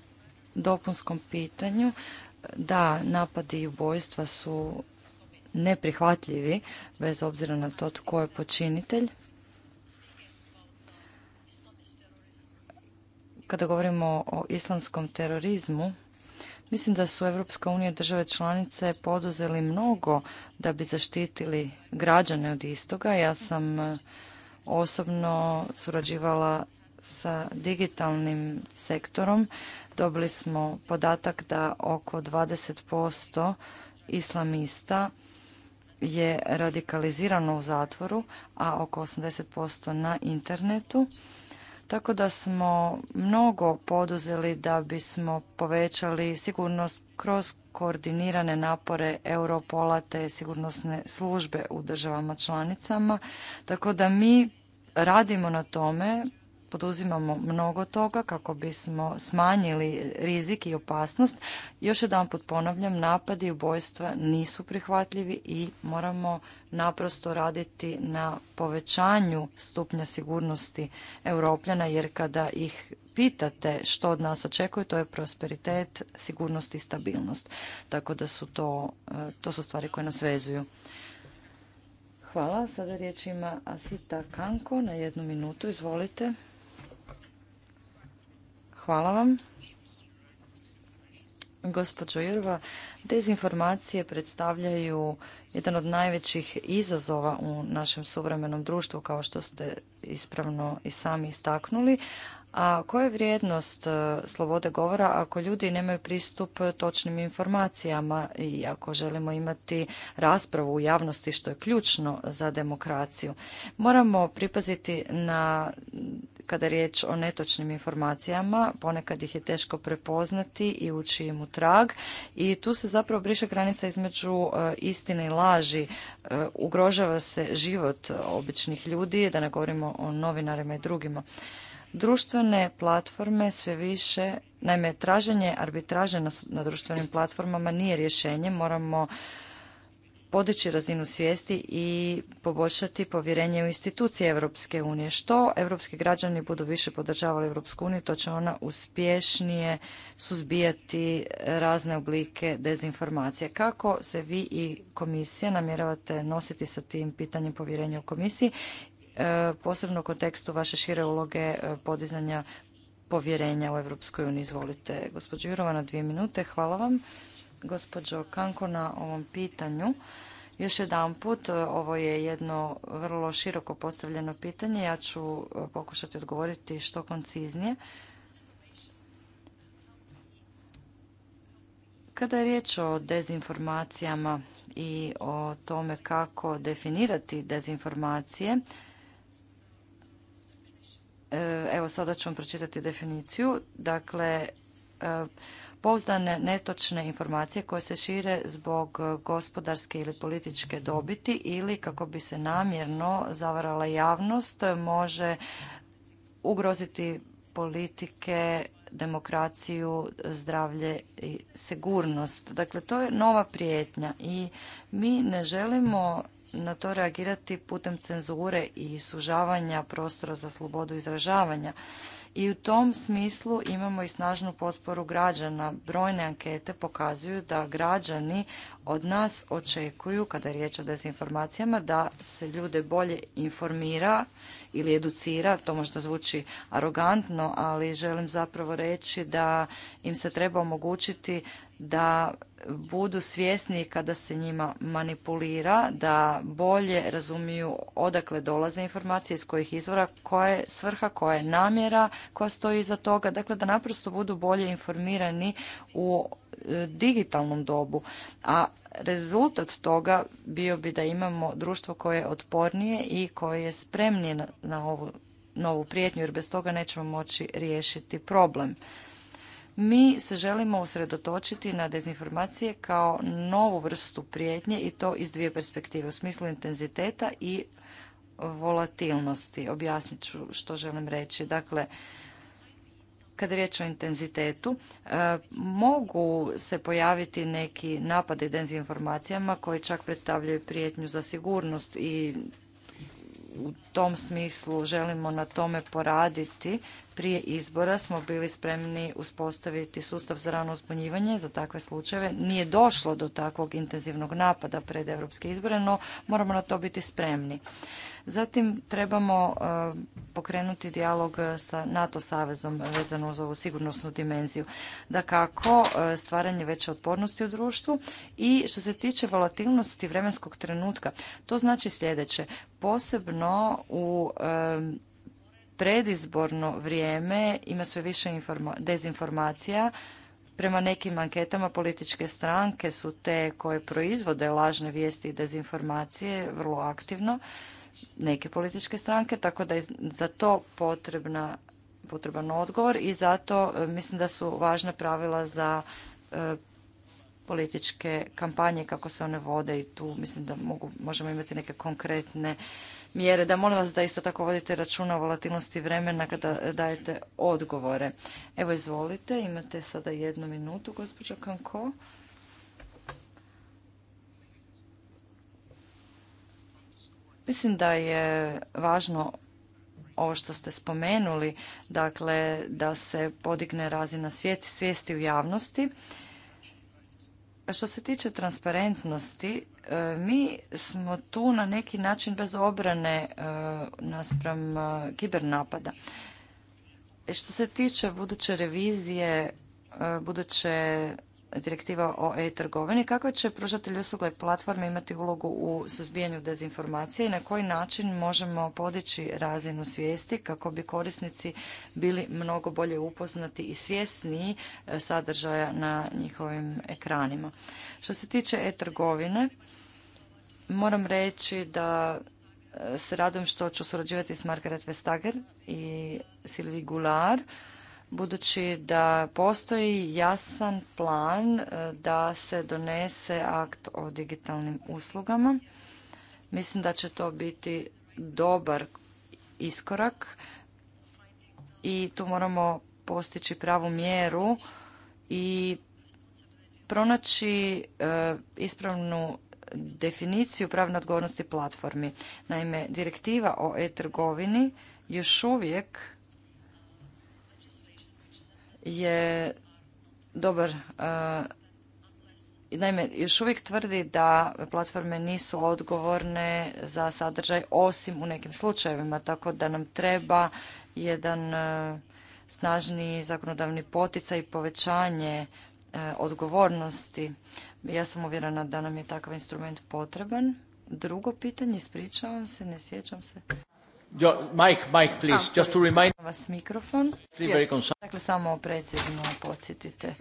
Speaker 4: dopunskom pitanju. Da, napadi i ubojstva su neprihvatljivi, bez obzira na to tko je počinitelj. Kada govorimo o islamskom terorizmu, mislim da su Evropska unija države članice poduzeli mnogo da bi zaštitili građane od istoga. Ja sam e, osobno surađivala sa digitalnim sektorom dobili smo podatak da oko 20% islamista je radikalizirano u zatvoru, a oko 80% na internetu. Tako da smo mnogo poduzeli da bismo povećali sigurnost kroz koordinirane napore Europola te sigurnosne službe u državama članicama. Tako da mi radimo na tome poduzimamo mnogo toga kako bismo smanjili rizik i opasnost. Još jedan put ponavljam, napadi i ubojstva nisu prihvatljivi i moramo naprosto raditi na povećanju stupnja sigurnosti Europljana jer kada ih pitate što od nas očekuje, to je prosperitet, sigurnost i stabilnost. Tako da su to, eh, to su stvari koje nas vezuju. Hvala. Sada riječ ima Asita Kanko na jednu minutu. Izvolite. Hvala vam. Gospođo Jurva, dezinformacije predstavljaju jedan od najvećih izazova u našem suvremenom društvu, kao što ste ispravno i sami istaknuli. A koja je vrijednost e, slobode govora ako ljudi nemaju pristup točnim informacijama i ako želimo imati raspravu u javnosti što je ključno za demokraciju? Moramo pripaziti na kada je riječ o netočnim informacijama, ponekad ih je teško prepoznati i ući im u trag i tu se zapravo briše granica između e, istine i laži. E, ugrožava se život običnih ljudi, da ne govorimo o novinarima i drugima. Društvene platforme sve više, naime traženje arbitraže na, na društvenim platformama nije rješenje, moramo podići razinu svijesti i poboljšati povjerenje u institucije Europske unije. Što europski građani budu više podržavali Europsku uniju, to će ona uspješnije suzbijati razne oblike dezinformacije. Kako se vi i komisija namjeravate nositi sa tim pitanjem povjerenja u komisiji, e, posebno u kontekstu vaše šire uloge e, podizanja povjerenja u Europskoj uniji. Izvolite, gospođo Jurova, na dvije minute. Hvala vam gospođo Kanko na ovom pitanju. Još jedan put, e, ovo je jedno vrlo široko postavljeno pitanje, ja ću e, pokušati odgovoriti što konciznije. Kada je riječ o dezinformacijama i o tome kako definirati dezinformacije, e, evo sada ću vam pročitati definiciju. Dakle, pouzdane netočne informacije koje se šire zbog gospodarske ili političke dobiti ili kako bi se namjerno zavarala javnost može ugroziti politike, demokraciju, zdravlje i sigurnost. Dakle, to je nova prijetnja i mi ne želimo na to reagirati putem cenzure i sužavanja prostora za slobodu izražavanja i u tom smislu imamo i snažnu potporu građana. Brojne ankete pokazuju da građani od nas očekuju, kada je riječ o dezinformacijama, da se ljude bolje informira ili educira, to možda zvuči arogantno, ali želim zapravo reći da im se treba omogućiti da budu svjesni kada se njima manipulira, da bolje razumiju odakle dolaze informacije, iz kojih izvora, koja je svrha, koja je namjera koja stoji iza toga, dakle da naprosto budu bolje informirani u E, digitalnom dobu, a rezultat toga bio bi da imamo društvo koje je otpornije i koje je spremnije na, ovu novu prijetnju, jer bez toga nećemo moći riješiti problem. Mi se želimo usredotočiti na dezinformacije kao novu vrstu prijetnje i to iz dvije perspektive, u smislu intenziteta i volatilnosti. Objasnit ću što želim reći. Dakle, kad riječ o intenzitetu, e, mogu se pojaviti neki napadi dezinformacijama koji čak predstavljaju prijetnju za sigurnost i u tom smislu želimo na tome poraditi. Prije izbora smo bili spremni uspostaviti sustav za rano uzbunjivanje za takve slučajeve. Nije došlo do takvog intenzivnog napada pred europske izbore, no moramo na to biti spremni. Zatim trebamo e, pokrenuti dijalog e, sa NATO savezom vezano uz ovu sigurnosnu dimenziju. Da kako e, stvaranje veće otpornosti u društvu i što se tiče volatilnosti vremenskog trenutka, to znači sljedeće. Posebno u predizborno vrijeme ima sve više dezinformacija, Prema nekim anketama političke stranke su te koje proizvode lažne vijesti i dezinformacije vrlo aktivno neke političke stranke, tako da je za to potrebna, potreban odgovor i zato e, mislim da su važna pravila za e, političke kampanje, kako se one vode i tu mislim da mogu, možemo imati neke konkretne mjere. Da molim vas da isto tako vodite računa o volatilnosti vremena kada dajete odgovore. Evo izvolite, imate sada jednu minutu, gospođo Kanko. Mislim da je važno ovo što ste spomenuli, dakle da se podigne razina svijesti u javnosti. Što se tiče transparentnosti, e, mi smo tu na neki način bez obrane e, naspram e, kibernapada. Što se tiče buduće revizije, buduće direktiva o e-trgovini, kako će pružatelji usluga platforme imati ulogu u suzbijanju dezinformacije i na koji način možemo podići razinu svijesti kako bi korisnici bili mnogo bolje upoznati i svjesniji e, sadržaja na njihovim ekranima. Što se tiče e-trgovine, moram reći da se radom što ću surađivati s Margaret Vestager i Sylvie Goulart budući da postoji jasan plan e, da se donese akt o digitalnim uslugama. Mislim da će to biti dobar iskorak i tu moramo postići pravu mjeru i pronaći e, ispravnu definiciju pravne odgovornosti platformi. Naime, direktiva o e-trgovini još uvijek je dobar e, Naime, još uvijek tvrdi da platforme nisu odgovorne za sadržaj osim u nekim slučajevima, tako da nam treba jedan e, snažni zakonodavni poticaj i povećanje e, odgovornosti. Ja sam uvjerena da nam je takav instrument potreban. Drugo pitanje, ispričavam se, ne sjećam se. Mike, Mike, please, ah, just to remind... Vas mikrofon. Dakle, samo precizno podsjetite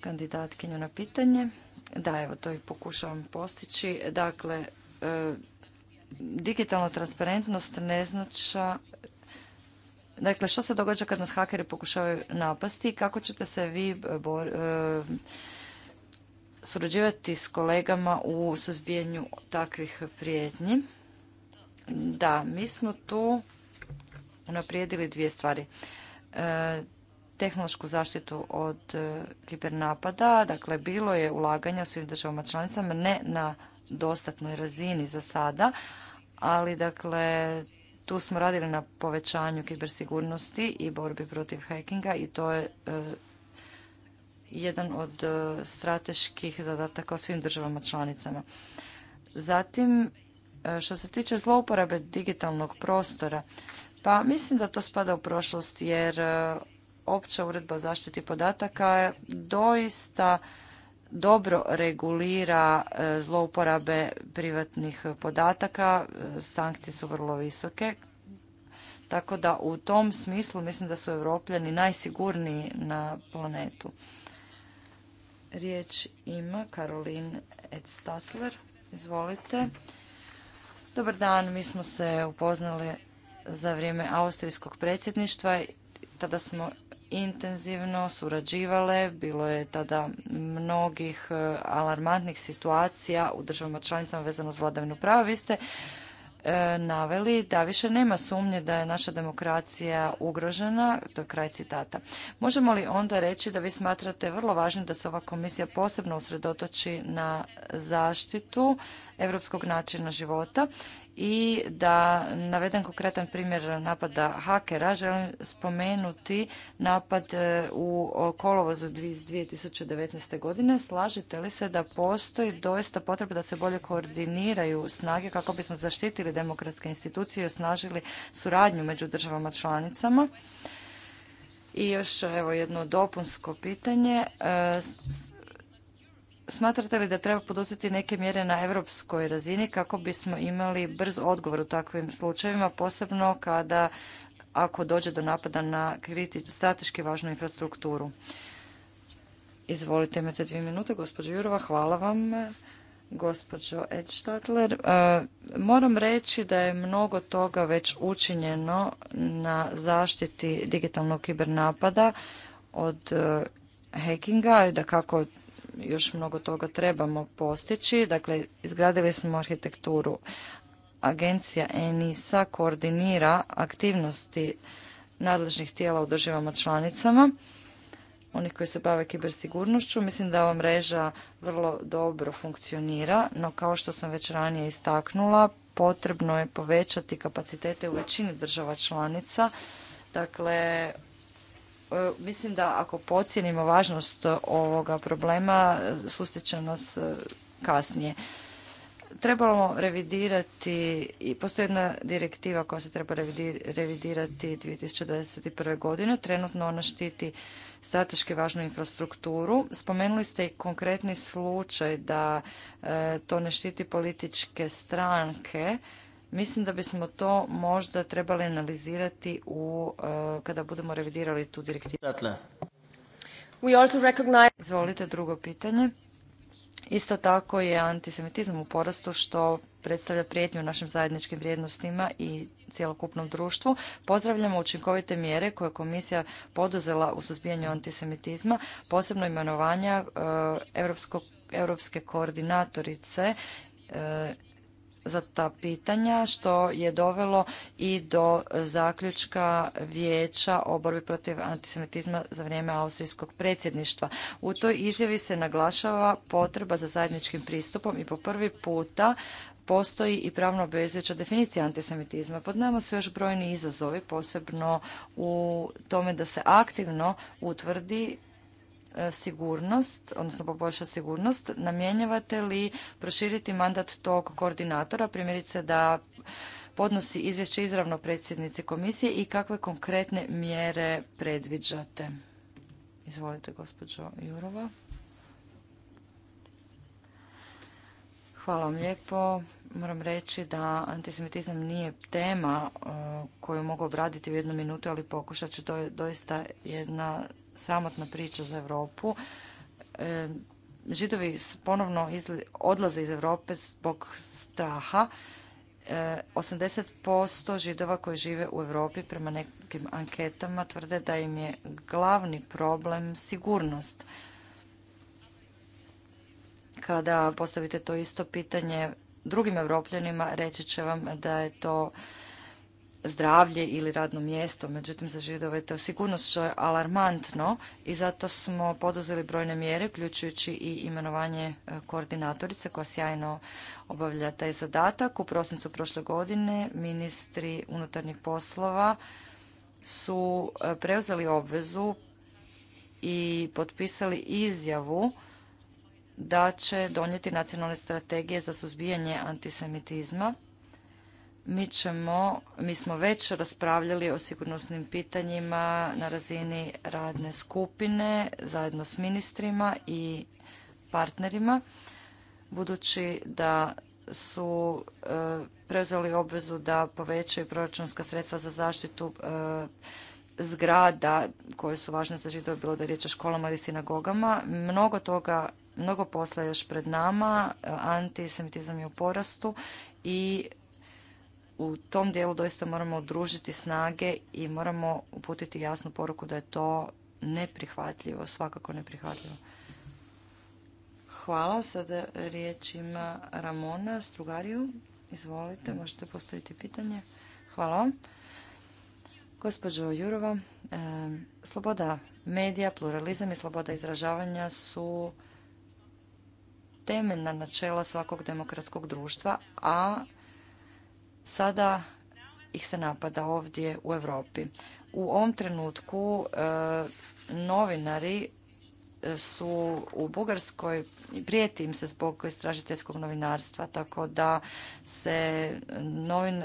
Speaker 4: kandidatkinju na pitanje. Da, evo, to i pokušavam postići. Dakle, e, digitalna transparentnost ne znača... Dakle, što se događa kad nas hakeri pokušavaju napasti i kako ćete se vi e, e, surađivati s kolegama u suzbijanju takvih prijetnji? Da, mi smo tu unaprijedili dvije stvari. E, tehnološku zaštitu od e, kibernapada, dakle bilo je ulaganja svim državama članicama, ne na dostatnoj razini za sada, ali dakle tu smo radili na povećanju kibersigurnosti i borbi protiv hekinga i to je e, jedan od strateških zadataka u svim državama članicama. Zatim E, što se tiče zlouporabe digitalnog prostora, pa mislim da to spada u prošlost jer e, opća uredba o zaštiti podataka doista dobro regulira e, zlouporabe privatnih podataka, sankcije su vrlo visoke. Tako da u tom smislu mislim da su Europljani najsigurniji na planetu. Riječ ima Karolin Edstatler. Izvolite. Dobar dan, mi smo se upoznali za vrijeme austrijskog predsjedništva. Tada smo intenzivno surađivale, bilo je tada mnogih eh, alarmantnih situacija u državama članicama vezano za vladavinu prava. Vi ste E, naveli da više nema sumnje da je naša demokracija ugrožena, to je kraj citata. Možemo li onda reći da vi smatrate vrlo važnim da se ova komisija posebno usredotoči na zaštitu europskog načina života i da navedem konkretan primjer napada hakera, želim spomenuti napad e, u kolovozu 2019. godine. Slažete li se da postoji doista potreba da se bolje koordiniraju snage kako bismo zaštitili demokratske institucije i osnažili suradnju među državama članicama? I još evo jedno dopunsko pitanje. E, Smatrate li da treba poduzeti neke mjere na europskoj razini kako bismo imali brz odgovor u takvim slučajevima, posebno kada ako dođe do napada na kritič, strateški važnu infrastrukturu? Izvolite, imate dvije minute, gospođo Jurova, hvala vam. Gospođo Edstadler, e, moram reći da je mnogo toga već učinjeno na zaštiti digitalnog kibernapada od e, hekinga, da kako još mnogo toga trebamo postići. Dakle, izgradili smo arhitekturu. Agencija ENISA koordinira aktivnosti nadležnih tijela u državama članicama, onih koji se bave kibersigurnošću. Mislim da ova mreža vrlo dobro funkcionira, no kao što sam već ranije istaknula, potrebno je povećati kapacitete u većini država članica. Dakle, E, mislim da ako pocijenimo važnost e, ovoga problema, e, susjeća nas kasnije. Trebamo revidirati, i postoji jedna direktiva koja se treba revidirati 2021. godine. Trenutno ona štiti strateški važnu infrastrukturu. Spomenuli ste i konkretni slučaj da to ne štiti političke stranke, Mislim da bismo to možda trebali analizirati u, e, kada budemo revidirali tu direktivu. Dakle. Izvolite drugo pitanje. Isto tako je antisemitizam u porastu što predstavlja prijetnju našim zajedničkim vrijednostima i cjelokupnom društvu. Pozdravljamo učinkovite mjere koje je komisija poduzela u suzbijanju antisemitizma, posebno imenovanja e, Europske koordinatorice e, za ta pitanja, što je dovelo i do zaključka vijeća o borbi protiv antisemitizma za vrijeme austrijskog predsjedništva. U toj izjavi se naglašava potreba za zajedničkim pristupom i po prvi puta postoji i pravno obvezujuća definicija antisemitizma. Pod nama su još brojni izazovi, posebno u tome da se aktivno utvrdi E, sigurnost, odnosno poboljša sigurnost, namjenjavate li proširiti mandat tog koordinatora, primjerice da podnosi izvješće izravno predsjednici komisije i kakve konkretne mjere predviđate? Izvolite, gospođo Jurova. Hvala vam lijepo. Moram reći da antisemitizam nije tema e, koju mogu obraditi u jednu minutu, ali pokušat ću. To je doista jedna sramotna priča za Europu. E, Židovi ponovno odlaze iz Europe zbog straha. 80% e, židova koji žive u Europi prema nekim anketama tvrde da im je glavni problem sigurnost. Kada postavite to isto pitanje drugim evropljanima, reći će vam da je to zdravlje ili radno mjesto, međutim za židove to sigurnost što je alarmantno i zato smo poduzeli brojne mjere, uključujući i imenovanje e, koordinatorice koja sjajno obavlja taj zadatak. U prosincu prošle godine ministri unutarnjih poslova su e, preuzeli obvezu i potpisali izjavu da će donijeti nacionalne strategije za suzbijanje antisemitizma mi ćemo, mi smo već raspravljali o sigurnosnim pitanjima na razini radne skupine zajedno s ministrima i partnerima, budući da su e, preuzeli obvezu da povećaju proračunska sredstva za zaštitu e, zgrada koje su važne za židove, bilo da je riječ o školama ili sinagogama. Mnogo toga, mnogo posla je još pred nama, e, antisemitizam je u porastu i u tom dijelu doista moramo udružiti snage i moramo uputiti jasnu poruku da je to neprihvatljivo, svakako neprihvatljivo. Hvala. Sada riječ ima Ramona Strugariju. Izvolite, možete postaviti pitanje. Hvala vam. Gospođo Jurova, e, sloboda medija, pluralizam i sloboda izražavanja su temeljna načela svakog demokratskog društva, a sada ih se napada ovdje u Europi. U ovom trenutku e, novinari su u Bugarskoj, prijeti im se zbog istražiteljskog novinarstva, tako da se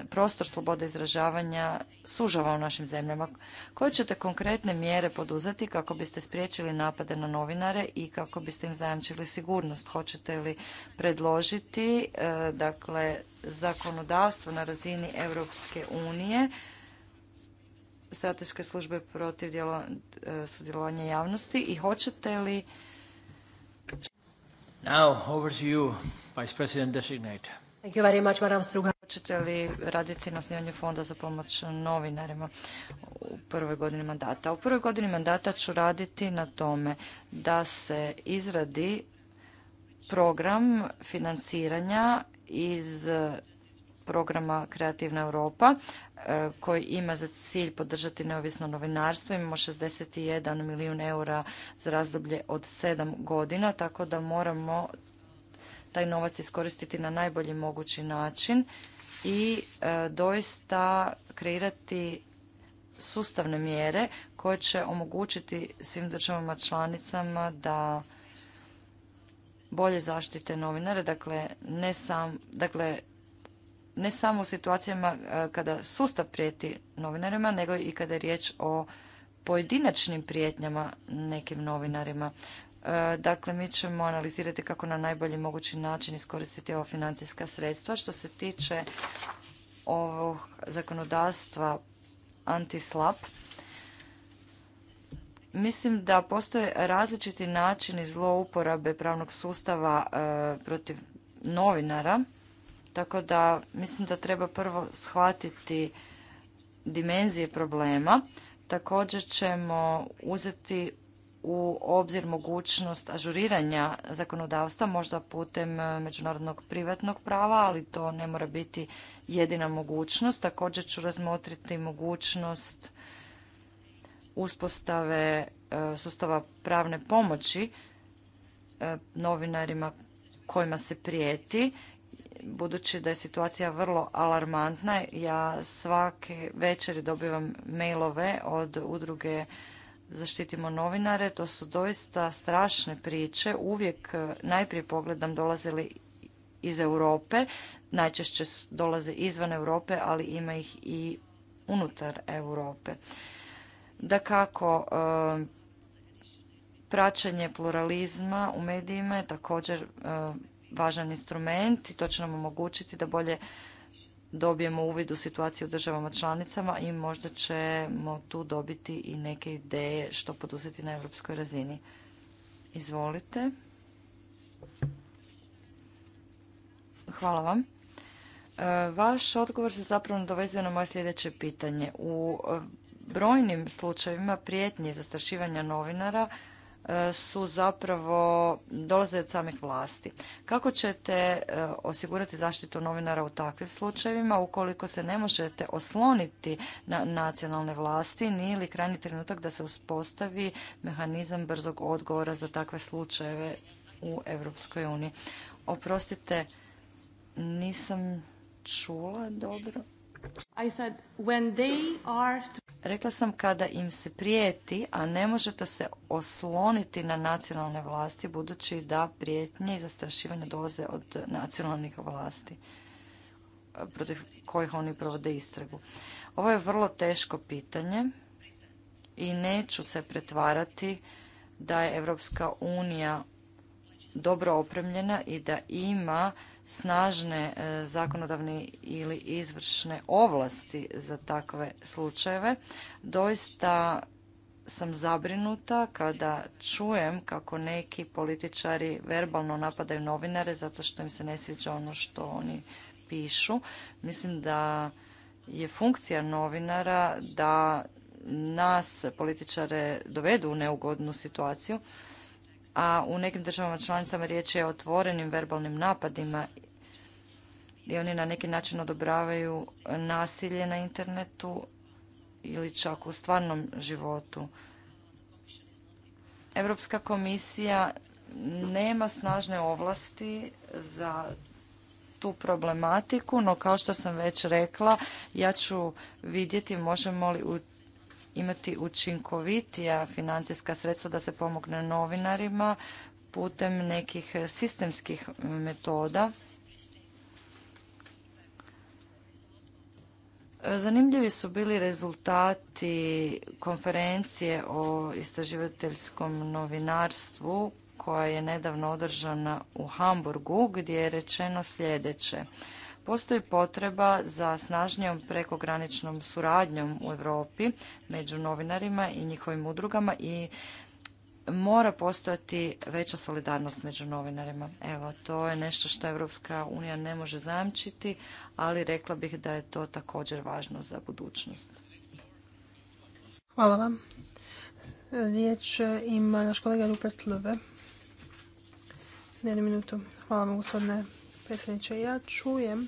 Speaker 4: prostor slobode izražavanja sužava u našim zemljama. Koje ćete konkretne mjere poduzeti kako biste spriječili napade na novinare i kako biste im zajamčili sigurnost? Hoćete li predložiti e, dakle, zakonodavstvo na razini Europske unije strateške službe protiv e, sudjelovanja javnosti i hoćete li... Now, over to you, Vice President Designate. Thank you very much, Struga. Hoćete li raditi na osnivanju fonda za pomoć novinarima u prvoj godini mandata? U prvoj godini mandata ću raditi na tome da se izradi program financiranja iz programa Kreativna Europa e, koji ima za cilj podržati neovisno novinarstvo. Imamo 61 milijun eura za razdoblje od 7 godina, tako da moramo taj novac iskoristiti na najbolji mogući način i e, doista kreirati sustavne mjere koje će omogućiti svim državama članicama da bolje zaštite novinare, dakle ne sam, dakle ne samo u situacijama e, kada sustav prijeti novinarima, nego i kada je riječ o pojedinačnim prijetnjama nekim novinarima. E, dakle, mi ćemo analizirati kako na najbolji mogući način iskoristiti ovo financijska sredstva. Što se tiče ovog zakonodavstva anti-slab, mislim da postoje različiti načini zlouporabe pravnog sustava e, protiv novinara tako da mislim da treba prvo shvatiti dimenzije problema. Također ćemo uzeti u obzir mogućnost ažuriranja zakonodavstva, možda putem e, međunarodnog privatnog prava, ali to ne mora biti jedina mogućnost. Također ću razmotriti mogućnost uspostave e, sustava pravne pomoći e, novinarima kojima se prijeti budući da je situacija vrlo alarmantna. Ja svake večeri dobivam mailove od udruge Zaštitimo novinare. To su doista strašne priče. Uvijek e, najprije pogledam dolazili iz Europe. Najčešće dolaze izvan Europe, ali ima ih i unutar Europe. Da kako e, praćenje pluralizma u medijima je također e, važan instrument i to će nam omogućiti da bolje dobijemo uvid u situaciju u državama članicama i možda ćemo tu dobiti i neke ideje što poduzeti na europskoj razini. Izvolite. Hvala vam. E, vaš odgovor se zapravo dovezuje na moje sljedeće pitanje. U e, brojnim slučajevima prijetnje zastrašivanja novinara E, su zapravo dolaze od samih vlasti. Kako ćete e, osigurati zaštitu novinara u takvim slučajevima ukoliko se ne možete osloniti na nacionalne vlasti, nije li krajnji trenutak da se uspostavi mehanizam brzog odgovora za takve slučajeve u Europskoj uniji? Oprostite, nisam čula dobro. I said when they are Rekla sam kada im se prijeti, a ne možete se osloniti na nacionalne vlasti budući da prijetnje i zastrašivanje dolaze od nacionalnih vlasti protiv kojih oni provode istragu. Ovo je vrlo teško pitanje i neću se pretvarati da je Europska unija dobro opremljena i da ima snažne e, zakonodavne ili izvršne ovlasti za takve slučajeve. Doista sam zabrinuta kada čujem kako neki političari verbalno napadaju novinare zato što im se ne sviđa ono što oni pišu. Mislim da je funkcija novinara da nas političare dovedu u neugodnu situaciju a u nekim državama članicama riječ je o otvorenim verbalnim napadima i oni na neki način odobravaju nasilje na internetu ili čak u stvarnom životu. Europska komisija nema snažne ovlasti za tu problematiku, no kao što sam već rekla, ja ću vidjeti možemo li u imati učinkovitija financijska sredstva da se pomogne novinarima putem nekih sistemskih metoda. Zanimljivi su bili rezultati konferencije o istraživateljskom novinarstvu koja je nedavno održana u Hamburgu gdje je rečeno sljedeće. Postoji potreba za snažnijom prekograničnom suradnjom u Europi među novinarima i njihovim udrugama i mora postojati veća solidarnost među novinarima. Evo, to je nešto što Europska unija ne može zamčiti, ali rekla bih da je to također važno za budućnost.
Speaker 2: Hvala vam. Riječ ima naš kolega Rupert Lve. Jednu minutu. Hvala vam, gospodine predsjedniče. Ja čujem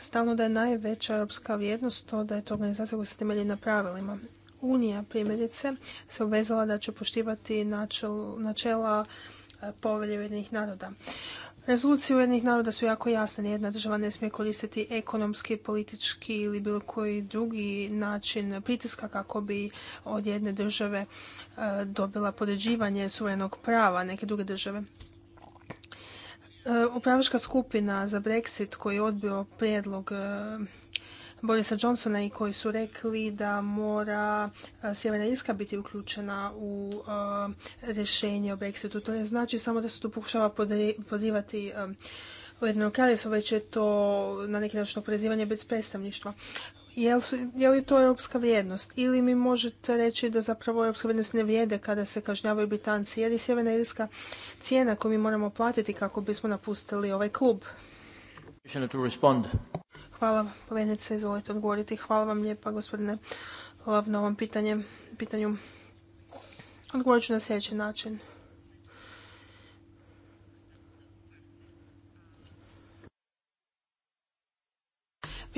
Speaker 2: stalno da je najveća europska vrijednost to da je to organizacija koja se temelji na pravilima. Unija primjerice se obvezala da će poštivati načela e, povelje Ujedinjenih naroda. Rezolucije Ujedinjenih naroda su jako jasne. Nijedna država ne smije koristiti ekonomski, politički ili bilo koji drugi način pritiska kako bi od jedne države e, dobila podređivanje suverenog prava neke druge države. E, upravljačka skupina za Brexit koji je odbio prijedlog e, Borisa Johnsona i koji su rekli da mora e, Sjeverna Irska biti uključena u rješenje o Brexitu. To ne znači samo da se tu pokušava podrivati Ujedinjeno kraljestva, već je to na neki način oporezivanje bez predstavništva je li to europska vrijednost? Ili mi možete reći da zapravo europska vrijednost ne vrijede kada se kažnjavaju Britanci? Je li Sjeverna Irska cijena koju mi moramo platiti kako bismo napustili ovaj klub? Hvala, povednice, izvolite odgovoriti. Hvala vam lijepa, gospodine Lav, na ovom pitanju. Odgovorit ću na sljedeći način.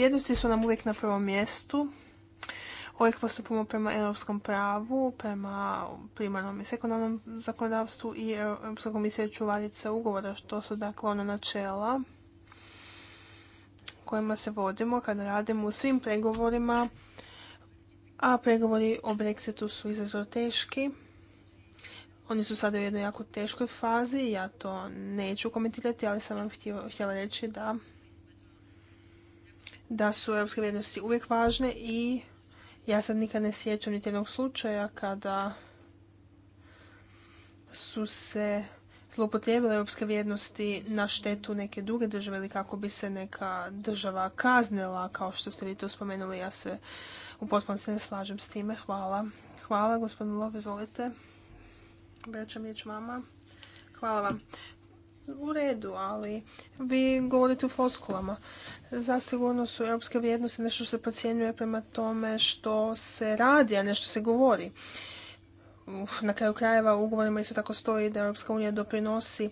Speaker 2: Vrijednosti su nam uvijek na prvom mjestu. Uvijek postupimo prema europskom pravu, prema primarnom i sekundarnom zakonodavstvu i Europska komisija čuvarica ugovora, što su dakle ona načela kojima se vodimo kada radimo u svim pregovorima, a pregovori o Brexitu su izrazno teški. Oni su sada u jednoj jako teškoj fazi, ja to neću komentirati, ali sam vam htjela reći da da su europske vrijednosti uvijek važne i ja sad nikad ne sjećam niti jednog slučaja kada su se zloupotrijebile europske vrijednosti na štetu neke druge države ili kako bi se neka država kaznila, kao što ste vi to spomenuli, ja se u potpunosti ne slažem s time. Hvala. Hvala, gospodin Lov, izvolite. Vraćam riječ vama. Hvala vam u redu, ali vi govorite u foskulama Zasigurno su europske vrijednosti nešto što se procjenjuje prema tome što se radi, a nešto se govori na kraju krajeva u ugovorima isto tako stoji da Europska unija doprinosi e,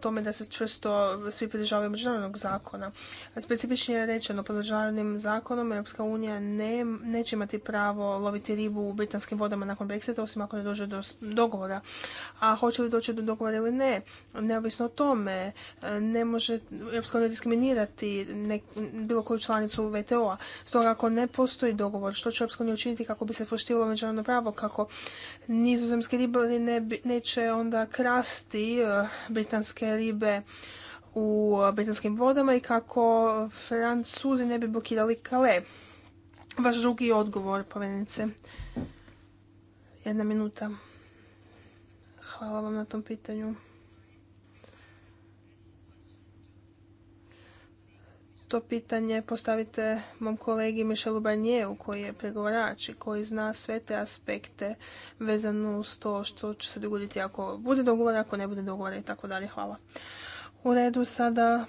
Speaker 2: tome da se čvrsto svi pridržavaju međunarodnog zakona. Specifičnije rečeno, pod međunarodnim zakonom Europska unija ne, neće imati pravo loviti ribu u britanskim vodama nakon Brexita, osim ako ne dođe do dogovora. A hoće li doći do dogovora ili ne, neovisno o tome, e, ne može Europska unija diskriminirati bilo koju članicu VTO-a. Stoga ako ne postoji dogovor, što će Europska unija učiniti kako bi se poštivalo međunarodno pravo, kako nizozemski ribari neće onda krasti eh, britanske ribe u eh, britanskim vodama i kako Francuzi ne bi blokirali kale. Vaš drugi odgovor, povjerenice. Jedna minuta. Hvala vam na tom pitanju. to pitanje postavite mom kolegi Mišelu Barnijevu koji je pregovarač i koji zna sve te aspekte vezano uz to što će se dogoditi ako bude dogovora, ako ne bude dogovora i tako dalje. Hvala. U redu sada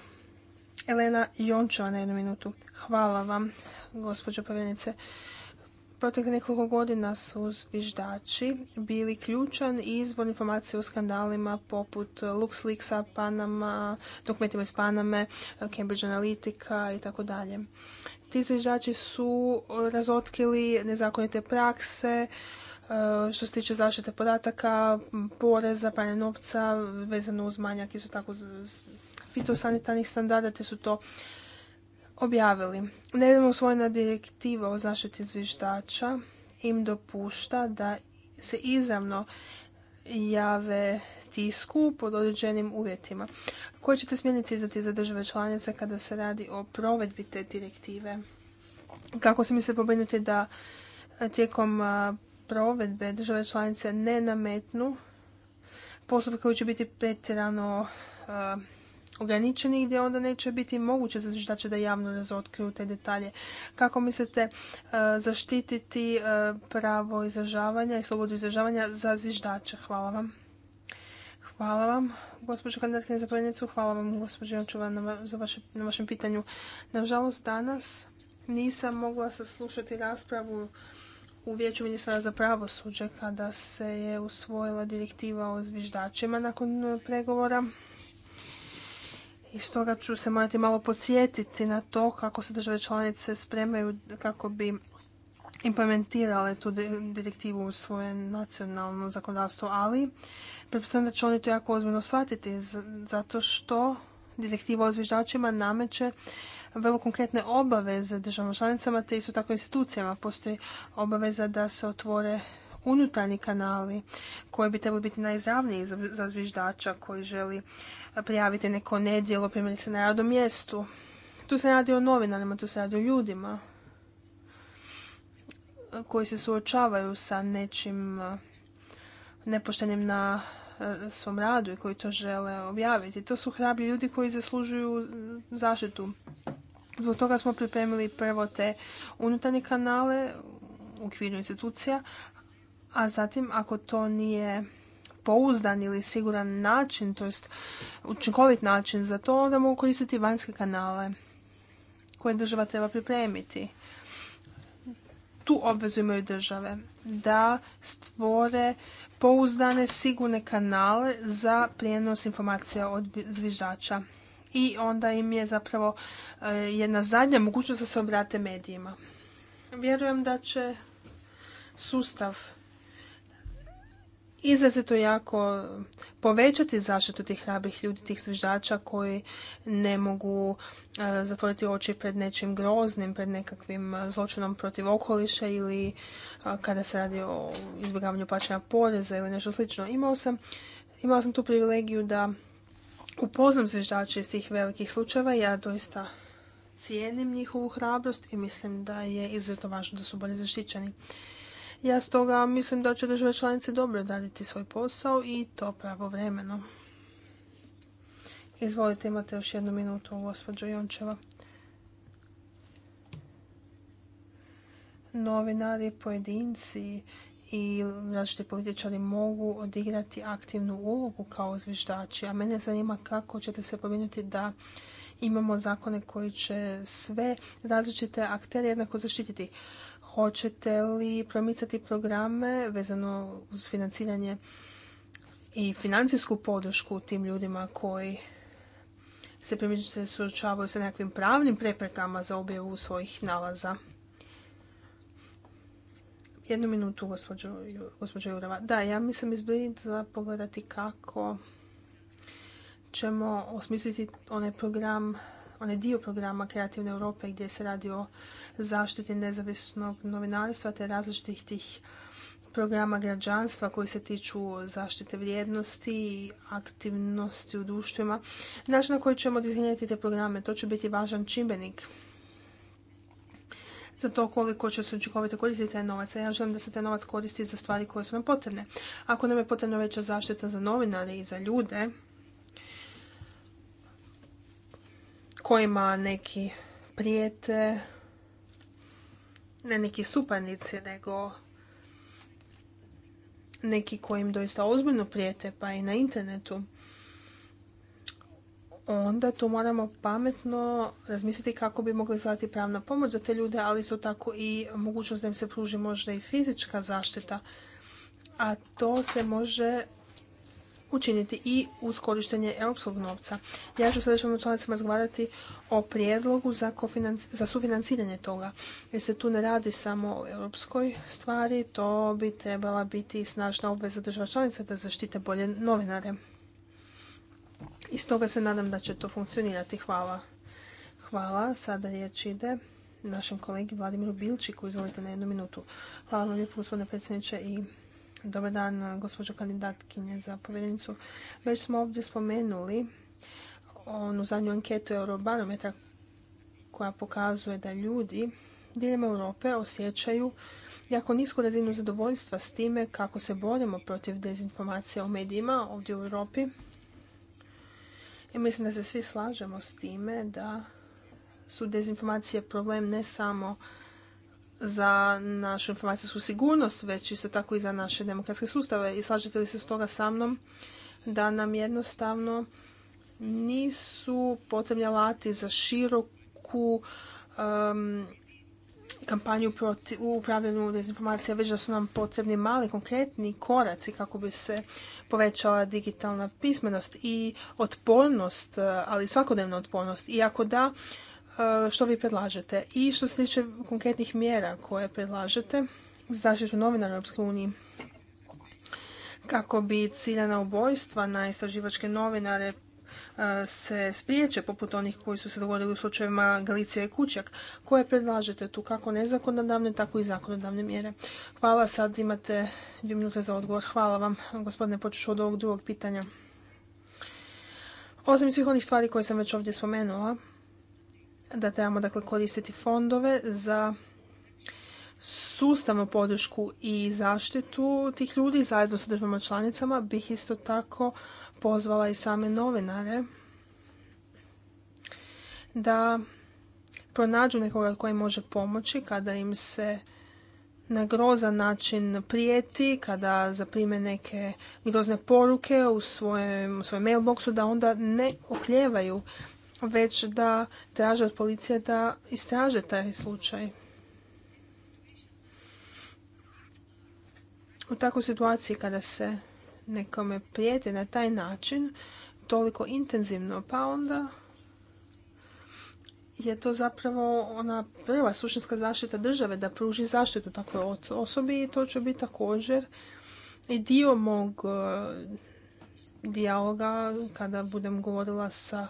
Speaker 2: Elena Jončeva na jednu minutu. Hvala vam, gospođo povjerenice. Proteklih nekoliko godina su zviždači bili ključan i izvor informacije o skandalima poput LuxLeaksa, Panama, dokumentima iz Paname, Cambridge Analytica i tako dalje. Ti zviždači su razotkrili nezakonite prakse, e, što se tiče zaštite podataka, poreza, pranja novca, vezano uz manjak isto tako fitosanitarnih standarda, te su to objavili. Nedavno usvojena direktiva o zaštiti zviždača im dopušta da se izravno jave tisku pod određenim uvjetima. Koje ćete smjernice izdati za države članice kada se radi o provedbi te direktive? Kako se misle pobrinuti da tijekom provedbe države članice ne nametnu postupke koji će biti pretjerano ograničeni gdje onda neće biti moguće za zviždače da javno razotkriju te detalje. Kako mislite e, zaštititi e, pravo izražavanja i slobodu izražavanja za zviždače? Hvala vam. Hvala vam, gospođo kandidatkinje za povjednicu. Hvala vam, gospođo Jančova, na, na vašem pitanju. Nažalost, danas nisam mogla saslušati raspravu u Vijeću ministra za pravosuđe kada se je usvojila direktiva o zviždačima nakon pregovora i stoga ću se morati malo podsjetiti na to kako se države članice spremaju kako bi implementirale tu direktivu u svoje nacionalno zakonodavstvo, ali pretpostavljam da će oni to jako ozbiljno shvatiti zato što direktiva o zviždačima nameće vrlo konkretne obaveze državama članicama te isto tako institucijama. Postoji obaveza da se otvore unutarnji kanali koji bi trebali biti najizravniji za zviždača koji želi prijaviti neko nedjelo, primjerice na radom mjestu. Tu se radi o novinarima, tu se radi o ljudima koji se suočavaju sa nečim nepoštenim na e, svom radu i koji to žele objaviti. To su hrabri ljudi koji zaslužuju zaštitu. Zbog toga smo pripremili prvo te unutarnje kanale u okviru institucija, a zatim ako to nije pouzdan ili siguran način, to jest učinkovit način za to, onda mogu koristiti vanjske kanale koje država treba pripremiti. Tu obvezu imaju države da stvore pouzdane, sigurne kanale za prijenos informacija od zviždača. I onda im je zapravo e, jedna zadnja mogućnost da se obrate medijima. Vjerujem da će sustav izrazito jako povećati zaštitu tih hrabrih ljudi, tih zviždača koji ne mogu e, zatvoriti oči pred nečim groznim, pred nekakvim zločinom protiv okoliša ili e, kada se radi o izbjegavanju plaćanja poreza ili nešto slično. Imao sam, imala sam tu privilegiju da upoznam zviždače iz tih velikih slučajeva. Ja doista cijenim njihovu hrabrost i mislim da je izuzetno važno da su bolje zaštićeni. Ja stoga mislim da će države članice dobro raditi svoj posao i to pravovremeno. Izvolite, imate još jednu minutu, gospođo Jončeva. Novinari, pojedinci i različiti političari mogu odigrati aktivnu ulogu kao zviždači, a mene zanima kako ćete se pominuti da imamo zakone koji će sve različite aktere jednako zaštititi hoćete li promicati programe vezano uz financiranje i financijsku podršku tim ljudima koji se primjerice suočavaju sa nekakvim pravnim preprekama za objavu svojih nalaza. Jednu minutu, gospođo, Jurova. Da, ja mislim izbrit za pogledati kako ćemo osmisliti onaj program onaj dio programa Kreativne Europe gdje se radi o zaštiti nezavisnog novinarstva te različitih tih programa građanstva koji se tiču zaštite vrijednosti i aktivnosti u društvima. Način na koji ćemo dizajnirati te programe, to će biti važan čimbenik za to koliko će se učinkovito koristiti taj novac. ja želim da se taj novac koristi za stvari koje su nam potrebne. Ako nam je potrebna veća zaštita za novinare i za ljude, kojima neki prijete, ne neki suparnici, nego neki im doista ozbiljno prijete, pa i na internetu, onda tu moramo pametno razmisliti kako bi mogli zvati pravna pomoć za te ljude, ali su tako i mogućnost da im se pruži možda i fizička zaštita, a to se može učiniti i uz korištenje europskog novca. Ja ću sa ćemo članicama razgovarati o prijedlogu za, za sufinanciranje toga. Jer se tu ne radi samo o europskoj stvari, to bi trebala biti snažna obveza država članica da zaštite bolje novinare. I stoga se nadam da će to funkcionirati. Hvala. Hvala. Sada riječ ide našem kolegi Vladimiru Bilčiku. Izvolite na jednu minutu. Hvala vam lijepo gospodine predsjedniče i Dobar dan, gospođo kandidatkinje za povjerenicu. Već smo ovdje spomenuli onu zadnju anketu Eurobarometra koja pokazuje da ljudi diljem Europe osjećaju jako nisku razinu zadovoljstva s time kako se borimo protiv dezinformacije o medijima ovdje u Europi. I mislim da se svi slažemo s time da su dezinformacije problem ne samo za našu informacijsku sigurnost, već isto tako i za naše demokratske sustave. I slažete li se stoga sa mnom da nam jednostavno nisu potrebni alati za široku um, kampanju proti, u upravljanju dezinformacija, već da su nam potrebni mali konkretni koraci kako bi se povećala digitalna pismenost i otpornost, ali svakodnevna otpornost. iako da, E, što vi predlažete. I što se tiče konkretnih mjera koje predlažete za zaštitu novinara u EU, kako bi ciljana ubojstva na istraživačke novinare e, se spriječe, poput onih koji su se dogodili u slučajevima Galicija i Kućak, koje predlažete tu kako nezakonodavne, tako i zakonodavne mjere. Hvala, sad imate dvije minute za odgovor. Hvala vam, gospodine, počeš od ovog drugog pitanja. Osim svih onih stvari koje sam već ovdje spomenula, da trebamo dakle, koristiti fondove za sustavnu podršku i zaštitu tih ljudi zajedno sa državama članicama bih isto tako pozvala i same novinare da pronađu nekoga koji može pomoći kada im se na grozan način prijeti, kada zaprime neke grozne poruke u svojem, u svojem mailboxu, da onda ne okljevaju već da traže od policije da istraže taj slučaj. U takvoj situaciji kada se nekome prijeti na taj način, toliko intenzivno, pa onda je to zapravo ona prva suštinska zaštita države da pruži zaštitu takvoj osobi i to će biti također i dio mog e, dijaloga kada budem govorila sa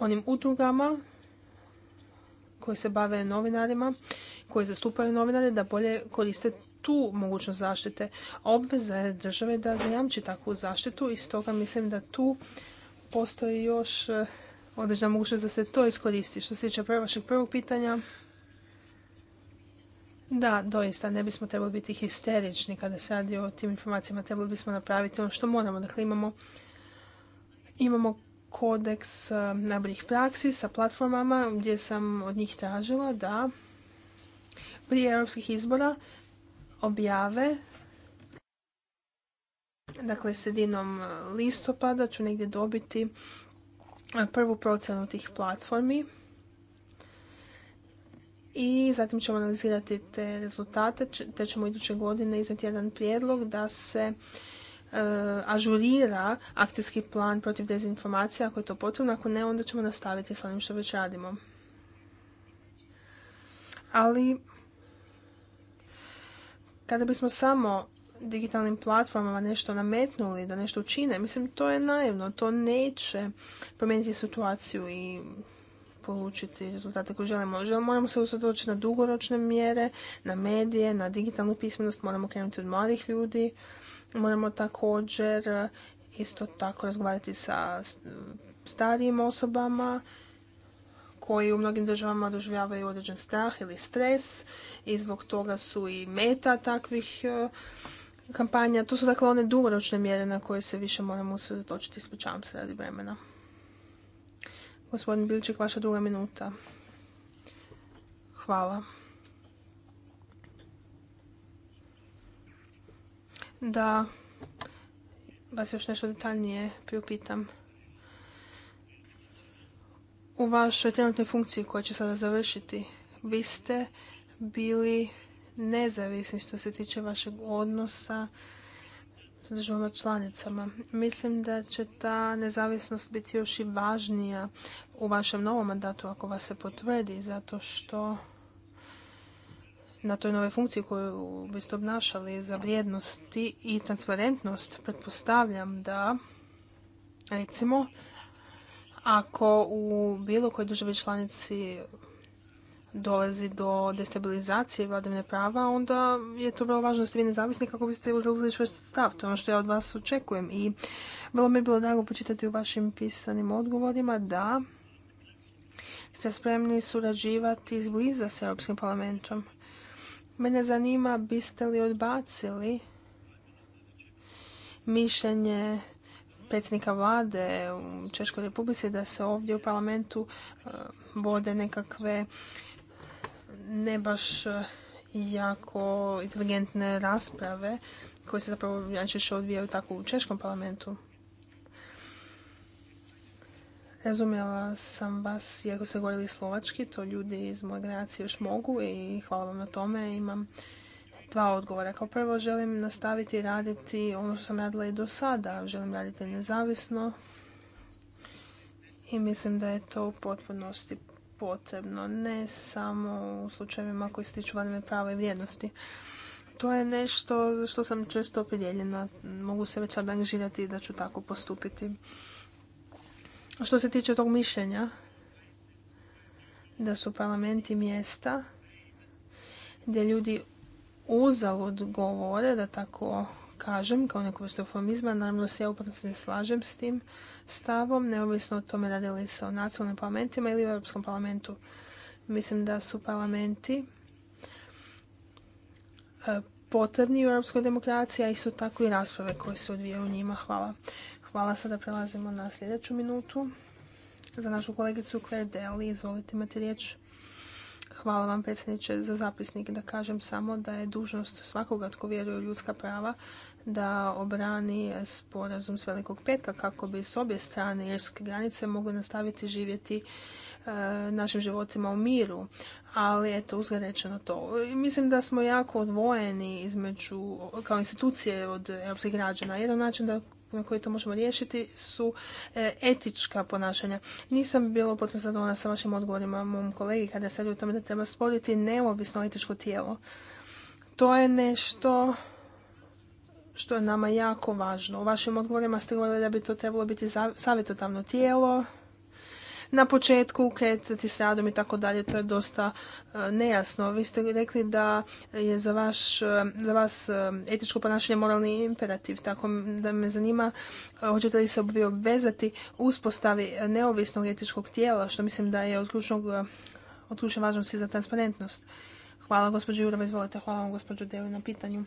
Speaker 2: onim udrugama koje se bave novinarima, koje zastupaju novinare, da bolje koriste tu mogućnost zaštite. Obveza je države da zajamči takvu zaštitu i stoga mislim da tu postoji još e, određena mogućnost da se to iskoristi. Što se tiče vašeg prvog pitanja, da, doista, ne bismo trebali biti histerični kada se radi o tim informacijama, trebali bismo napraviti ono što moramo. Dakle, imamo, imamo kodeks eh, najboljih praksi sa platformama gdje sam od njih tražila da prije europskih izbora objave dakle sredinom eh, listopada ću negdje dobiti eh, prvu procjenu tih platformi i zatim ćemo analizirati te rezultate te ćemo iduće godine iznati jedan prijedlog da se Eh, ažurira akcijski plan protiv dezinformacija ako je to potrebno, ako ne onda ćemo nastaviti s onim što već radimo. Ali kada bismo samo digitalnim platformama nešto nametnuli, da nešto učine, mislim to je naivno, to neće promijeniti situaciju i polučiti rezultate koje želimo. Želimo, moramo se usredotočiti na dugoročne mjere, na medije, na digitalnu pismenost, moramo krenuti od mladih ljudi, Moramo također e, isto tako razgovarati sa starijim osobama koji u mnogim državama doživljavaju određen strah ili stres i zbog toga su i meta takvih e, kampanja. To su dakle one dugoročne mjere na koje se više moramo usredotočiti. Ispričavam se radi vremena. Gospodin Bilček, vaša druga minuta. Hvala. da vas još nešto detaljnije priupitam. U vašoj trenutnoj funkciji koja će sada završiti, vi ste bili nezavisni što se tiče vašeg odnosa s državama članicama. Mislim da će ta nezavisnost biti još i važnija u vašem novom mandatu ako vas se potvrdi, zato što na toj nove funkciji koju biste obnašali za vrijednosti i transparentnost, pretpostavljam da, recimo, ako u bilo kojoj državi članici dolazi do destabilizacije vladavine prava, onda je to vrlo važno da ste vi nezavisni kako biste uzeli svoj stav. To je ono što ja od vas očekujem. I vrlo mi je bilo drago počitati u vašim pisanim odgovorima da ste spremni surađivati izbliza s Europskim parlamentom. Mene zanima biste li odbacili mišljenje predsjednika vlade u Češkoj republici da se ovdje u parlamentu e, vode nekakve ne baš e, jako inteligentne rasprave koje se zapravo najčešće odvijaju tako u Češkom parlamentu. Razumjela sam vas, iako ste govorili slovački, to ljudi iz moje generacije još mogu i hvala vam na tome. Imam dva odgovora. Kao prvo želim nastaviti raditi ono što sam radila i do sada. Želim raditi nezavisno i mislim da je to u potpunosti potrebno. Ne samo u slučajevima koji se tiču vanime prava i vrijednosti. To je nešto za što sam često opredjeljena. Mogu se već sad angažirati da ću tako postupiti. Što se tiče tog mišljenja, da su parlamenti mjesta gdje ljudi uzalud govore, da tako kažem, kao neku vrstu eufemizma, naravno se ja upravo ne slažem s tim stavom, neovisno o tome radili li se o nacionalnim parlamentima ili u Europskom parlamentu. Mislim da su parlamenti e, potrebni u europskoj demokraciji, a isto tako i rasprave koje se odvijaju u njima. Hvala. Hvala, sada prelazimo na sljedeću minutu. Za našu kolegicu Claire Daly, izvolite imati riječ. Hvala vam predsjedniče za zapisnik da kažem samo da je dužnost svakoga tko vjeruje u ljudska prava da obrani sporazum s Velikog petka kako bi s obje strane irske granice mogli nastaviti živjeti e, našim životima u miru. Ali eto, uzgled rečeno to. Mislim da smo jako odvojeni između, kao institucije od europskih građana. Jedan način da na koji to možemo riješiti su e, etička ponašanja. Nisam bilo potpuno zadovoljna sa vašim odgovorima mom kolegi kada se radi o tome da treba stvoriti neovisno etičko tijelo. To je nešto što je nama jako važno. U vašim odgovorima ste govorili da bi to trebalo biti savjetodavno tijelo na početku kretati s radom i tako dalje. To je dosta e, nejasno. Vi ste rekli da je za, vaš, e, za vas e, etičko ponašanje moralni imperativ. Tako da me zanima hoćete li se obvezati uspostavi neovisnog etičkog tijela, što mislim da je od, ključnog, od ključne važnosti za transparentnost. Hvala gospođo Jurova, izvolite. Hvala vam gospođo Deli na pitanju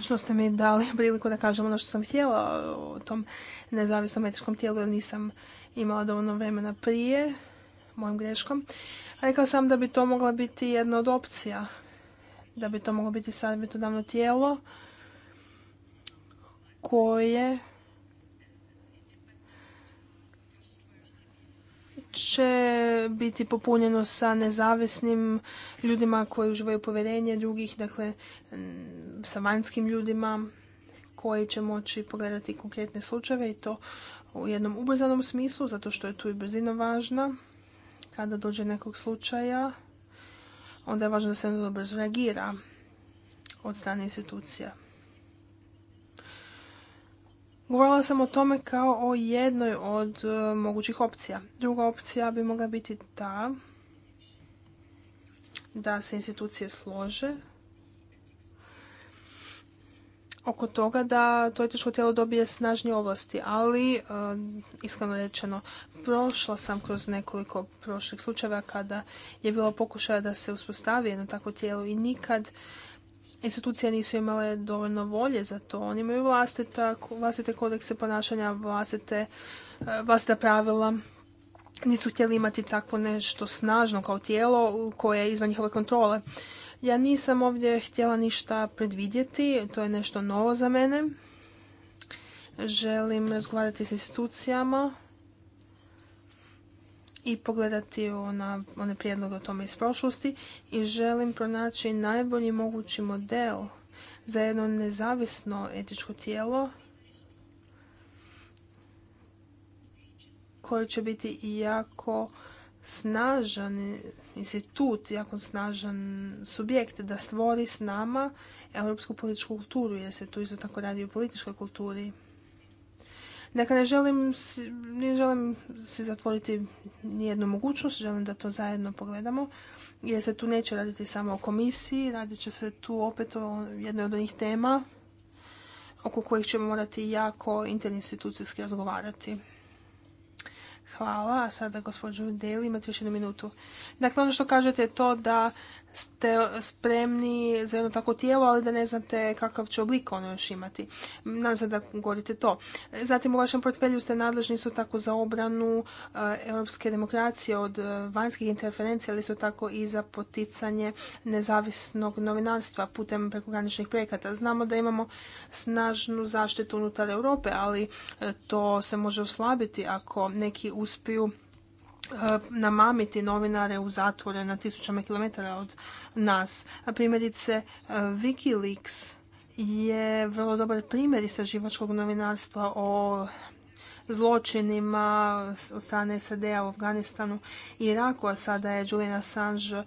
Speaker 2: što ste mi dali *laughs* priliku da kažem ono što sam htjela o tom nezavisnom etičkom tijelu jer nisam imala dovoljno vremena prije mojom greškom. Rekla sam da bi to mogla biti jedna od opcija, da bi to moglo biti savjetodavno tijelo koje će biti popunjeno sa nezavisnim ljudima koji uživaju povjerenje drugih, dakle sa vanjskim ljudima koji će moći pogledati konkretne slučajeve i to u jednom ubrzanom smislu, zato što je tu i brzina važna. Kada dođe nekog slučaja, onda je važno da se dobro reagira od strane institucija. Govorila sam o tome kao o jednoj od e, mogućih opcija. Druga opcija bi mogla biti ta da se institucije slože oko toga da to etičko tijelo dobije snažnije ovlasti, ali e, iskreno rečeno, prošla sam kroz nekoliko prošlih slučajeva kada je bilo pokušaja da se uspostavi jedno takvo tijelo i nikad institucije nisu imale dovoljno volje za to. Oni imaju vlastite kodekse ponašanja, vlastite, e, vlastita pravila. Nisu htjeli imati takvo nešto snažno kao tijelo koje je izvan njihove kontrole. Ja nisam ovdje htjela ništa predvidjeti, to je nešto novo za mene. Želim razgovarati s institucijama i pogledati ona, one prijedloge o tome iz prošlosti i želim pronaći najbolji mogući model za jedno nezavisno etičko tijelo koje će biti jako snažan institut, jako snažan subjekt da stvori s nama europsku političku kulturu, jer se tu isto tako radi o političkoj kulturi. Dakle, ne želim, ne želim se zatvoriti nijednu mogućnost, želim da to zajedno pogledamo, jer se tu neće raditi samo o komisiji, radit će se tu opet o jednoj od onih tema oko kojih ćemo morati jako interinstitucijski razgovarati. Hvala. A sada, gospođu Deli, imate još jednu minutu. Dakle, ono što kažete je to da ste spremni za jedno tako tijelo, ali da ne znate kakav će oblik ono još imati. Nadam se da govorite to. Zatim u vašem portfelju ste nadležni su tako za obranu eh, europske demokracije od eh, vanjskih interferencija, ali su tako i za poticanje nezavisnog novinarstva putem prekograničnih projekata. Znamo da imamo snažnu zaštitu unutar Europe, ali eh, to se može oslabiti ako neki uspiju Eh, namamiti novinare u zatvore na tisućama kilometara od nas. A primjerice eh, Wikileaks je vrlo dobar primjer istraživačkog novinarstva o zločinima od strane SAD-a u Afganistanu i Iraku, a sada je Julian Assange eh,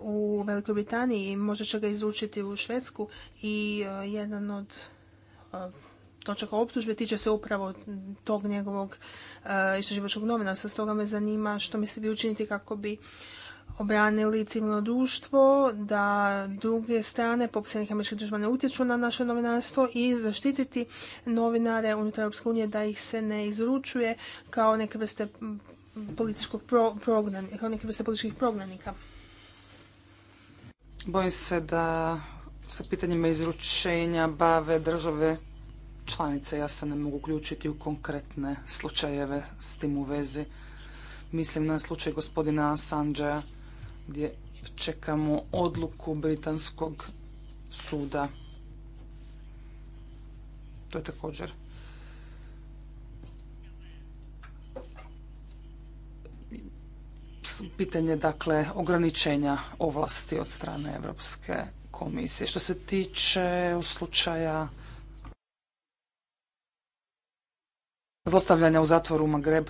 Speaker 2: u Velikoj Britaniji, možda će ga izučiti u Švedsku i jedan od točaka optužbe tiče se upravo tog njegovog e, istraživačkog novinarstva. Stoga me zanima što mislite vi učiniti kako bi obranili civilno društvo, da druge strane, poput srednjih američkih država, ne utječu na naše novinarstvo i zaštititi novinare unutar Europske unije da ih se ne izručuje kao neke vrste političkog kao neke vrste političkih prognanika.
Speaker 3: Bojim se da sa pitanjima izručenja bave države članice. Ja se ne mogu uključiti u konkretne slučajeve s tim u vezi. Mislim na slučaj gospodina Sanđaja gdje čekamo odluku Britanskog suda. To je također pitanje dakle ograničenja ovlasti od strane Europske komisije. Što se tiče slučaja zlostavljanja u zatvoru Magreb.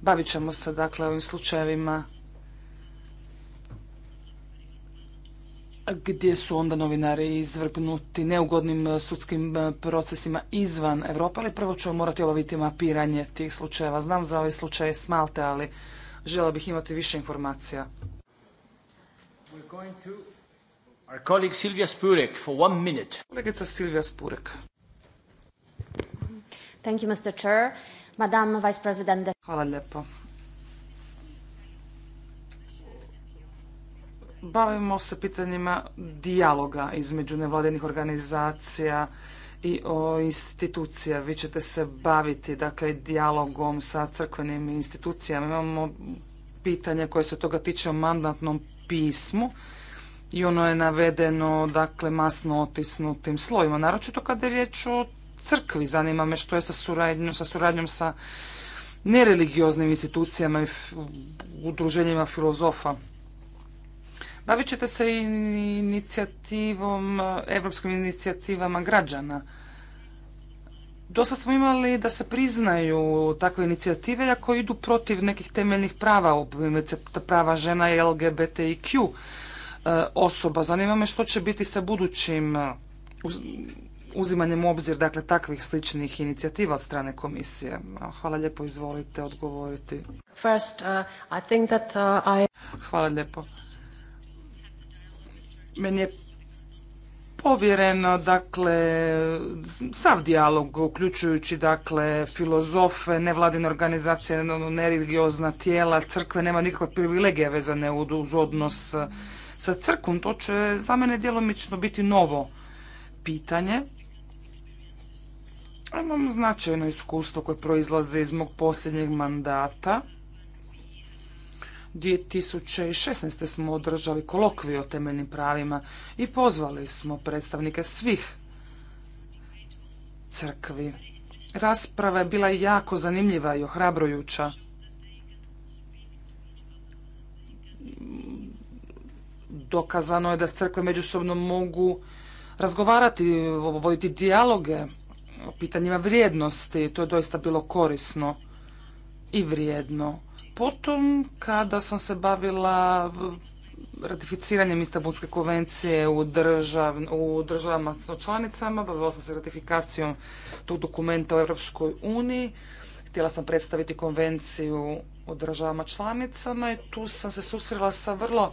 Speaker 3: Bavit ćemo se dakle ovim slučajevima gdje su onda novinari izvrgnuti neugodnim e, sudskim e, procesima izvan Europe, ali prvo ćemo morati obaviti mapiranje tih slučajeva. Znam za ove ovaj slučaj Smalte, ali žela bih imati više informacija. Kolegica Silvija Spurek. Hvala lijepo. Bavimo se pitanjima dijaloga između nevladinih organizacija i o institucija. Vi ćete se baviti, dakle, dijalogom sa crkvenim institucijama. Imamo pitanje koje se toga tiče o mandatnom pismu i ono je navedeno dakle masno otisnutim slojima, naročito kada je riječ o crkvi. Zanima me što je sa suradnjom sa, suradnjom sa nereligioznim institucijama i udruženjima filozofa. Bavit ćete se i inicijativom, evropskim inicijativama građana. Dosta smo imali da se priznaju takve inicijative koje idu protiv nekih temeljnih prava, prava žena i LGBTIQ E, osoba. Zanima me što će biti sa budućim e, uzimanjem u obzir dakle, takvih sličnih inicijativa od strane komisije. Hvala lijepo, izvolite odgovoriti. First, uh, I think that, uh, I... Hvala lijepo. Meni je povjeren dakle sav dijalog uključujući dakle filozofe, nevladine organizacije, ono, nereligiozna tijela, crkve nema nikakve privilegije vezane uz odnos sa crkvom, to će za mene djelomično biti novo pitanje. Imam značajno iskustvo koje proizlaze iz mog posljednjeg mandata. 2016. smo održali kolokviju o temeljnim pravima i pozvali smo predstavnike svih crkvi. Rasprava je bila jako zanimljiva i ohrabrujuća. dokazano je da crkve međusobno mogu razgovarati, voditi dijaloge o pitanjima vrijednosti. To je doista bilo korisno i vrijedno. Potom, kada sam se bavila ratificiranjem Istanbulske konvencije u, držav, u državama članicama, bavila sam se ratifikacijom tog dokumenta u Europskoj uniji. Htjela sam predstaviti konvenciju u državama članicama i tu sam se susrela sa vrlo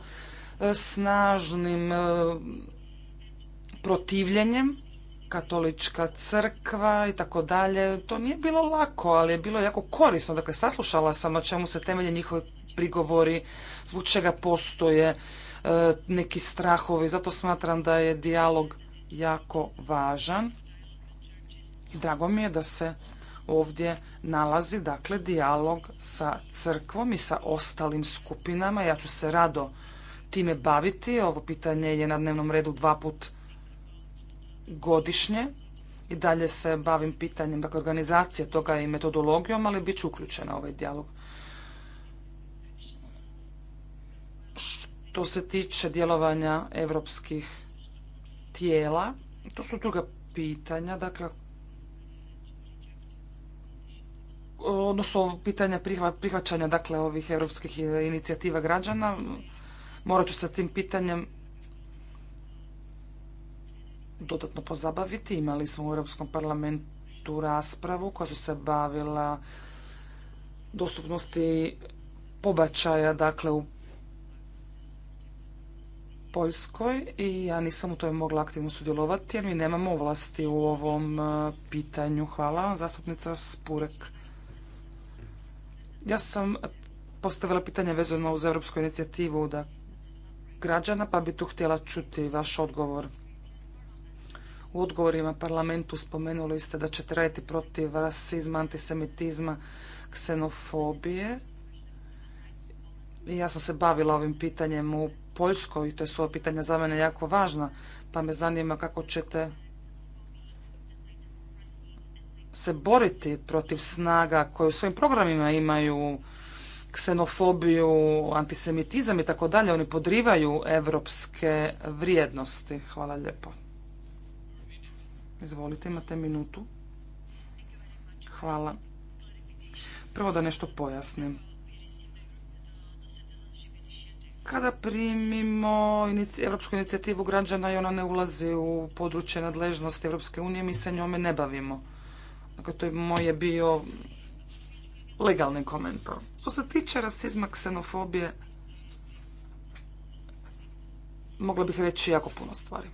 Speaker 3: snažnim e, protivljenjem, katolička crkva i tako dalje. To nije bilo lako, ali je bilo jako korisno. Dakle, saslušala sam na čemu se temelje njihovi prigovori, zbog čega postoje e, neki strahovi. Zato smatram da je dijalog jako važan. I drago mi je da se ovdje nalazi dakle dijalog sa crkvom i sa ostalim skupinama. Ja ću se rado time baviti. Ovo pitanje je na dnevnom redu dva put godišnje i dalje se bavim pitanjem dakle, organizacije toga i metodologijom, ali bit ću uključena u ovaj dijalog. Što se tiče djelovanja evropskih tijela, to su druga pitanja, dakle, odnosno pitanja prihvaćanja dakle ovih europskih inicijativa građana morat ću sa tim pitanjem dodatno pozabaviti. Imali smo u Europskom parlamentu raspravu koja su se bavila dostupnosti pobačaja, dakle u Poljskoj i ja nisam u toj mogla aktivno sudjelovati jer mi nemamo ovlasti u ovom e, pitanju. Hvala. Zastupnica Spurek. Ja sam postavila pitanje vezano uz europsku inicijativu, da građana, pa bi tu htjela čuti vaš odgovor. U odgovorima parlamentu spomenuli ste da ćete raditi protiv rasizma, antisemitizma, ksenofobije. I ja sam se bavila ovim pitanjem u Poljskoj i to su pitanja za mene jako važna, pa me zanima kako ćete se boriti protiv snaga koje u svojim programima imaju ksenofobiju, antisemitizam i tako dalje, oni podrivaju evropske vrijednosti. Hvala lijepo. Izvolite, imate minutu. Hvala. Prvo da nešto pojasnim. Kada primimo Europsku inicijativu građana i ona ne ulazi u područje nadležnosti Europske unije, mi se njome ne bavimo. Dakle, to je bio legalni komentar. Što se tiče rasizma, ksenofobije, mogla bih reći jako puno stvari.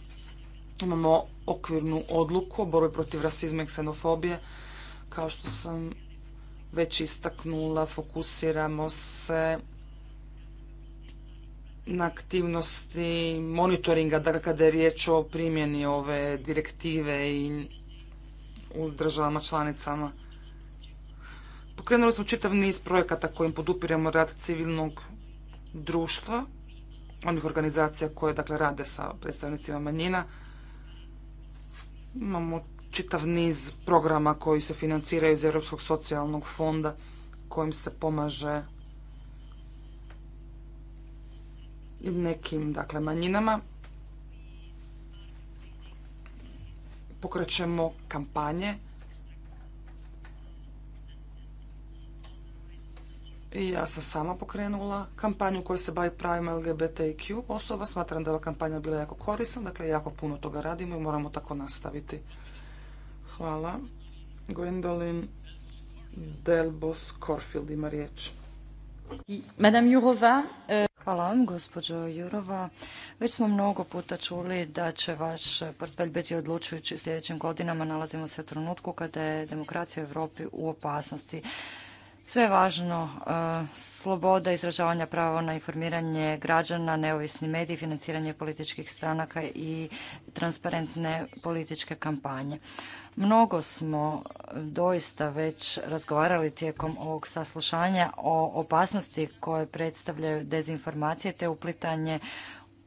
Speaker 3: Imamo okvirnu odluku o borbi protiv rasizma i ksenofobije. Kao što sam već istaknula, fokusiramo se na aktivnosti monitoringa, dakle kada je riječ o primjeni ove direktive i u državama članicama. Pokrenuli smo čitav niz projekata kojim podupiremo rad civilnog društva, onih organizacija koje dakle rade sa predstavnicima manjina. Imamo čitav niz programa koji se financiraju iz Europskog socijalnog fonda kojim se pomaže nekim dakle manjinama. Pokrećemo kampanje I ja sam sama pokrenula kampanju koja se bavi pravima LGBTQ osoba. Smatram da je ova kampanja bila jako korisna, dakle jako puno toga radimo i moramo tako nastaviti. Hvala. Gwendolyn Delbos Corfield ima riječ.
Speaker 4: Madame Jurova. E, Hvala vam, gospođo Jurova. Već smo mnogo puta čuli da će vaš portfelj biti odlučujući u sljedećim godinama. Nalazimo se u trenutku kada je demokracija u Europi u opasnosti. Sve je važno, e, sloboda izražavanja prava na informiranje građana, neovisni mediji, financiranje političkih stranaka i transparentne političke kampanje. Mnogo smo e, doista već razgovarali tijekom ovog saslušanja o opasnosti koje predstavljaju dezinformacije te uplitanje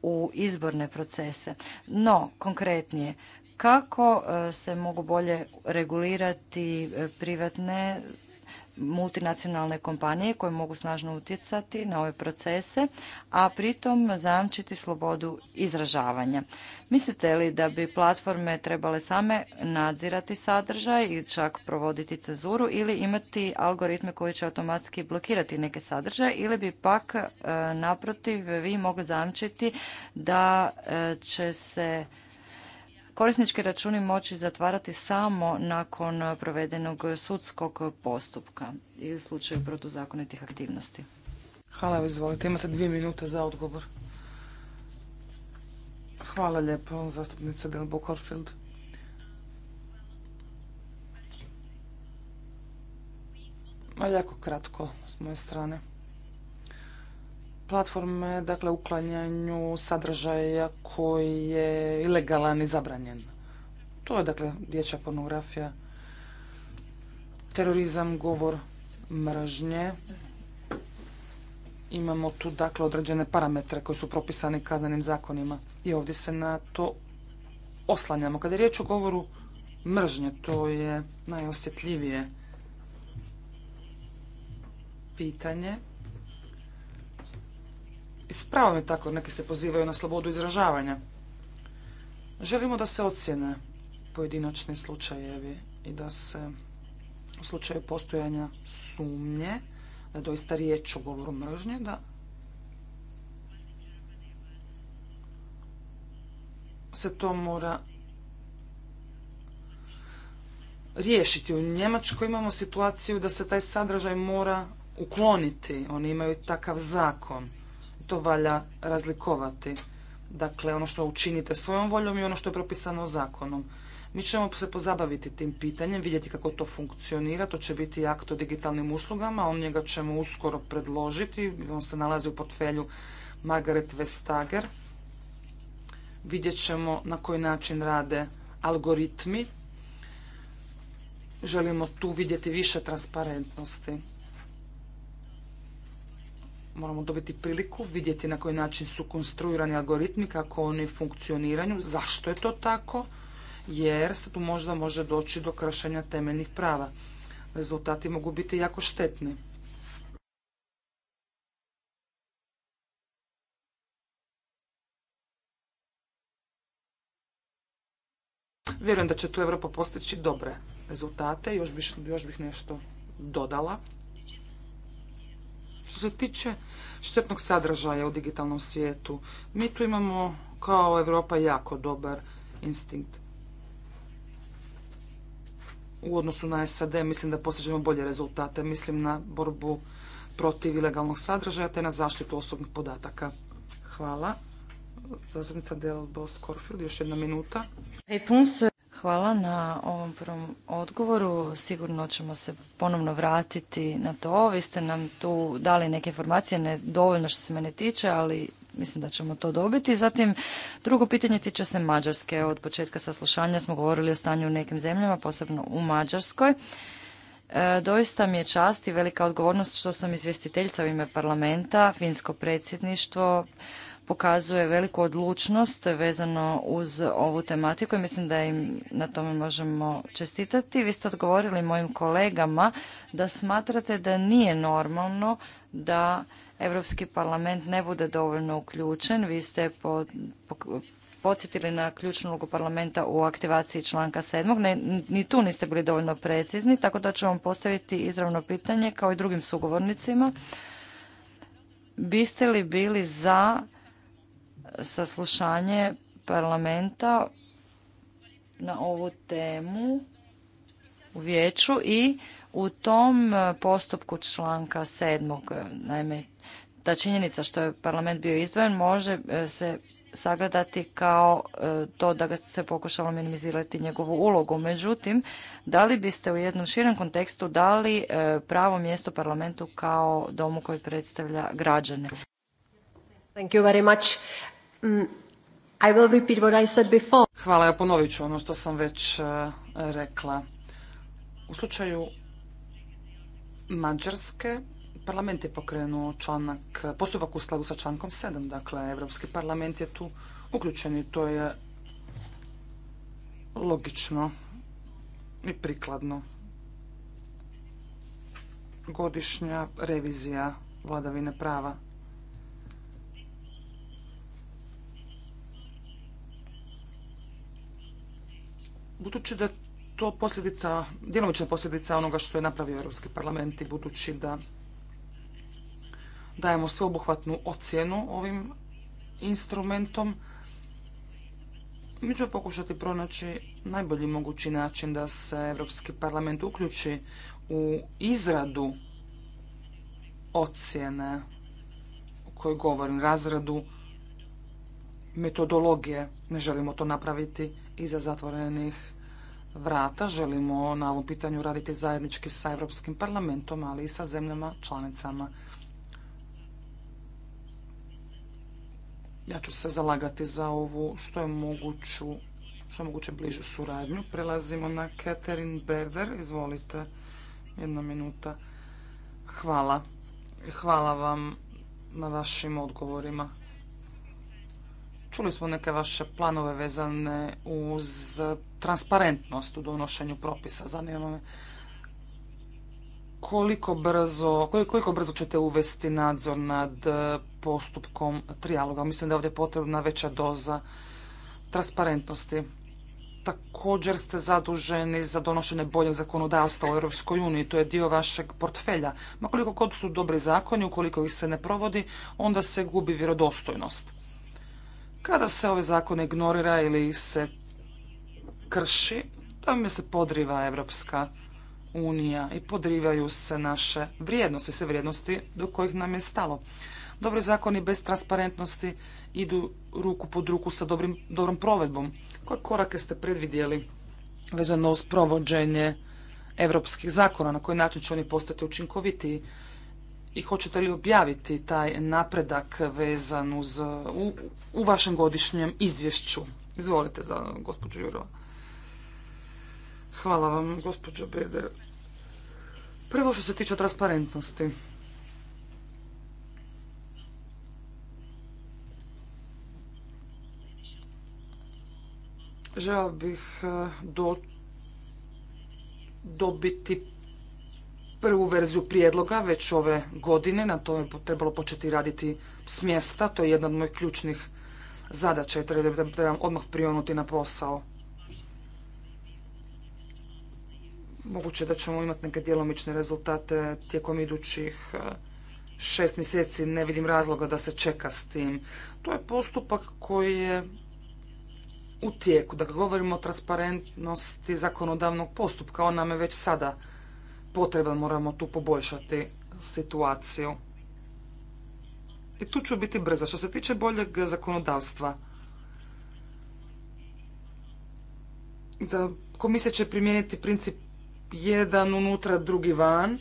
Speaker 4: u izborne procese. No, konkretnije, kako e, se mogu bolje regulirati privatne multinacionalne kompanije koje mogu snažno utjecati na ove procese, a pritom zajamčiti slobodu izražavanja. Mislite li da bi platforme trebale same nadzirati sadržaj i čak provoditi cenzuru ili imati algoritme koji će automatski blokirati neke sadržaje ili bi pak e, naprotiv vi mogli zajamčiti da e, će se korisnički računi moći zatvarati samo nakon provedenog sudskog postupka i u slučaju protuzakonitih
Speaker 3: aktivnosti. Hvala, izvolite. Imate dvije minute za odgovor. Hvala lijepo, zastupnica Delbo Korfield. A jako kratko s moje strane platforme, dakle uklanjanju sadržaja koji je ilegalan i zabranjen. To je dakle dječja pornografija, terorizam, govor mržnje. Imamo tu dakle određene parametre koji su propisani kaznenim zakonima i ovdje se na to oslanjamo. Kada je riječ o govoru mržnje, to je najosjetljivije pitanje. I je tako, neki se pozivaju na slobodu izražavanja. Želimo da se ocjene pojedinačni slučajevi i da se u slučaju postojanja sumnje, da je doista riječ o govoru mržnje, da se to mora riješiti. U Njemačkoj imamo situaciju da se taj sadržaj mora ukloniti. Oni imaju takav zakon valja razlikovati. Dakle, ono što učinite svojom voljom i ono što je propisano zakonom. Mi ćemo se pozabaviti tim pitanjem, vidjeti kako to funkcionira. To će biti akt o digitalnim uslugama, on njega ćemo uskoro predložiti. On se nalazi u portfelju Margaret Vestager. Vidjet ćemo na koji način rade algoritmi. Želimo tu vidjeti više transparentnosti moramo dobiti priliku vidjeti na koji način su konstruirani algoritmi, kako oni funkcioniraju, zašto je to tako, jer se tu možda može doći do kršenja temeljnih prava. Rezultati mogu biti jako štetni. Vjerujem da će tu Evropa postići dobre rezultate. još bih nešto dodala. Što se tiče štetnog sadržaja u digitalnom svijetu, mi tu imamo kao Europa jako dobar instinkt. U odnosu na SAD mislim da postižemo bolje rezultate. Mislim na borbu protiv ilegalnog sadržaja te na zaštitu osobnih podataka. Hvala. Zazornica Del Bos Korfil, još jedna minuta.
Speaker 4: Hvala na ovom prvom odgovoru. Sigurno ćemo se ponovno vratiti na to. Vi ste nam tu dali neke informacije, ne dovoljno što se mene tiče, ali mislim da ćemo to dobiti. Zatim, drugo pitanje tiče se Mađarske. Od početka saslušanja smo govorili o stanju u nekim zemljama, posebno u Mađarskoj. E, doista mi je čast i velika odgovornost što sam izvjestiteljica u ime parlamenta, finsko predsjedništvo, pokazuje veliku odlučnost vezano uz ovu tematiku i mislim da im na tome možemo čestitati. Vi ste odgovorili mojim kolegama da smatrate da nije normalno da Europski parlament ne bude dovoljno uključen. Vi ste podsjetili na ključnu ulogu parlamenta u aktivaciji članka 7. ni tu niste bili dovoljno precizni, tako da ću vam postaviti izravno pitanje kao i drugim sugovornicima. Biste li bili za saslušanje parlamenta na ovu temu u vijeću i u tom postupku članka sedmog, naime, ta činjenica što je parlament bio izdvojen može e, se sagledati kao e, to da ga se pokušalo minimizirati njegovu ulogu. Međutim, da li biste u jednom širem kontekstu dali e, pravo mjesto parlamentu kao domu koji predstavlja građane? I
Speaker 3: will repeat what I Hvala, ja ponovit ću ono što sam već e, rekla. U slučaju Mađarske parlament je pokrenuo članak, postupak u slagu sa člankom 7. Dakle, Europski parlament je tu uključen i to je logično i prikladno. Godišnja revizija vladavine prava. budući da je to posljedica, djelomična posljedica onoga što je napravio Europski parlament i budući da dajemo sveobuhvatnu ocjenu ovim instrumentom, mi ćemo pokušati pronaći najbolji mogući način da se Europski parlament uključi u izradu ocjene o kojoj govorim, razradu metodologije. Ne želimo to napraviti iza zatvorenih vrata. Želimo na ovom pitanju raditi zajednički sa Europskim parlamentom, ali i sa zemljama članicama. Ja ću se zalagati za ovu što je moguću što moguće bližu suradnju. Prelazimo na Catherine Berder. Izvolite, jedna minuta. Hvala. Hvala vam na vašim odgovorima. Čuli smo neke vaše planove vezane uz transparentnost u donošenju propisa. Zanima me koliko brzo, koliko ćete uvesti nadzor nad e, postupkom trijaloga. Mislim da je ovdje potrebna veća doza transparentnosti. Također ste zaduženi za donošenje boljeg zakonodavstva u Europskoj uniji, to je dio vašeg portfelja. Ma koliko god su dobri zakoni, ukoliko ih se ne provodi, onda se gubi vjerodostojnost. Kada se ove ovaj zakone ignorira ili se krši, tamo se podriva Evropska unija i podrivaju se naše vrijednosti, se vrijednosti do kojih nam je stalo. Dobri zakoni bez transparentnosti idu ruku pod ruku sa dobrim, dobrom provedbom. Koje korake ste predvidjeli vezano uz provođenje evropskih zakona, na koji način će oni postati učinkovitiji? i hoćete li objaviti taj napredak vezan uz, uh, u, vašem godišnjem izvješću? Izvolite za gospođu Jurova. Hvala vam, gospođo Beder. Prvo što se tiče transparentnosti. Želio bih uh, do, dobiti prvu verziju prijedloga već ove godine, na tome je trebalo početi raditi s mjesta, to je jedna od mojih ključnih zadaća i trebam, odmah prionuti na posao. Moguće da ćemo imati neke djelomične rezultate tijekom idućih eh, šest mjeseci, ne vidim razloga da se čeka s tim. To je postupak koji je u tijeku. Da govorimo o transparentnosti zakonodavnog postupka, on nam je već sada potreban, moramo tu poboljšati situaciju. I tu ću biti brza. Što se tiče boljeg zakonodavstva, komisija će primijeniti princip jedan unutra, drugi van.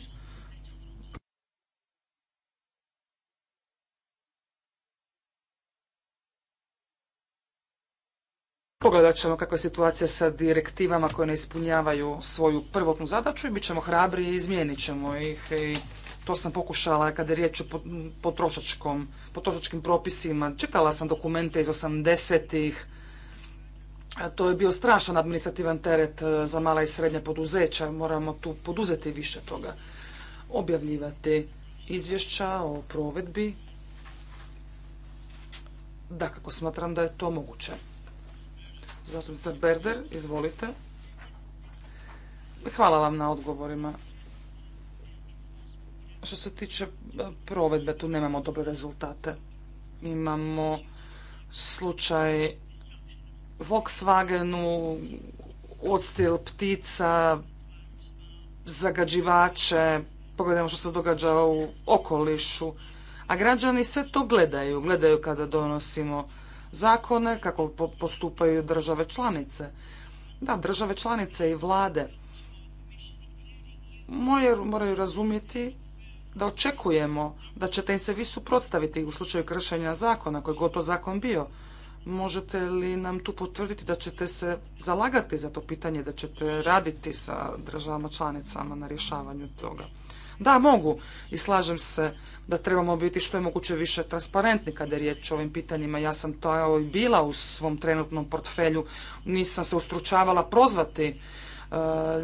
Speaker 3: Pogledat ćemo kakva je situacija sa direktivama koje ne ispunjavaju svoju prvotnu zadaću i bit ćemo hrabri i izmijenit ćemo ih. I to sam pokušala kada je riječ o potrošačkom, potrošačkim propisima. Čitala sam dokumente iz 80-ih. To je bio strašan administrativan teret e, za mala i srednja poduzeća. Moramo tu poduzeti više toga. Objavljivati izvješća o provedbi. Da, kako smatram da je to moguće. Zastupnica Berder, izvolite. Hvala vam na odgovorima. Što se tiče e, provedbe, tu nemamo dobre rezultate. Imamo slučaj Volkswagenu, odstil ptica, zagađivače, pogledajmo što se događa u okolišu. A građani sve to gledaju, gledaju kada donosimo zakone, kako postupaju države članice. Da, države članice i vlade moraju razumjeti da očekujemo da ćete im se vi suprotstaviti u slučaju kršenja zakona, koji god to zakon bio. Možete li nam tu potvrditi da ćete se zalagati za to pitanje, da ćete raditi sa državama članicama na rješavanju toga? Da, mogu i slažem se da trebamo biti što je moguće više transparentni kada je riječ o ovim pitanjima. Ja sam to i bila u svom trenutnom portfelju, nisam se ustručavala prozvati e,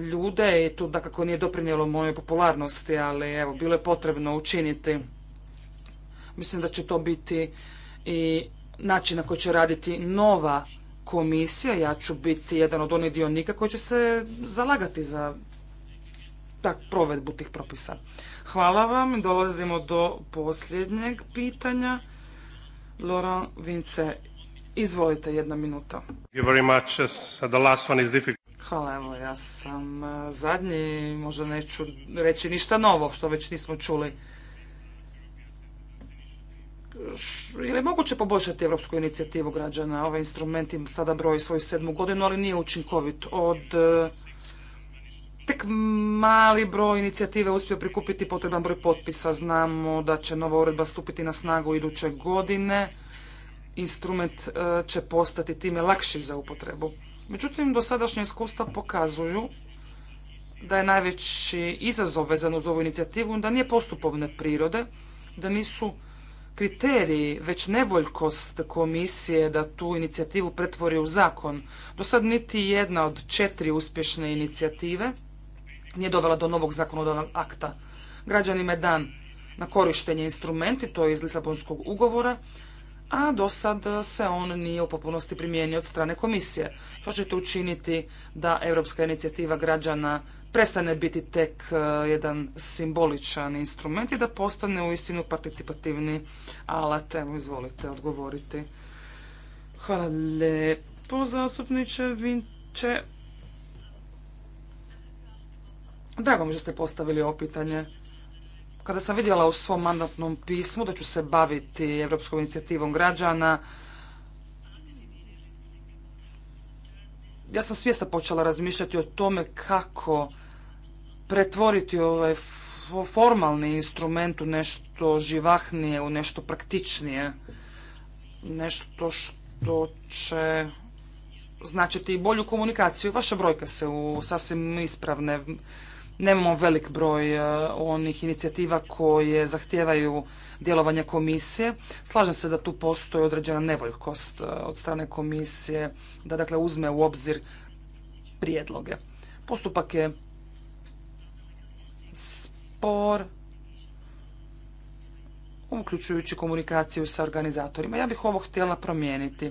Speaker 3: ljude i to da kako nije doprinijelo mojoj popularnosti, ali evo, bilo je potrebno učiniti. Mislim da će to biti i način na koji će raditi nova komisija. Ja ću biti jedan od onih dionika koji će se zalagati za tak, provedbu tih propisa. Hvala vam. Dolazimo do posljednjeg pitanja. Laurent Vince, izvolite jedna minuta. Hvala, evo ja sam e, zadnji, možda neću reći ništa novo što već nismo čuli. Je li moguće poboljšati Europsku inicijativu građana? Ovaj instrument im sada broji svoju sedmu godinu, ali nije učinkovit. Od e, tek mali broj inicijative uspio prikupiti potreban broj potpisa. Znamo da će nova uredba stupiti na snagu iduće godine. Instrument e, će postati time lakši za upotrebu. Međutim, dosadašnja iskustva pokazuju da je najveći izazov vezan uz ovu inicijativu da nije postupovne prirode, da nisu kriteriji, već nevoljkost komisije da tu inicijativu pretvori u zakon. Do sad niti jedna od četiri uspješne inicijative nije dovela do novog zakonodavnog akta. Građanima je dan na korištenje instrumenti, to je iz Lisabonskog ugovora, a do sad se on nije u potpunosti primijenio od strane komisije. Što ćete učiniti da Europska inicijativa građana prestane biti tek e, jedan simboličan instrument i da postane uistinu participativni alat? Evo, izvolite odgovoriti. Hvala lijepo, zastupniče Vinče. Drago mi što ste postavili ovo pitanje. Kada sam vidjela u svom mandatnom pismu da ću se baviti Europskom inicijativom građana, ja sam svijesta počela razmišljati o tome kako pretvoriti ovaj formalni instrument u nešto živahnije, u nešto praktičnije, nešto što će značiti i bolju komunikaciju. Vaše brojke u sasvim ispravne. Nemamo velik broj e, onih inicijativa koje zahtijevaju djelovanje komisije. Slažem se da tu postoji određena nevoljkost e, od strane komisije da dakle uzme u obzir prijedloge. Postupak je spor, uključujući komunikaciju sa organizatorima. Ja bih ovo htjela promijeniti.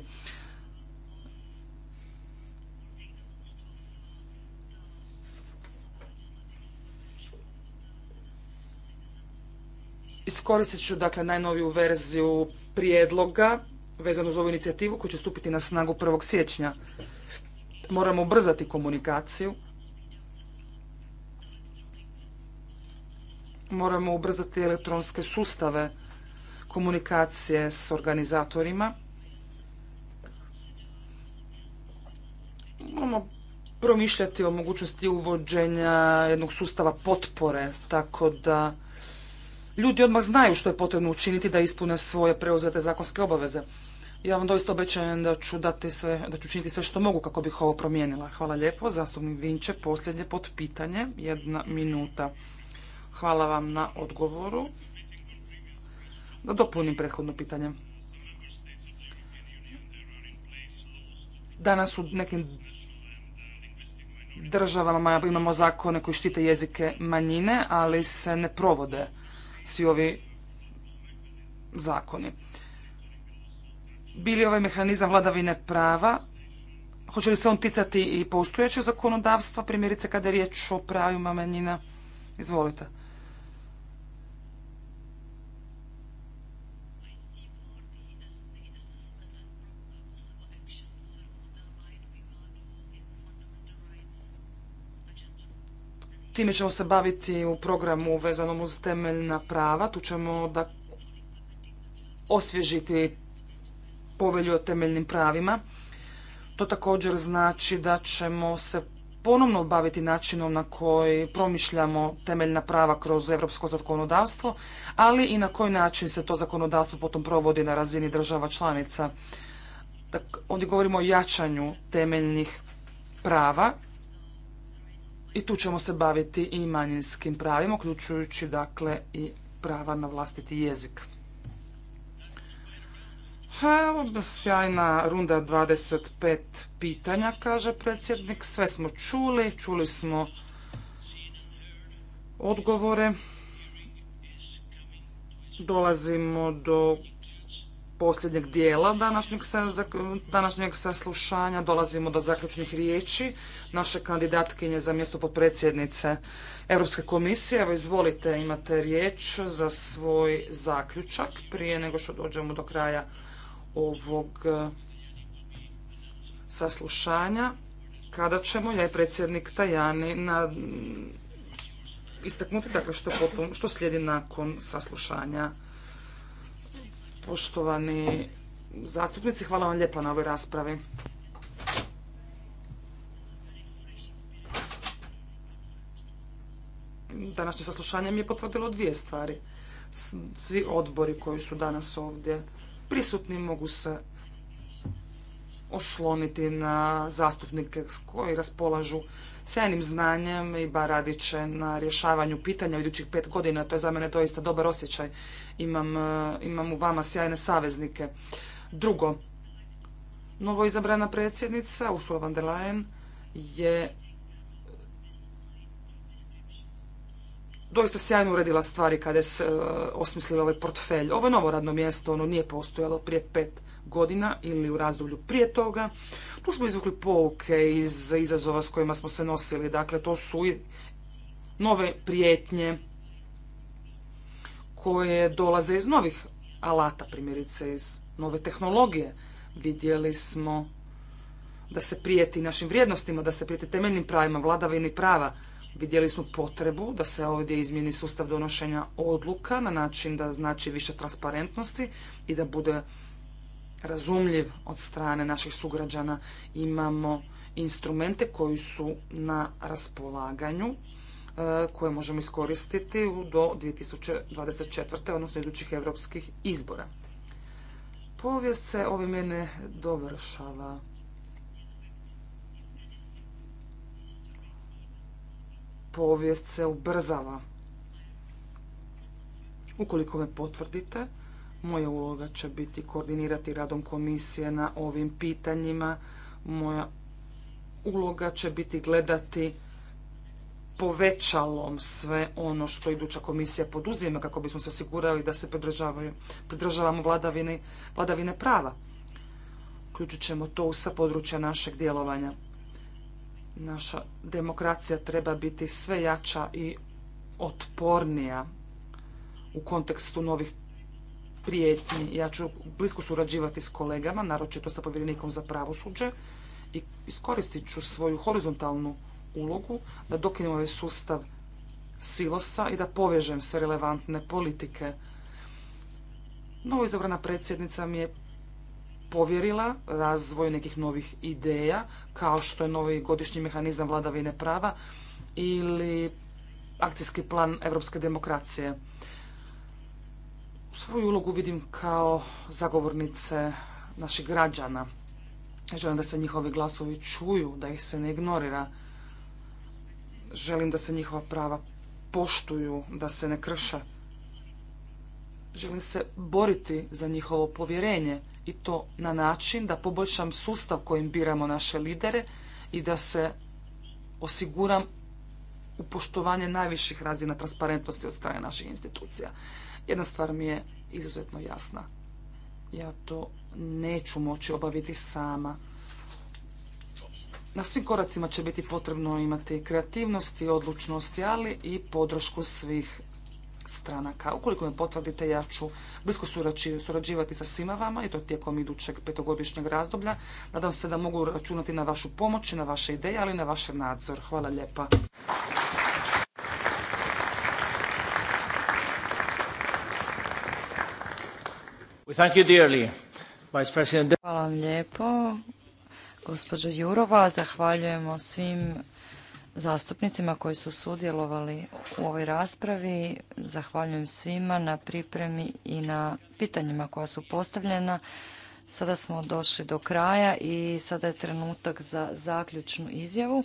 Speaker 3: Iskoristit ću dakle najnoviju verziju prijedloga vezano uz ovu inicijativu koja će stupiti na snagu 1. siječnja. Moramo ubrzati komunikaciju. Moramo ubrzati elektronske sustave komunikacije s organizatorima. Moramo promišljati o mogućnosti uvođenja jednog sustava potpore, tako da ljudi odmah znaju što je potrebno učiniti da ispune svoje preuzete zakonske obaveze. Ja vam doista obećajem da ću dati sve, da ću učiniti sve što mogu kako bih ovo promijenila. Hvala lijepo. Zastupnik Vinče, posljednje potpitanje, jedna minuta. Hvala vam na odgovoru. Da dopunim prethodno pitanje. Danas u nekim državama imamo zakone koji štite jezike manjine, ali se ne provode svi ovi zakoni. Bili ovaj mehanizam vladavine prava, hoće li se on ticati i postojeće zakonodavstva, primjerice kada je riječ o pravima manjina? Izvolite. Time ćemo se baviti u programu vezanom uz temeljna prava. Tu ćemo da osvježiti povelju o temeljnim pravima. To također znači da ćemo se ponovno baviti načinom na koji promišljamo temeljna prava kroz europsko zakonodavstvo, ali i na koji način se to zakonodavstvo potom provodi na razini država članica. ovdje govorimo o jačanju temeljnih prava i tu ćemo se baviti i manjinskim pravima, uključujući dakle i prava na vlastiti jezik. Evo, sjajna runda 25 pitanja, kaže predsjednik. Sve smo čuli, čuli smo odgovore. Dolazimo do posljednjeg dijela današnjeg, današnjeg saslušanja. Dolazimo do zaključnih riječi naše kandidatkinje za mjesto potpredsjednice Europske komisije. Evo izvolite, imate riječ za svoj zaključak prije nego što dođemo do kraja ovog e, saslušanja kada ćemo ja i predsjednik Tajani na istaknuti dakle što, što slijedi nakon saslušanja Poštovani zastupnici, hvala vam lijepa na ovoj raspravi. Današnje saslušanje mi je potvrdilo dvije stvari. Svi odbori koji su danas ovdje prisutni mogu se osloniti na zastupnike koji raspolažu sjajnim znanjem i bar radit će na rješavanju pitanja u idućih pet godina. To je za mene doista dobar osjećaj imam, e, imam u vama sjajne saveznike. Drugo, novo izabrana predsjednica Ursula von der Leyen je doista sjajno uredila stvari kada je e, osmislila ovaj portfelj. Ovo je novo radno mjesto, ono nije postojalo prije pet godina ili u razdoblju prije toga. Tu smo izvukli pouke iz izazova s kojima smo se nosili. Dakle, to su nove prijetnje, koje dolaze iz novih alata, primjerice iz nove tehnologije. Vidjeli smo da se prijeti našim vrijednostima, da se prijeti temeljnim pravima, vladavini prava. Vidjeli smo potrebu da se ovdje izmijeni sustav donošenja odluka na način da znači više transparentnosti i da bude razumljiv od strane naših sugrađana. Imamo instrumente koji su na raspolaganju E, koje možemo iskoristiti do 2024. odnosno idućih europskih izbora. Povijest se ovime ne dovršava. Povijest se ubrzava. Ukoliko me potvrdite, moja uloga će biti koordinirati radom komisije na ovim pitanjima. Moja uloga će biti gledati povećalom sve ono što iduća komisija poduzima kako bismo se osigurali da se pridržavamo vladavine, prava. Uključit ćemo to u sva područja našeg djelovanja. Naša demokracija treba biti sve jača i otpornija u kontekstu novih prijetnji. Ja ću blisko surađivati s kolegama, naročito sa povjerenikom za pravosuđe i iskoristit ću svoju horizontalnu ulogu da dokinem ovaj sustav silosa i da povežem sve relevantne politike. Novo izabrana predsjednica mi je povjerila razvoj nekih novih ideja, kao što je novi godišnji mehanizam vladavine prava ili akcijski plan evropske demokracije. Svoju ulogu vidim kao zagovornice naših građana. Želim da se njihovi glasovi čuju, da ih se ne ignorira. Želim da se njihova prava poštuju, da se ne krše. Želim se boriti za njihovo povjerenje i to na način da poboljšam sustav kojim biramo naše lidere i da se osiguram upoštovanje najviših razina transparentnosti od strane naših institucija. Jedna stvar mi je izuzetno jasna. Ja to neću moći obaviti sama. Na svim koracima će biti potrebno imati kreativnost i odlučnost, ali i podršku svih stranaka. Ukoliko me potvrdite, ja ću blisko surađivati sa svima vama i to tijekom idućeg petogodišnjeg razdoblja. Nadam se da mogu računati na vašu pomoć i na vaše ideje, ali i na vaš nadzor. Hvala lijepa.
Speaker 4: Hvala lijepo, gospođo Jurova. Zahvaljujemo svim zastupnicima koji su sudjelovali u ovoj raspravi. Zahvaljujem svima na pripremi i na pitanjima koja su postavljena. Sada smo došli do kraja i sada je trenutak za zaključnu izjavu.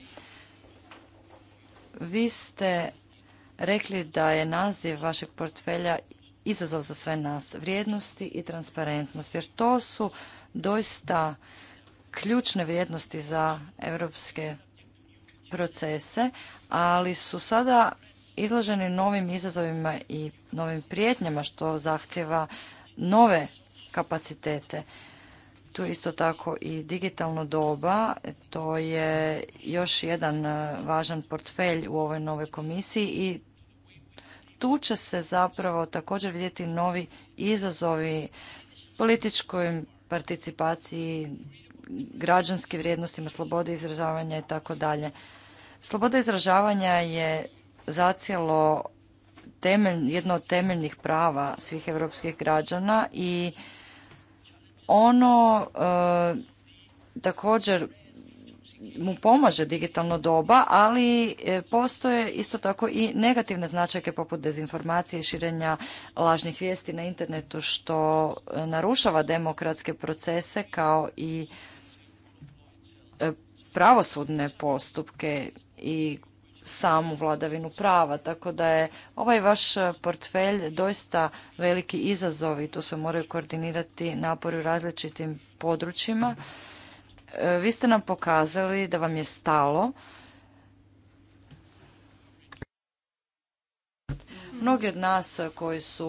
Speaker 4: Vi ste rekli da je naziv vašeg portfelja izazov za sve nas, vrijednosti i transparentnost, jer to su doista ključne vrijednosti za europske procese, ali su sada izloženi novim izazovima i novim prijetnjama što zahtjeva nove kapacitete. Tu isto tako i digitalno doba, to je još jedan e, važan portfelj u ovoj novoj komisiji i tu će se zapravo također vidjeti novi izazovi političkoj participaciji, građanskim vrijednostima, slobode izražavanja i tako dalje. Sloboda izražavanja je zacijelo temelj, jedno od temeljnih prava svih europskih građana i ono e, također mu pomaže digitalno doba, ali e, postoje isto tako i negativne značajke poput dezinformacije i širenja lažnih vijesti na internetu što e, narušava demokratske procese kao i E, pravosudne postupke i samu vladavinu prava, tako da je ovaj vaš portfelj doista veliki izazov i tu se moraju koordinirati napori u različitim područjima. E, vi ste nam pokazali da vam je stalo. Mnogi od nas koji su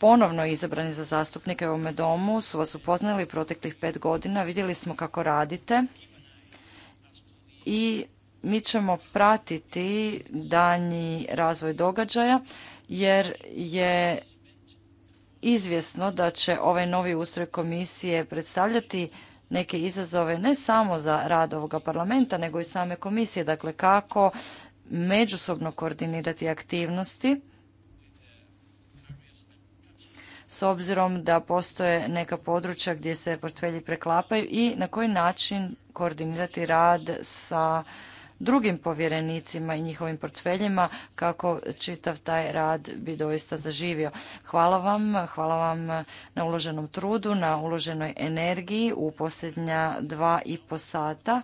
Speaker 4: ponovno izabrani za zastupnike u ovome domu su vas upoznali proteklih pet godina, vidjeli smo kako radite i mi ćemo pratiti danji razvoj događaja jer je izvjesno da će ovaj novi ustroj komisije predstavljati neke izazove ne samo za rad ovoga parlamenta nego i same komisije, dakle kako međusobno koordinirati aktivnosti s obzirom da postoje neka područja gdje se portfelji preklapaju i na koji način koordinirati rad sa drugim povjerenicima i njihovim portfeljima kako čitav taj rad bi doista zaživio. Hvala vam, hvala vam na uloženom trudu, na uloženoj energiji u posljednja dva i po sata.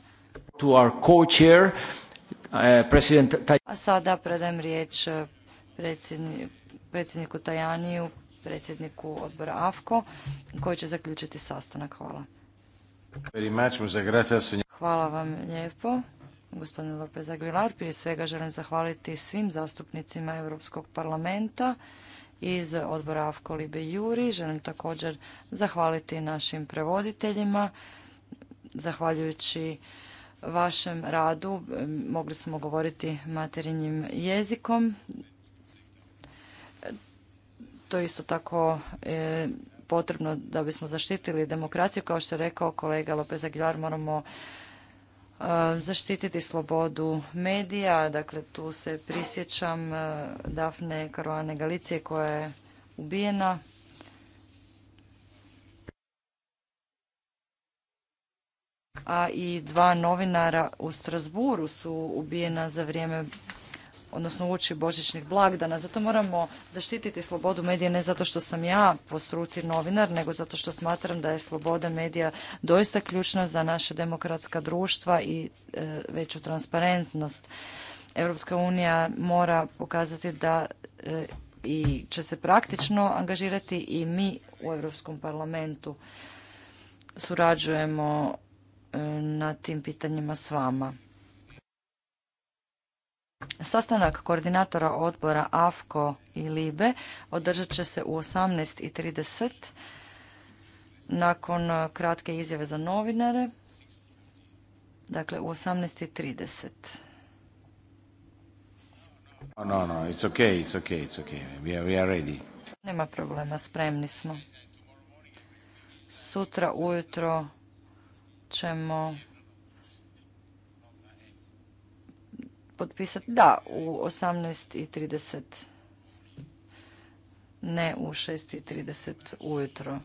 Speaker 1: Uh,
Speaker 4: A sada predajem riječ predsjedniku Tajaniju, predsjedniku odbora AFKO koji će zaključiti sastanak. Hvala. Hvala vam lijepo. Gospodin Lopez Aguilar, prije svega želim zahvaliti svim zastupnicima Europskog parlamenta iz odbora AFKO Libe Juri. Želim također zahvaliti našim prevoditeljima. Zahvaljujući vašem radu mogli smo govoriti materinjim jezikom to isto tako e, potrebno da bismo zaštitili demokraciju. Kao što je rekao kolega Lopez Aguilar, moramo e, zaštititi slobodu medija. Dakle, tu se prisjećam e, Dafne Karovane Galicije koja je ubijena. A i dva novinara u Strasburu su ubijena za vrijeme odnosno uoči božićnih blagdana. Zato moramo zaštititi slobodu medija ne zato što sam ja po struci novinar, nego zato što smatram da je sloboda medija doista ključna za naše demokratska društva i e, veću transparentnost. Europska unija mora pokazati da e, i će se praktično angažirati i mi u Europskom parlamentu surađujemo e, na tim pitanjima s vama. Sastanak koordinatora odbora AFKO i LIBE održat će se u 18.30 nakon kratke izjave za novinare. Dakle, u 18.30. No, no,
Speaker 1: it's okay, it's okay, it's we are ready.
Speaker 4: Nema problema, spremni smo. Sutra ujutro ćemo potpisati? Da, u 18.30. Ne u 6.30 ujutro.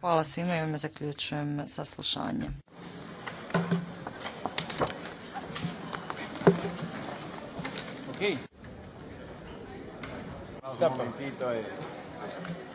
Speaker 4: Hvala svima i vam zaključujem saslušanje. Ok. Stop.